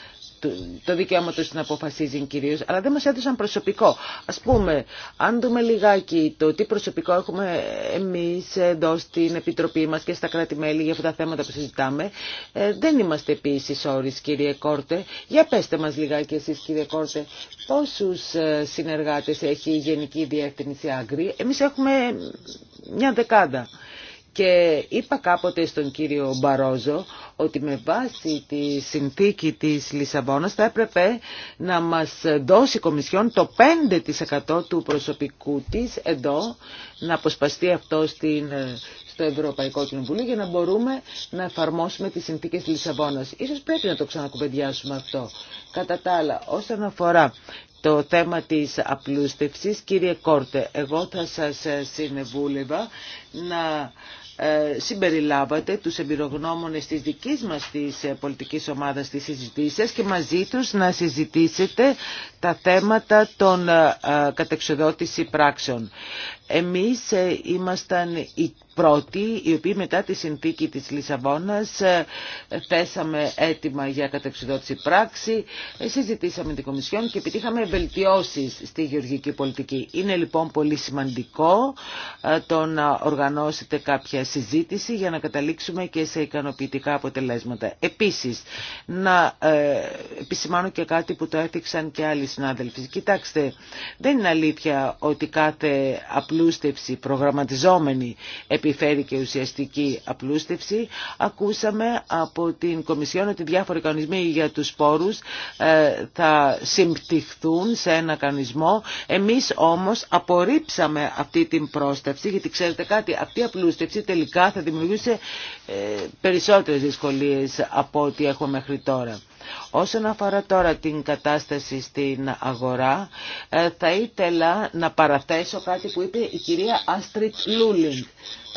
το δικαίωμα του να αποφασίζει κυρίω, αλλά δεν μα έδωσαν προσωπικό. Α πούμε, αν δούμε λιγάκι το τι προσωπικό έχουμε εμεί εδώ στην Επιτροπή μα και στα κράτη-μέλη για αυτά τα θέματα που συζητάμε, ε, δεν είμαστε επίση όρει, κύριε Κόρτε. Για πέστε μα λιγάκι εσεί, κύριε Κόρτε, πόσου ε, συνεργάτε έχει η Γενική Διεύθυνση Άγκρη. εμεί έχουμε μια δεκάδα. Και είπα κάποτε στον κύριο Μπαρόζο ότι με βάση τη συνθήκη της Λισαβόνας θα έπρεπε να μας δώσει η Κομισιόν το 5% του προσωπικού της εδώ, να αποσπαστεί αυτό στο Ευρωπαϊκό Κοινοβούλιο για να μπορούμε να εφαρμόσουμε τις συνθήκες της Λισαβόνας. Ίσως πρέπει να το ξανακουβεντιάσουμε αυτό. Κατά τα άλλα, όσον αφορά το θέμα της απλούστευσης, κύριε Κόρτε, εγώ θα σας συνεβούλευα να ε, συμπεριλάβατε τους εμπειρογνώμονες της δικής μας της ε, πολιτικής ομάδας της συζητήσεως και μαζί τους να συζητήσετε τα θέματα των ε, κατεξοδότηση πράξεων. Εμείς ε, ήμασταν οι πρώτοι, οι οποίοι μετά τη συνθήκη της Λισαβόνας ε, θέσαμε έτοιμα για κατεξιδότηση πράξη, ε, συζητήσαμε την Κομισιόν και επιτύχαμε βελτιώσεις στη γεωργική πολιτική. Είναι λοιπόν πολύ σημαντικό το να οργανώσετε κάποια συζήτηση για να καταλήξουμε και σε ικανοποιητικά αποτελέσματα. Επίσης, να επισημάνω και κάτι που το έθιξαν και άλλοι συνάδελφοι. Κοιτάξτε, δεν είναι αλήθεια ότι κάθε απλό απλούστευση, προγραμματιζόμενη επιφέρει και ουσιαστική απλούστευση. Ακούσαμε από την Κομισιόν ότι διάφοροι κανονισμοί για τους σπόρους ε, θα συμπτυχθούν σε ένα κανονισμό. Εμείς όμως απορρίψαμε αυτή την πρόσταυση, γιατί ξέρετε κάτι, αυτή η απλούστευση τελικά θα δημιουργούσε ε, περισσότερες δυσκολίες από ό,τι έχουμε μέχρι τώρα. Όσον αφορά τώρα την κατάσταση στην αγορά, ε, θα ήθελα να παραθέσω κάτι που είπε η κυρία Άστριτ Λούλινγκ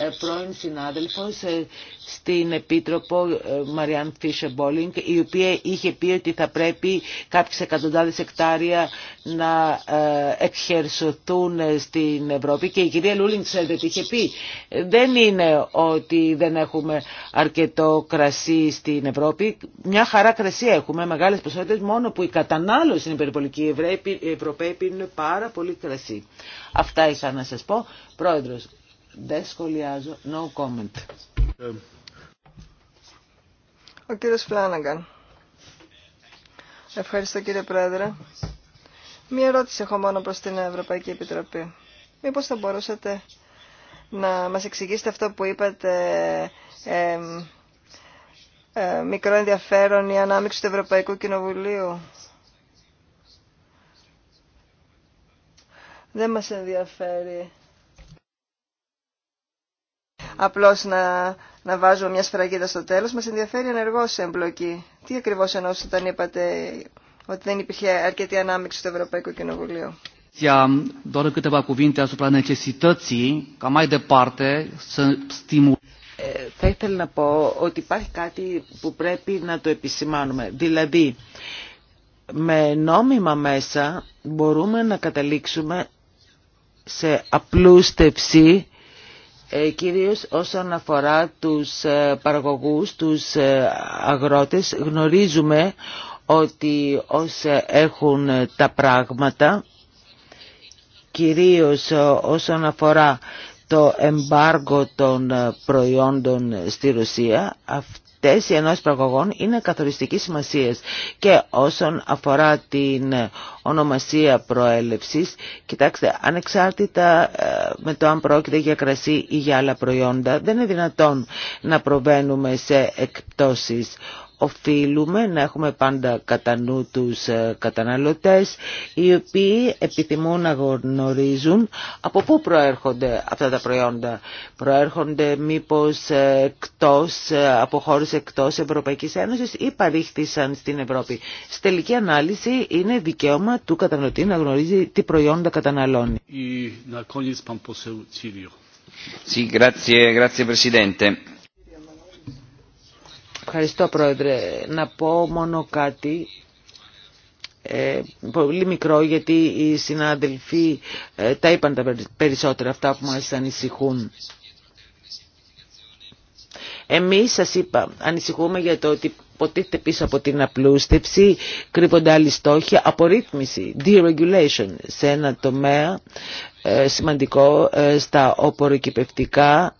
ε, πρώην συνάδελφος ε, στην Επίτροπο ε, Μαριάν Φίσερ Μπόλινγκ η οποία είχε πει ότι θα πρέπει κάποιες εκατοντάδες εκτάρια να εξερσωθούν στην Ευρώπη και η κυρία Λούλινγκ ξέρετε τι είχε πει δεν είναι ότι δεν έχουμε αρκετό κρασί στην Ευρώπη μια χαρά κρασί έχουμε μεγάλες ποσότητες μόνο που η κατανάλωση στην περιπολική Ευρωπαίοι πίνουν πάρα πολύ κρασί αυτά είχα να σας πω Πρόεδρος δεν σχολιάζω. No comment. Ο κύριος Φλάναγκαν. Ευχαριστώ κύριε Πρόεδρε. Μία ερώτηση έχω μόνο προς την Ευρωπαϊκή Επιτροπή. Μήπως θα μπορούσατε να μας εξηγήσετε αυτό που είπατε ε, μικρό ενδιαφέρον η ανάμειξη του Ευρωπαϊκού Κοινοβουλίου. Δεν μας ενδιαφέρει απλώς να, να βάζουμε μια σφραγίδα στο τέλος. Μας ενδιαφέρει σε εμπλοκή. Τι ακριβώς εννοούσατε όταν είπατε ότι δεν υπήρχε αρκετή ανάμειξη στο Ευρωπαϊκό Κοινοβουλίο. Ε, θα ήθελα να πω ότι υπάρχει κάτι που πρέπει να το επισημάνουμε. Δηλαδή, με νόμιμα μέσα μπορούμε να καταλήξουμε σε απλούστευση ε, κυρίως όσον αφορά τους ε, παραγωγούς, τους ε, αγρότες. Γνωρίζουμε ότι όσοι έχουν τα πράγματα, κυρίως όσον αφορά το εμπάργο των προϊόντων στη Ρωσία, αυτό θέση ενός πραγωγών είναι καθοριστική σημασίας και όσον αφορά την ονομασία προέλευσης κοιτάξτε ανεξάρτητα ε, με το αν πρόκειται για κρασί ή για άλλα προϊόντα δεν είναι δυνατόν να προβαίνουμε σε εκπτώσεις οφείλουμε να έχουμε πάντα κατά νου τους ε, καταναλωτές οι οποίοι επιθυμούν να γνωρίζουν από πού προέρχονται αυτά τα προϊόντα. Προέρχονται μήπως ε, εκτός, ε, από χώρες εκτός Ευρωπαϊκής Ένωσης ή παρήχθησαν στην Ευρώπη. Στη τελική ανάλυση είναι δικαίωμα του καταναλωτή να γνωρίζει τι προϊόντα καταναλώνει. Sì, grazie, grazie Presidente. Ευχαριστώ πρόεδρε. Να πω μόνο κάτι ε, πολύ μικρό γιατί οι συναδελφοί ε, τα είπαν τα περισσότερα αυτά που μας ανησυχούν. Εμείς σας είπα, ανησυχούμε για το ότι ποτίθεται πίσω από την απλούστευση, κρύβονται άλλοι στόχοι, απορρίθμιση, deregulation σε ένα τομέα ε, σημαντικό ε, στα οποροκυπευτικά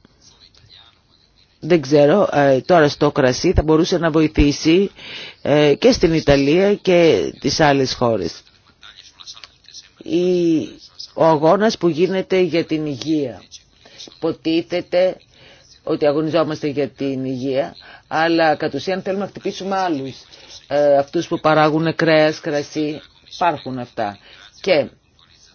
δεν ξέρω, ε, τώρα στο κρασί θα μπορούσε να βοηθήσει ε, και στην Ιταλία και τις άλλες χώρες. Ο αγώνας που γίνεται για την υγεία. Ποτίθεται ότι αγωνιζόμαστε για την υγεία, αλλά κατ' ουσίαν θέλουμε να χτυπήσουμε άλλους. Ε, αυτούς που παράγουν κρέας, κρασί, υπάρχουν αυτά. Και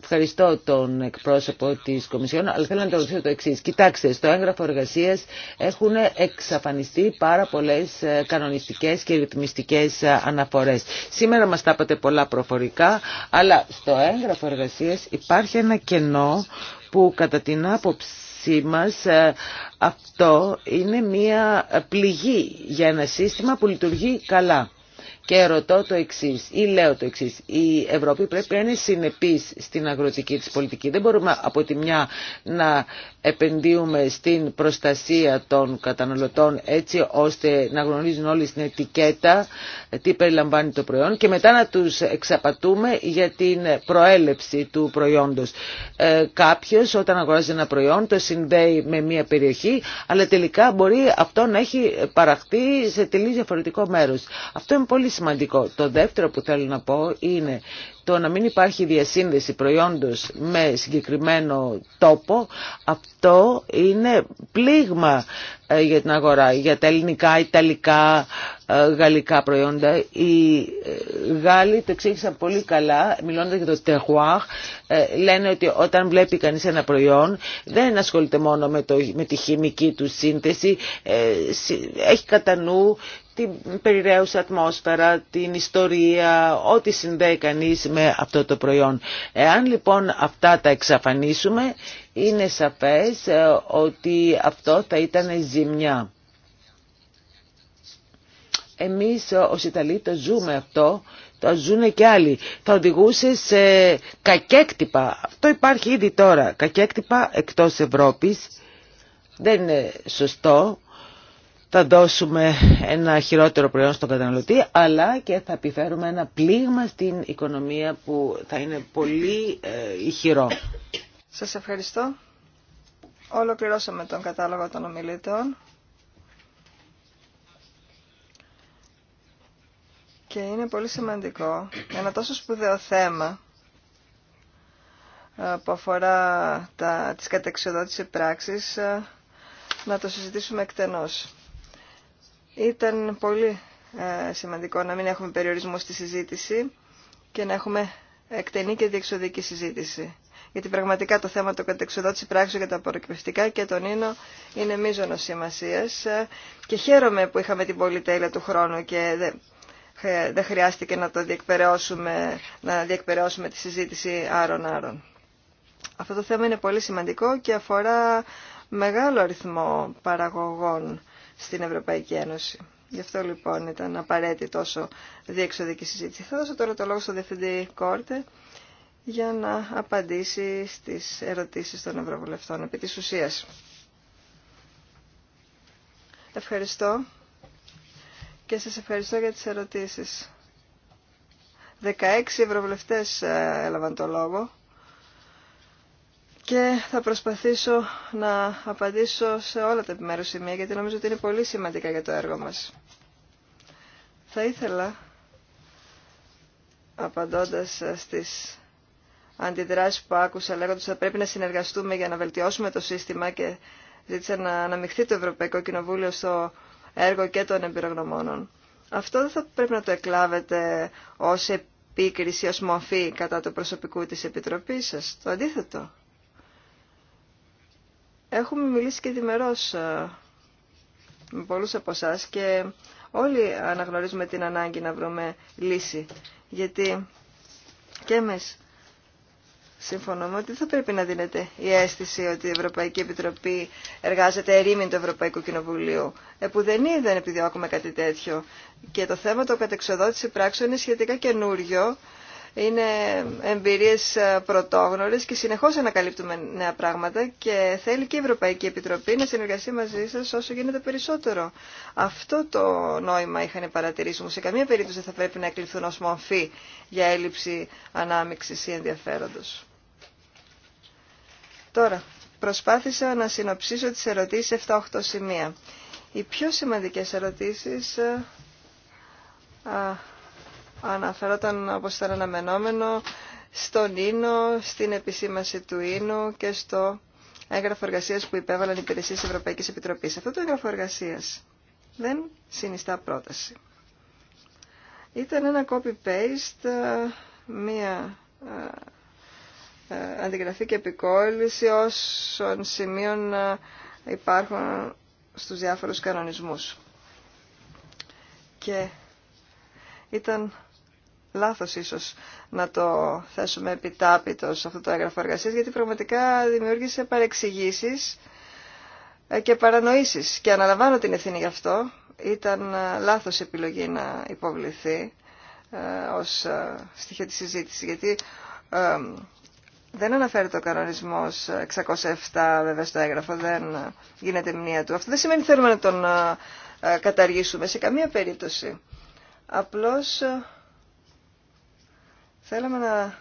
Ευχαριστώ τον εκπρόσωπο της Κομισιόν, αλλά θέλω να το ρωτήσω το εξή. Κοιτάξτε, στο έγγραφο εργασία έχουν εξαφανιστεί πάρα πολλές ε, κανονιστικές και ρυθμιστικές ε, αναφορές. Σήμερα μας τα είπατε πολλά προφορικά, αλλά στο έγγραφο εργασία υπάρχει ένα κενό που κατά την άποψή μας ε, αυτό είναι μια πληγή για ένα σύστημα που λειτουργεί καλά. Και ρωτώ το εξή ή λέω το εξή. Η Ευρώπη πρέπει να είναι συνεπή στην αγροτική τη πολιτική. Δεν μπορούμε από τη μια να επενδύουμε στην προστασία των καταναλωτών έτσι ώστε να γνωρίζουν όλοι στην ετικέτα τι περιλαμβάνει το προϊόν και μετά να τους εξαπατούμε για την προέλευση του προϊόντος. Ε, κάποιος όταν αγοράζει ένα προϊόν το συνδέει με μια περιοχή αλλά τελικά μπορεί αυτό να έχει παραχθεί σε τελείως διαφορετικό μέρος. Αυτό είναι πολύ σημαντικό. Το δεύτερο που θέλω να πω είναι το να μην υπάρχει διασύνδεση προϊόντος με συγκεκριμένο τόπο, αυτό είναι πλήγμα ε, για την αγορά. Για τα ελληνικά, ιταλικά, ε, γαλλικά προϊόντα. Οι ε, Γάλλοι το εξήγησαν πολύ καλά, μιλώντας για το terroir, λένε ότι όταν βλέπει κανείς ένα προϊόν, δεν ασχολείται μόνο με, το, με τη χημική του σύνθεση, έχει κατά νου την περιραίουσα ατμόσφαιρα, την ιστορία, ό,τι συνδέει κανείς με αυτό το προϊόν. Εάν λοιπόν αυτά τα εξαφανίσουμε, είναι σαφές ε, ότι αυτό θα ήταν ζημιά. Εμείς ε, ως Ιταλοί το ζούμε αυτό, το ζουν και άλλοι. Θα οδηγούσε σε κακέκτυπα. Αυτό υπάρχει ήδη τώρα. Κακέκτυπα εκτός Ευρώπης. Δεν είναι σωστό θα δώσουμε ένα χειρότερο προϊόν στον καταναλωτή, αλλά και θα επιφέρουμε ένα πλήγμα στην οικονομία που θα είναι πολύ ε, ηχηρό. Σας ευχαριστώ. Ολοκληρώσαμε τον κατάλογο των ομιλητών. Και είναι πολύ σημαντικό ένα τόσο σπουδαίο θέμα ε, που αφορά τα, τις κατεξοδότηση πράξης ε, να το συζητήσουμε εκτενώς. Ήταν πολύ ε, σημαντικό να μην έχουμε περιορισμό στη συζήτηση και να έχουμε εκτενή και διεξοδική συζήτηση. Γιατί πραγματικά το θέμα του κατεξοδότηση πράξεων για τα απορροκυπευτικά και τον ίνο είναι μείζονος σημασία. Ε, και χαίρομαι που είχαμε την πολυτέλεια του χρόνου και δεν χρειάστηκε να το διεκπαιρεώσουμε, να διεκπαιρεώσουμε τη συζήτηση άρων-άρων. Αυτό το θέμα είναι πολύ σημαντικό και αφορά μεγάλο αριθμό παραγωγών στην Ευρωπαϊκή Ένωση. Γι' αυτό λοιπόν ήταν απαραίτητη τόσο διεξοδική συζήτηση. Θα δώσω τώρα το λόγο στον Διευθυντή Κόρτε για να απαντήσει στις ερωτήσεις των Ευρωβουλευτών επί της ουσίας. Ευχαριστώ και σας ευχαριστώ για τις ερωτήσεις. 16 ευρωβουλευτές ε, έλαβαν το λόγο και θα προσπαθήσω να απαντήσω σε όλα τα επιμέρους σημεία γιατί νομίζω ότι είναι πολύ σημαντικά για το έργο μας. Θα ήθελα, απαντώντας στις αντιδράσεις που άκουσα λέγοντας ότι θα πρέπει να συνεργαστούμε για να βελτιώσουμε το σύστημα και ζήτησα να αναμειχθεί το Ευρωπαϊκό Κοινοβούλιο στο έργο και των εμπειρογνωμόνων. Αυτό δεν θα πρέπει να το εκλάβετε ως επίκριση, ως μορφή κατά το προσωπικό της Επιτροπής σας. Το αντίθετο. Έχουμε μιλήσει και διμερώς ε, με πολλούς από εσά και όλοι αναγνωρίζουμε την ανάγκη να βρούμε λύση. Γιατί και εμείς συμφωνούμε ότι θα πρέπει να δίνεται η αίσθηση ότι η Ευρωπαϊκή Επιτροπή εργάζεται ερήμην του Ευρωπαϊκού Κοινοβουλίου. Επουδενή δεν επιδιώκουμε κάτι τέτοιο. Και το θέμα το κατεξοδότηση πράξεων είναι σχετικά καινούριο είναι εμπειρίες ε, πρωτόγνωρες και συνεχώς ανακαλύπτουμε νέα πράγματα και θέλει και η Ευρωπαϊκή Επιτροπή να συνεργαστεί μαζί σας όσο γίνεται περισσότερο. Αυτό το νόημα είχαν οι παρατηρήσει μου. Σε καμία περίπτωση δεν θα πρέπει να εκλειφθούν ως μορφή για έλλειψη ανάμειξης ή ενδιαφέροντος. Τώρα, προσπάθησα να συνοψίσω τις ερωτήσεις 7-8 σημεία. Οι πιο σημαντικές ερωτήσεις ε, αναφερόταν όπως ήταν αναμενόμενο στον Ίνο, στην επισήμαση του Ίνου και στο έγγραφο εργασία που υπέβαλαν οι υπηρεσίε Ευρωπαϊκή Επιτροπή. Αυτό το έγγραφο εργασία δεν συνιστά πρόταση. Ήταν ένα copy-paste, μία ε, ε, αντιγραφή και επικόλυση όσων σημείων ε, υπάρχουν στους διάφορους κανονισμούς. Και ήταν λάθος ίσως να το θέσουμε επιτάπητο σε αυτό το έγγραφο εργασία, γιατί πραγματικά δημιούργησε παρεξηγήσει ε, και παρανοήσεις. Και αναλαμβάνω την ευθύνη γι' αυτό. Ήταν ε, λάθος επιλογή να υποβληθεί ε, ως στοιχείο της συζήτησης, γιατί δεν αναφέρεται ο κανονισμός 607 βέβαια στο έγγραφο, δεν γίνεται μνήμα του. Αυτό δεν σημαίνει θέλουμε να τον καταργήσουμε σε καμία περίπτωση. Απλώς Θέλαμε να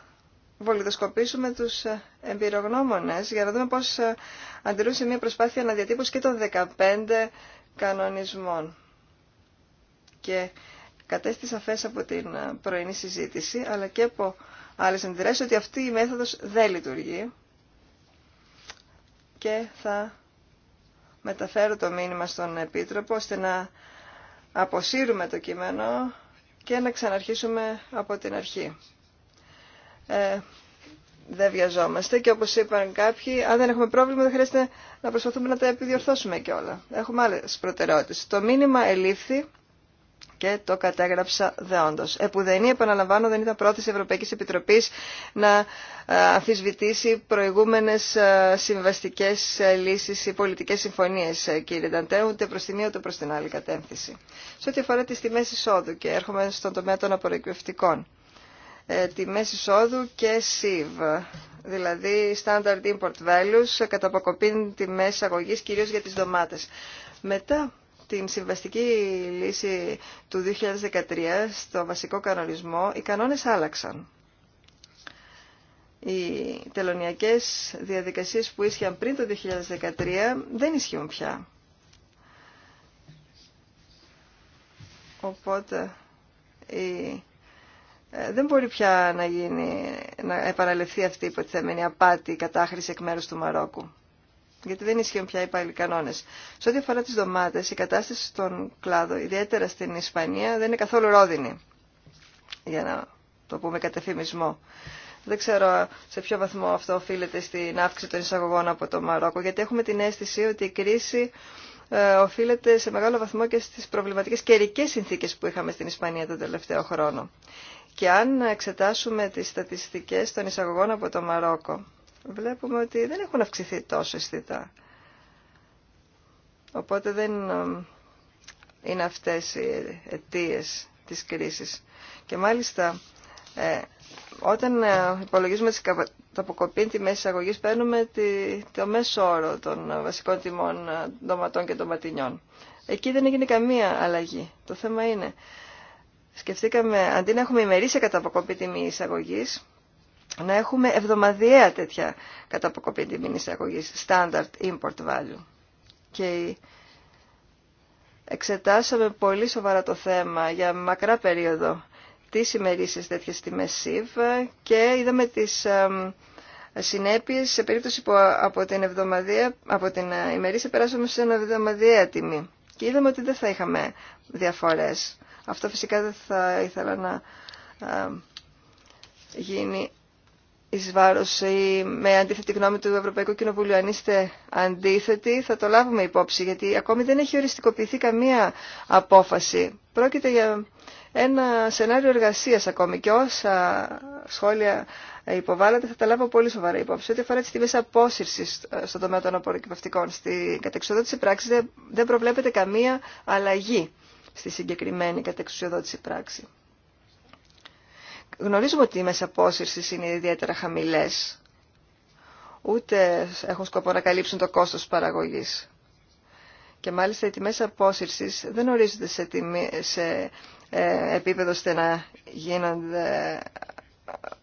βολιδοσκοπήσουμε τους ε, εμπειρογνώμονες για να δούμε πώς ε, σε μια προσπάθεια αναδιατύπωση και των 15 κανονισμών. Και κατέστησα σαφές από την ε, πρωινή συζήτηση, αλλά και από άλλες αντιδράσεις, ότι αυτή η μέθοδος δεν λειτουργεί και θα μεταφέρω το μήνυμα στον Επίτροπο, ώστε να αποσύρουμε το κείμενο και να ξαναρχίσουμε από την αρχή ε, δεν βιαζόμαστε και όπως είπαν κάποιοι, αν δεν έχουμε πρόβλημα δεν χρειάζεται να προσπαθούμε να τα επιδιορθώσουμε και όλα. Έχουμε άλλες προτεραιότητες. Το μήνυμα ελήφθη και το κατέγραψα δεόντως. Επουδενή, επαναλαμβάνω, δεν ήταν πρόθεση Ευρωπαϊκής Επιτροπής να ε, αμφισβητήσει προηγούμενες ε, συμβαστικές ε, λύσεις ή πολιτικές συμφωνίες, κύριε Νταντέ, ούτε προς τη μία ούτε προς την άλλη κατεύθυνση. Σε ό,τι αφορά τις τιμές εισόδου και έρχομαι στον τομέα των απορροκυευτικών. Ε, τιμές εισόδου και SIV, δηλαδή Standard Import Values, κατά τιμές αγωγής, κυρίως για τις ντομάτες. Μετά την συμβαστική λύση του 2013 στο βασικό κανονισμό, οι κανόνες άλλαξαν. Οι τελωνιακές διαδικασίες που ίσχυαν πριν το 2013 δεν ισχύουν πια. Οπότε η ε, δεν μπορεί πια να, γίνει, να επαναληφθεί αυτή η υποτιθέμενη απάτη η κατάχρηση εκ μέρου του Μαρόκου. Γιατί δεν ισχύουν πια οι πάλι κανόνε. Σε ό,τι αφορά τι ντομάτε, η κατάσταση στον κλάδο, ιδιαίτερα στην Ισπανία, δεν είναι καθόλου ρόδινη. Για να το πούμε κατεφημισμό. Δεν ξέρω σε ποιο βαθμό αυτό οφείλεται στην αύξηση των εισαγωγών από το Μαρόκο, γιατί έχουμε την αίσθηση ότι η κρίση ε, οφείλεται σε μεγάλο βαθμό και στις προβληματικές καιρικέ συνθήκε που είχαμε στην Ισπανία τον τελευταίο χρόνο. Και αν εξετάσουμε τις στατιστικές των εισαγωγών από το Μαρόκο, βλέπουμε ότι δεν έχουν αυξηθεί τόσο αισθητά. Οπότε δεν είναι αυτές οι αιτίες της κρίσης. Και μάλιστα, ε, όταν ε, υπολογίζουμε τις αποκοπήν μέση εισαγωγή, παίρνουμε το μέσο όρο των ε, βασικών τιμών ντοματών και ντοματινιών. Εκεί δεν έγινε καμία αλλαγή. Το θέμα είναι σκεφτήκαμε αντί να έχουμε ημερήσια καταποκοπή τιμή εισαγωγή, να έχουμε εβδομαδιαία τέτοια καταποκοπή τιμή εισαγωγή, standard import value. Και εξετάσαμε πολύ σοβαρά το θέμα για μακρά περίοδο τις ημερήσεις τέτοιες τιμές SIV και είδαμε τις συνέπειες σε περίπτωση που από την, εβδομαδία, από την ε, ημερήσια περάσαμε σε ένα εβδομαδιαία τιμή. Και είδαμε ότι δεν θα είχαμε διαφορές. Αυτό φυσικά δεν θα ήθελα να γίνει εις βάρος ή με αντίθετη γνώμη του Ευρωπαϊκού Κοινοβουλίου. Αν είστε αντίθετοι θα το λάβουμε υπόψη γιατί ακόμη δεν έχει οριστικοποιηθεί καμία απόφαση. Πρόκειται για ένα σενάριο εργασίας ακόμη και όσα σχόλια υποβάλλατε θα τα λάβω πολύ σοβαρά υπόψη. Ό,τι αφορά τις τιμές απόσυρσης ε, στον τομέα των απορροκυπαυτικών στην κατεξοδότηση πράξη δεν προβλέπεται καμία αλλαγή στη συγκεκριμένη κατεξουσιοδότηση πράξη. Γνωρίζουμε ότι οι μέσα απόσυρση είναι ιδιαίτερα χαμηλέ. Ούτε έχουν σκοπό να καλύψουν το κόστο παραγωγή. Και μάλιστα οι τιμέ απόσυρση δεν ορίζονται σε, ε, επίπεδο ώστε να γίνονται,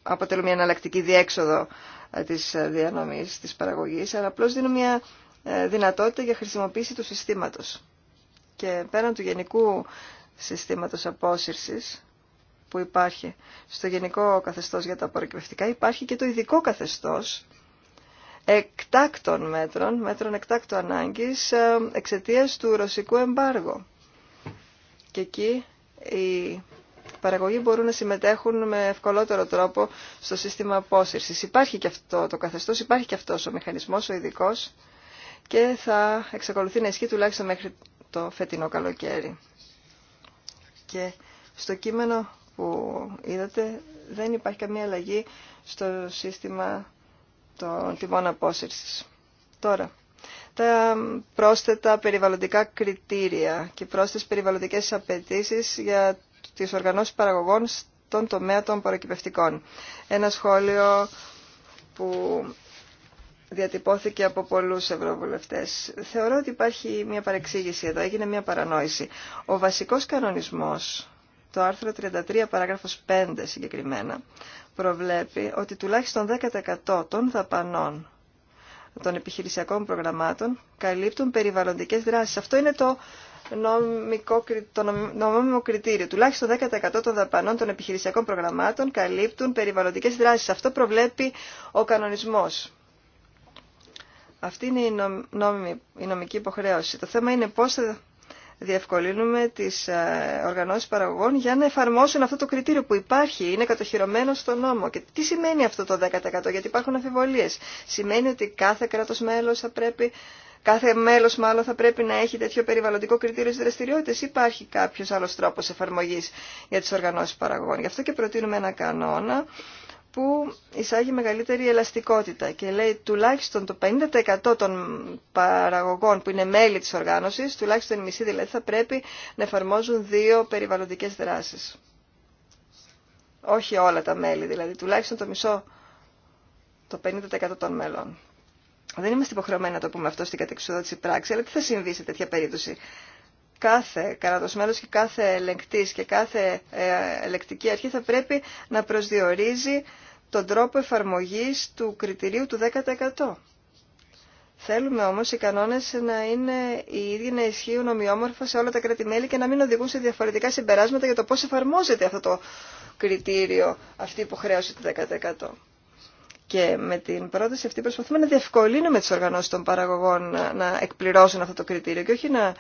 αποτελούν μια εναλλακτική διέξοδο ε, της διανομής, της παραγωγής, αλλά απλώ δίνουν μια ε, δυνατότητα για χρησιμοποίηση του συστήματος και πέραν του γενικού συστήματος απόσυρσης που υπάρχει στο γενικό καθεστώς για τα απορροκυπευτικά υπάρχει και το ειδικό καθεστώς εκτάκτων μέτρων, μέτρων εκτάκτου ανάγκης ε, εξαιτίας του ρωσικού εμπάργου. Και εκεί οι παραγωγοί μπορούν να συμμετέχουν με ευκολότερο τρόπο στο σύστημα απόσυρσης. Υπάρχει και αυτό το καθεστώς, υπάρχει και αυτός ο μηχανισμός, ο ειδικό και θα εξακολουθεί να ισχύει τουλάχιστον μέχρι το φετινό καλοκαίρι. Και στο κείμενο που είδατε δεν υπάρχει καμία αλλαγή στο σύστημα των τιμών απόσυρσης. Τώρα, τα πρόσθετα περιβαλλοντικά κριτήρια και πρόσθετες περιβαλλοντικές απαιτήσεις για τις οργανώσεις παραγωγών στον τομέα των παρακυπευτικών. Ένα σχόλιο που διατυπώθηκε από πολλούς ευρωβουλευτές. Θεωρώ ότι υπάρχει μια παρεξήγηση εδώ, έγινε μια παρανόηση. Ο βασικός κανονισμός, το άρθρο 33 παράγραφος 5 συγκεκριμένα, προβλέπει ότι τουλάχιστον 10% των δαπανών των επιχειρησιακών προγραμμάτων καλύπτουν περιβαλλοντικές δράσεις. Αυτό είναι το νομικό, το νομίμο κριτήριο. Τουλάχιστον 10% των δαπανών των επιχειρησιακών προγραμμάτων καλύπτουν περιβαλλοντικές δράσεις. Αυτό προβλέπει ο κανονισμός. Αυτή είναι η, νόμιμη, νομική υποχρέωση. Το θέμα είναι πώς θα διευκολύνουμε τις ε, οργανώσεις παραγωγών για να εφαρμόσουν αυτό το κριτήριο που υπάρχει, είναι κατοχυρωμένο στο νόμο. Και τι σημαίνει αυτό το 10% γιατί υπάρχουν αφιβολίες. Σημαίνει ότι κάθε κράτος μέλος θα πρέπει... Κάθε μέλο, μάλλον, θα πρέπει να έχει τέτοιο περιβαλλοντικό κριτήριο στι δραστηριότητε. Υπάρχει κάποιο άλλο τρόπο εφαρμογή για τι οργανώσει παραγωγών. Γι' αυτό και προτείνουμε ένα κανόνα που εισάγει μεγαλύτερη ελαστικότητα και λέει τουλάχιστον το 50% των παραγωγών που είναι μέλη της οργάνωσης, τουλάχιστον η μισή δηλαδή θα πρέπει να εφαρμόζουν δύο περιβαλλοντικές δράσεις. Όχι όλα τα μέλη δηλαδή, τουλάχιστον το μισό, το 50% των μέλων. Δεν είμαστε υποχρεωμένοι να το πούμε αυτό στην κατεξοδότηση πράξη, αλλά τι θα συμβεί σε τέτοια περίπτωση κάθε κράτος και κάθε ελεγκτής και κάθε ε, ελεκτική αρχή θα πρέπει να προσδιορίζει τον τρόπο εφαρμογής του κριτηρίου του 10%. Θέλουμε όμως οι κανόνες να είναι οι ίδιοι να ισχύουν ομοιόμορφα σε όλα τα κράτη-μέλη και να μην οδηγούν σε διαφορετικά συμπεράσματα για το πώς εφαρμόζεται αυτό το κριτήριο, αυτή η υποχρέωση του 10%. Και με την πρόταση αυτή προσπαθούμε να διευκολύνουμε τις οργανώσεις των παραγωγών να εκπληρώσουν αυτό το κριτήριο και όχι να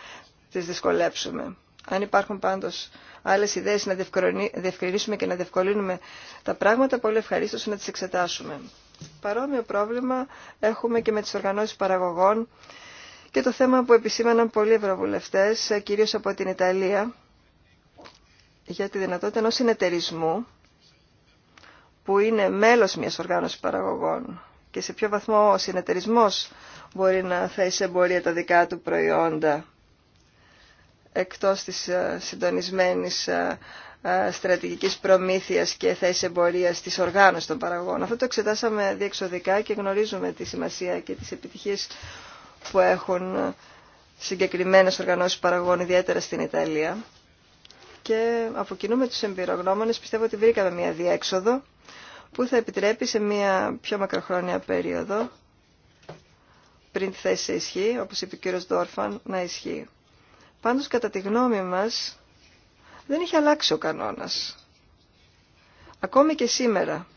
τις δυσκολέψουμε. Αν υπάρχουν πάντως άλλες ιδέες να διευκρινίσουμε και να διευκολύνουμε τα πράγματα, πολύ ευχαρίστως να τις εξετάσουμε. Παρόμοιο πρόβλημα έχουμε και με τις οργανώσεις παραγωγών και το θέμα που επισήμαναν πολλοί ευρωβουλευτές, ε, κυρίως από την Ιταλία, για τη δυνατότητα ενός συνεταιρισμού που είναι μέλος μιας οργάνωσης παραγωγών και σε ποιο βαθμό ο συνεταιρισμός μπορεί να θέσει εμπορία τα δικά του προϊόντα εκτός της ε, συντονισμένης ε, ε, στρατηγικής προμήθειας και θέση εμπορίας της οργάνωσης των παραγών. Αυτό το εξετάσαμε διεξοδικά και γνωρίζουμε τη σημασία και τις επιτυχίες που έχουν συγκεκριμένες οργανώσεις παραγών, ιδιαίτερα στην Ιταλία. Και από κοινού με τους εμπειρογνώμονες πιστεύω ότι βρήκαμε μια διέξοδο που θα επιτρέπει σε μια πιο μακροχρόνια περίοδο πριν τη θέση σε ισχύ, όπως είπε ο κύριος Ντόρφαν, να ισχύει. Πάντως κατά τη γνώμη μας δεν έχει αλλάξει ο κανόνας. Ακόμη και σήμερα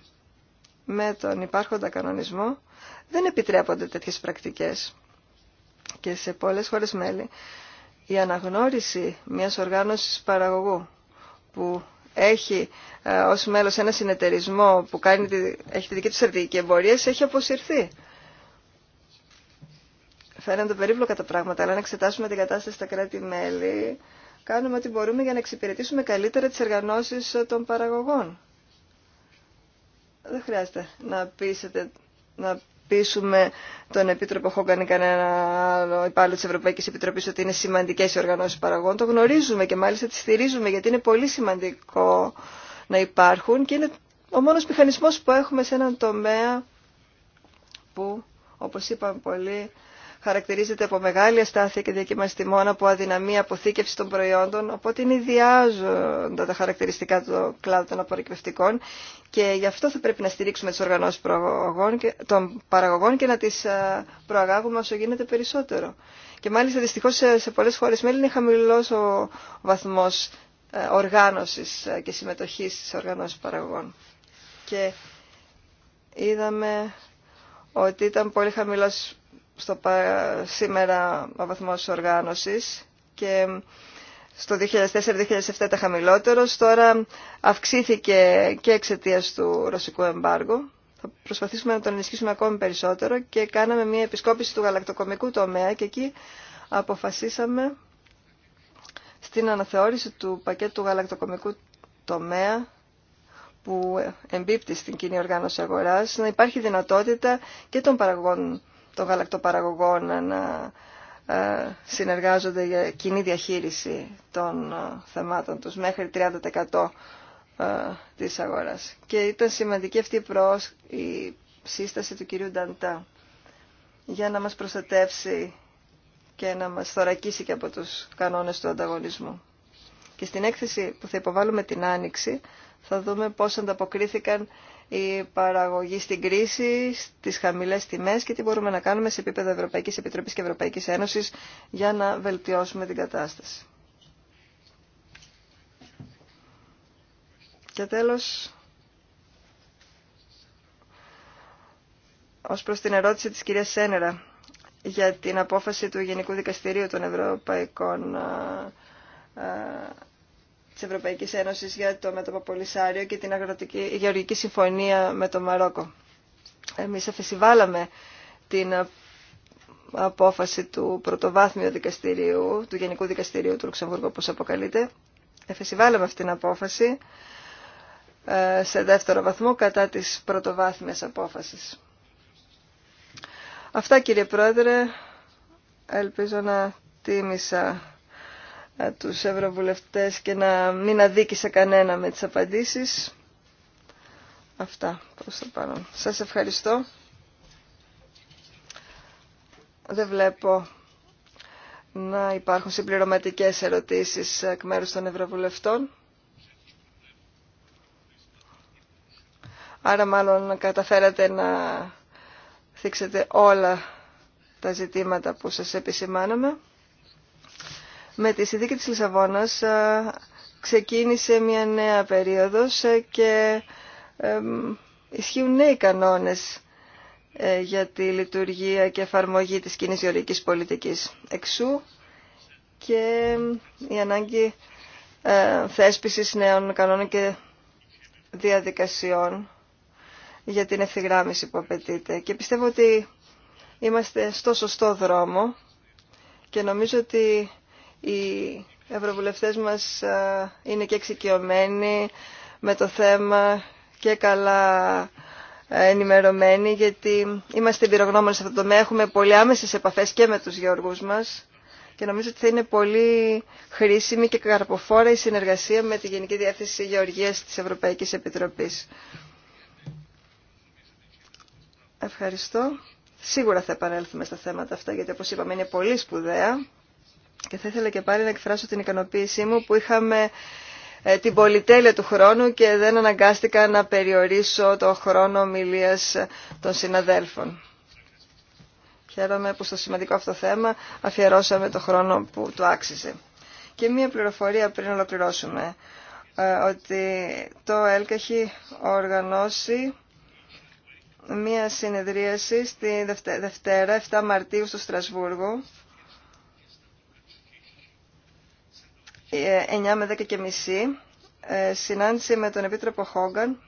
με τον υπάρχοντα κανονισμό δεν επιτρέπονται τέτοιες πρακτικές. Και σε πολλές χώρες μέλη η αναγνώριση μιας οργάνωσης παραγωγού που έχει ε, ως μέλος ένα συνεταιρισμό που κάνει, έχει τη δική του στρατηγική εμπορία έχει αποσυρθεί φαίνονται περίπλοκα τα πράγματα, αλλά να εξετάσουμε την κατάσταση στα κράτη-μέλη, κάνουμε ό,τι μπορούμε για να εξυπηρετήσουμε καλύτερα τις εργανώσεις των παραγωγών. Δεν χρειάζεται να, πείσετε, να πείσουμε τον Επίτροπο Χόγκαν ή κανένα άλλο υπάλληλο της Ευρωπαϊκής Επιτροπής ότι είναι σημαντικές οι οργανώσεις παραγωγών. Το γνωρίζουμε και μάλιστα τις στηρίζουμε γιατί είναι πολύ σημαντικό να υπάρχουν και είναι ο μόνος μηχανισμό που έχουμε σε έναν τομέα που, όπως είπαμε πολύ χαρακτηρίζεται από μεγάλη αστάθεια και διακύμανση από από αδυναμία αποθήκευση των προϊόντων, οπότε είναι ιδιάζοντα τα χαρακτηριστικά του κλάδου των απορροκυπευτικών και γι' αυτό θα πρέπει να στηρίξουμε τις οργανώσεις των παραγωγών και να τις ε, προαγάγουμε όσο γίνεται περισσότερο. Και μάλιστα δυστυχώ σε πολλές χώρες μέλη είναι χαμηλό ο βαθμός ε, οργάνωσης ε, και συμμετοχής στις οργανώσει παραγωγών. Και είδαμε ότι ήταν πολύ χαμηλός στο σήμερα ο βαθμός οργάνωσης και στο 2004-2007 τα χαμηλότερος. Τώρα αυξήθηκε και εξαιτία του ρωσικού εμπάργου. Θα προσπαθήσουμε να τον ενισχύσουμε ακόμη περισσότερο και κάναμε μια επισκόπηση του γαλακτοκομικού τομέα και εκεί αποφασίσαμε στην αναθεώρηση του πακέτου γαλακτοκομικού τομέα που εμπίπτει στην κοινή οργάνωση αγοράς να υπάρχει δυνατότητα και των παραγωγών των γαλακτοπαραγωγών να ε, συνεργάζονται για κοινή διαχείριση των ε, θεμάτων τους μέχρι 30% ε, της αγοράς. Και ήταν σημαντική αυτή η σύσταση του κυρίου Νταντά για να μας προστατεύσει και να μας θωρακίσει και από τους κανόνες του ανταγωνισμού. Και στην έκθεση που θα υποβάλουμε την Άνοιξη θα δούμε πώς ανταποκρίθηκαν η παραγωγή στην κρίση, στις χαμηλές τιμές και τι μπορούμε να κάνουμε σε επίπεδο Ευρωπαϊκής Επιτροπής και Ευρωπαϊκής Ένωσης για να βελτιώσουμε την κατάσταση. Και τέλος, ως προς την ερώτηση της κυρία Σένερα για την απόφαση του Γενικού Δικαστηρίου των Ευρωπαϊκών ε, ε, Τη ευρωπαϊκή Ένωση για το μέτωπο Πολυσάριο και την αγροτική, γεωργική συμφωνία με το Μαρόκο. Εμεί αφαισιβάλαμε την απόφαση του πρωτοβάθμιου δικαστηρίου, του Γενικού Δικαστηρίου του Λουξεμβούργου, όπω αποκαλείται. Εφεσιβάλαμε αυτή την απόφαση ε, σε δεύτερο βαθμό κατά της πρωτοβάθμιας απόφαση Αυτά κύριε Πρόεδρε, ελπίζω να τίμησα ε, τους ευρωβουλευτές και να μην αδίκησε κανένα με τις απαντήσεις. Αυτά προς το παρόν. Σας ευχαριστώ. Δεν βλέπω να υπάρχουν συμπληρωματικές ερωτήσεις εκ μέρους των ευρωβουλευτών. Άρα μάλλον καταφέρατε να θίξετε όλα τα ζητήματα που σας επισημάνομαι. Με τη συνθήκη της Λισαβόνας ε, ξεκίνησε μια νέα περίοδος ε, και ε, ισχύουν νέοι κανόνες για τη λειτουργία και εφαρμογή της κοινής γεωργικής πολιτικής. Εξού και η ανάγκη θέσπισης νέων κανόνων και διαδικασιών για την ευθυγράμμιση που απαιτείται. Και πιστεύω ότι είμαστε στο σωστό δρόμο και νομίζω ότι οι ευρωβουλευτές μας ε, είναι και εξοικειωμένοι με το θέμα και καλά ε, ενημερωμένοι γιατί είμαστε εμπειρογνώμονες σε αυτό το τομέα, έχουμε πολύ άμεσες επαφές και με τους γεωργούς μας και νομίζω ότι θα είναι πολύ χρήσιμη και καρποφόρα η συνεργασία με τη Γενική Διεύθυνση Γεωργίας της Ευρωπαϊκής Επιτροπής. Ευχαριστώ. Σίγουρα θα επανέλθουμε στα θέματα αυτά γιατί όπως είπαμε είναι πολύ σπουδαία. Και θα ήθελα και πάλι να εκφράσω την ικανοποίησή μου που είχαμε ε, την πολυτέλεια του χρόνου και δεν αναγκάστηκα να περιορίσω το χρόνο ομιλίας των συναδέλφων. Χαίρομαι που στο σημαντικό αυτό θέμα αφιερώσαμε το χρόνο που του άξιζε. Και μία πληροφορία πριν ολοκληρώσουμε, ε, ότι το ΕΛΚ έχει οργανώσει μία συνεδρίαση στη Δευτέρα, 7 Μαρτίου στο Στρασβούργο, 9 ε, με 10 και μισή ε, συνάντηση με τον Επίτροπο Χόγκαν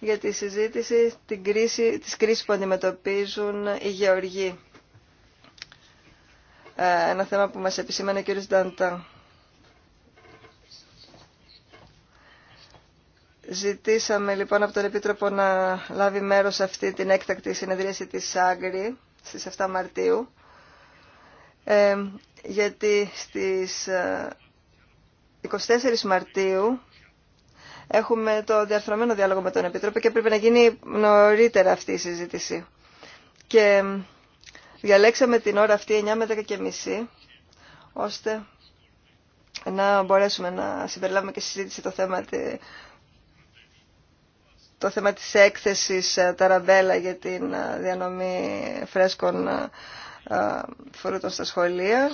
για τη συζήτηση την κρίση, της κρίσης που αντιμετωπίζουν οι γεωργοί. Ε, ένα θέμα που μας επισήμανε ο κ. Νταντά. Ζητήσαμε λοιπόν από τον Επίτροπο να λάβει μέρος σε αυτή την έκτακτη συνεδρίαση της Άγκρη στις 7 Μαρτίου γιατί στις 24 Μαρτίου έχουμε το διαρθρωμένο διάλογο με τον Επίτροπο και πρέπει να γίνει νωρίτερα αυτή η συζήτηση. Και διαλέξαμε την ώρα αυτή 9 με 10 και μισή, ώστε να μπορέσουμε να συμπεριλάβουμε και συζήτηση το θέμα, το θέμα της έκθεσης ε, Ταραμπέλα για την ε, διανομή φρέσκων ε, φρούτων στα σχολεία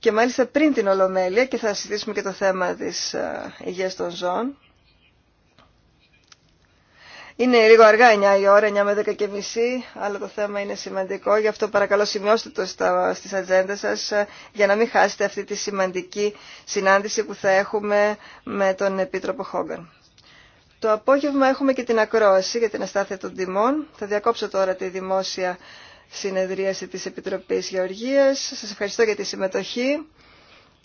και μάλιστα πριν την Ολομέλεια και θα συζητήσουμε και το θέμα της ε, υγείας των ζώων. Είναι λίγο αργά 9 η ώρα, 9 με 10 και μισή, αλλά το θέμα είναι σημαντικό. Γι' αυτό παρακαλώ σημειώστε το στα, στις ατζέντες σας ε, για να μην χάσετε αυτή τη σημαντική συνάντηση που θα έχουμε με τον Επίτροπο Χόγκαν. Το απόγευμα έχουμε και την ακρόαση για την αστάθεια των τιμών. Θα διακόψω τώρα τη δημόσια συνεδρίαση της Επιτροπής Γεωργίας. Σας ευχαριστώ για τη συμμετοχή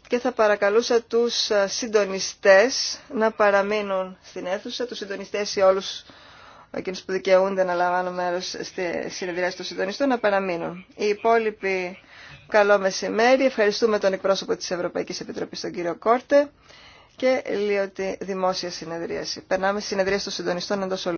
και θα παρακαλούσα τους ε, συντονιστές να παραμείνουν στην αίθουσα, τους συντονιστές ή όλους εκείνους που δικαιούνται να λαμβάνουν μέρος στη συνεδριάση των συντονιστών να παραμείνουν. Οι υπόλοιποι καλό μεσημέρι. Ευχαριστούμε τον εκπρόσωπο της Ευρωπαϊκής Επιτροπής, τον κύριο Κόρτε και Λίωτη δημόσια συνεδρίαση. Περνάμε στη συνεδρίαση των συντονιστών εντός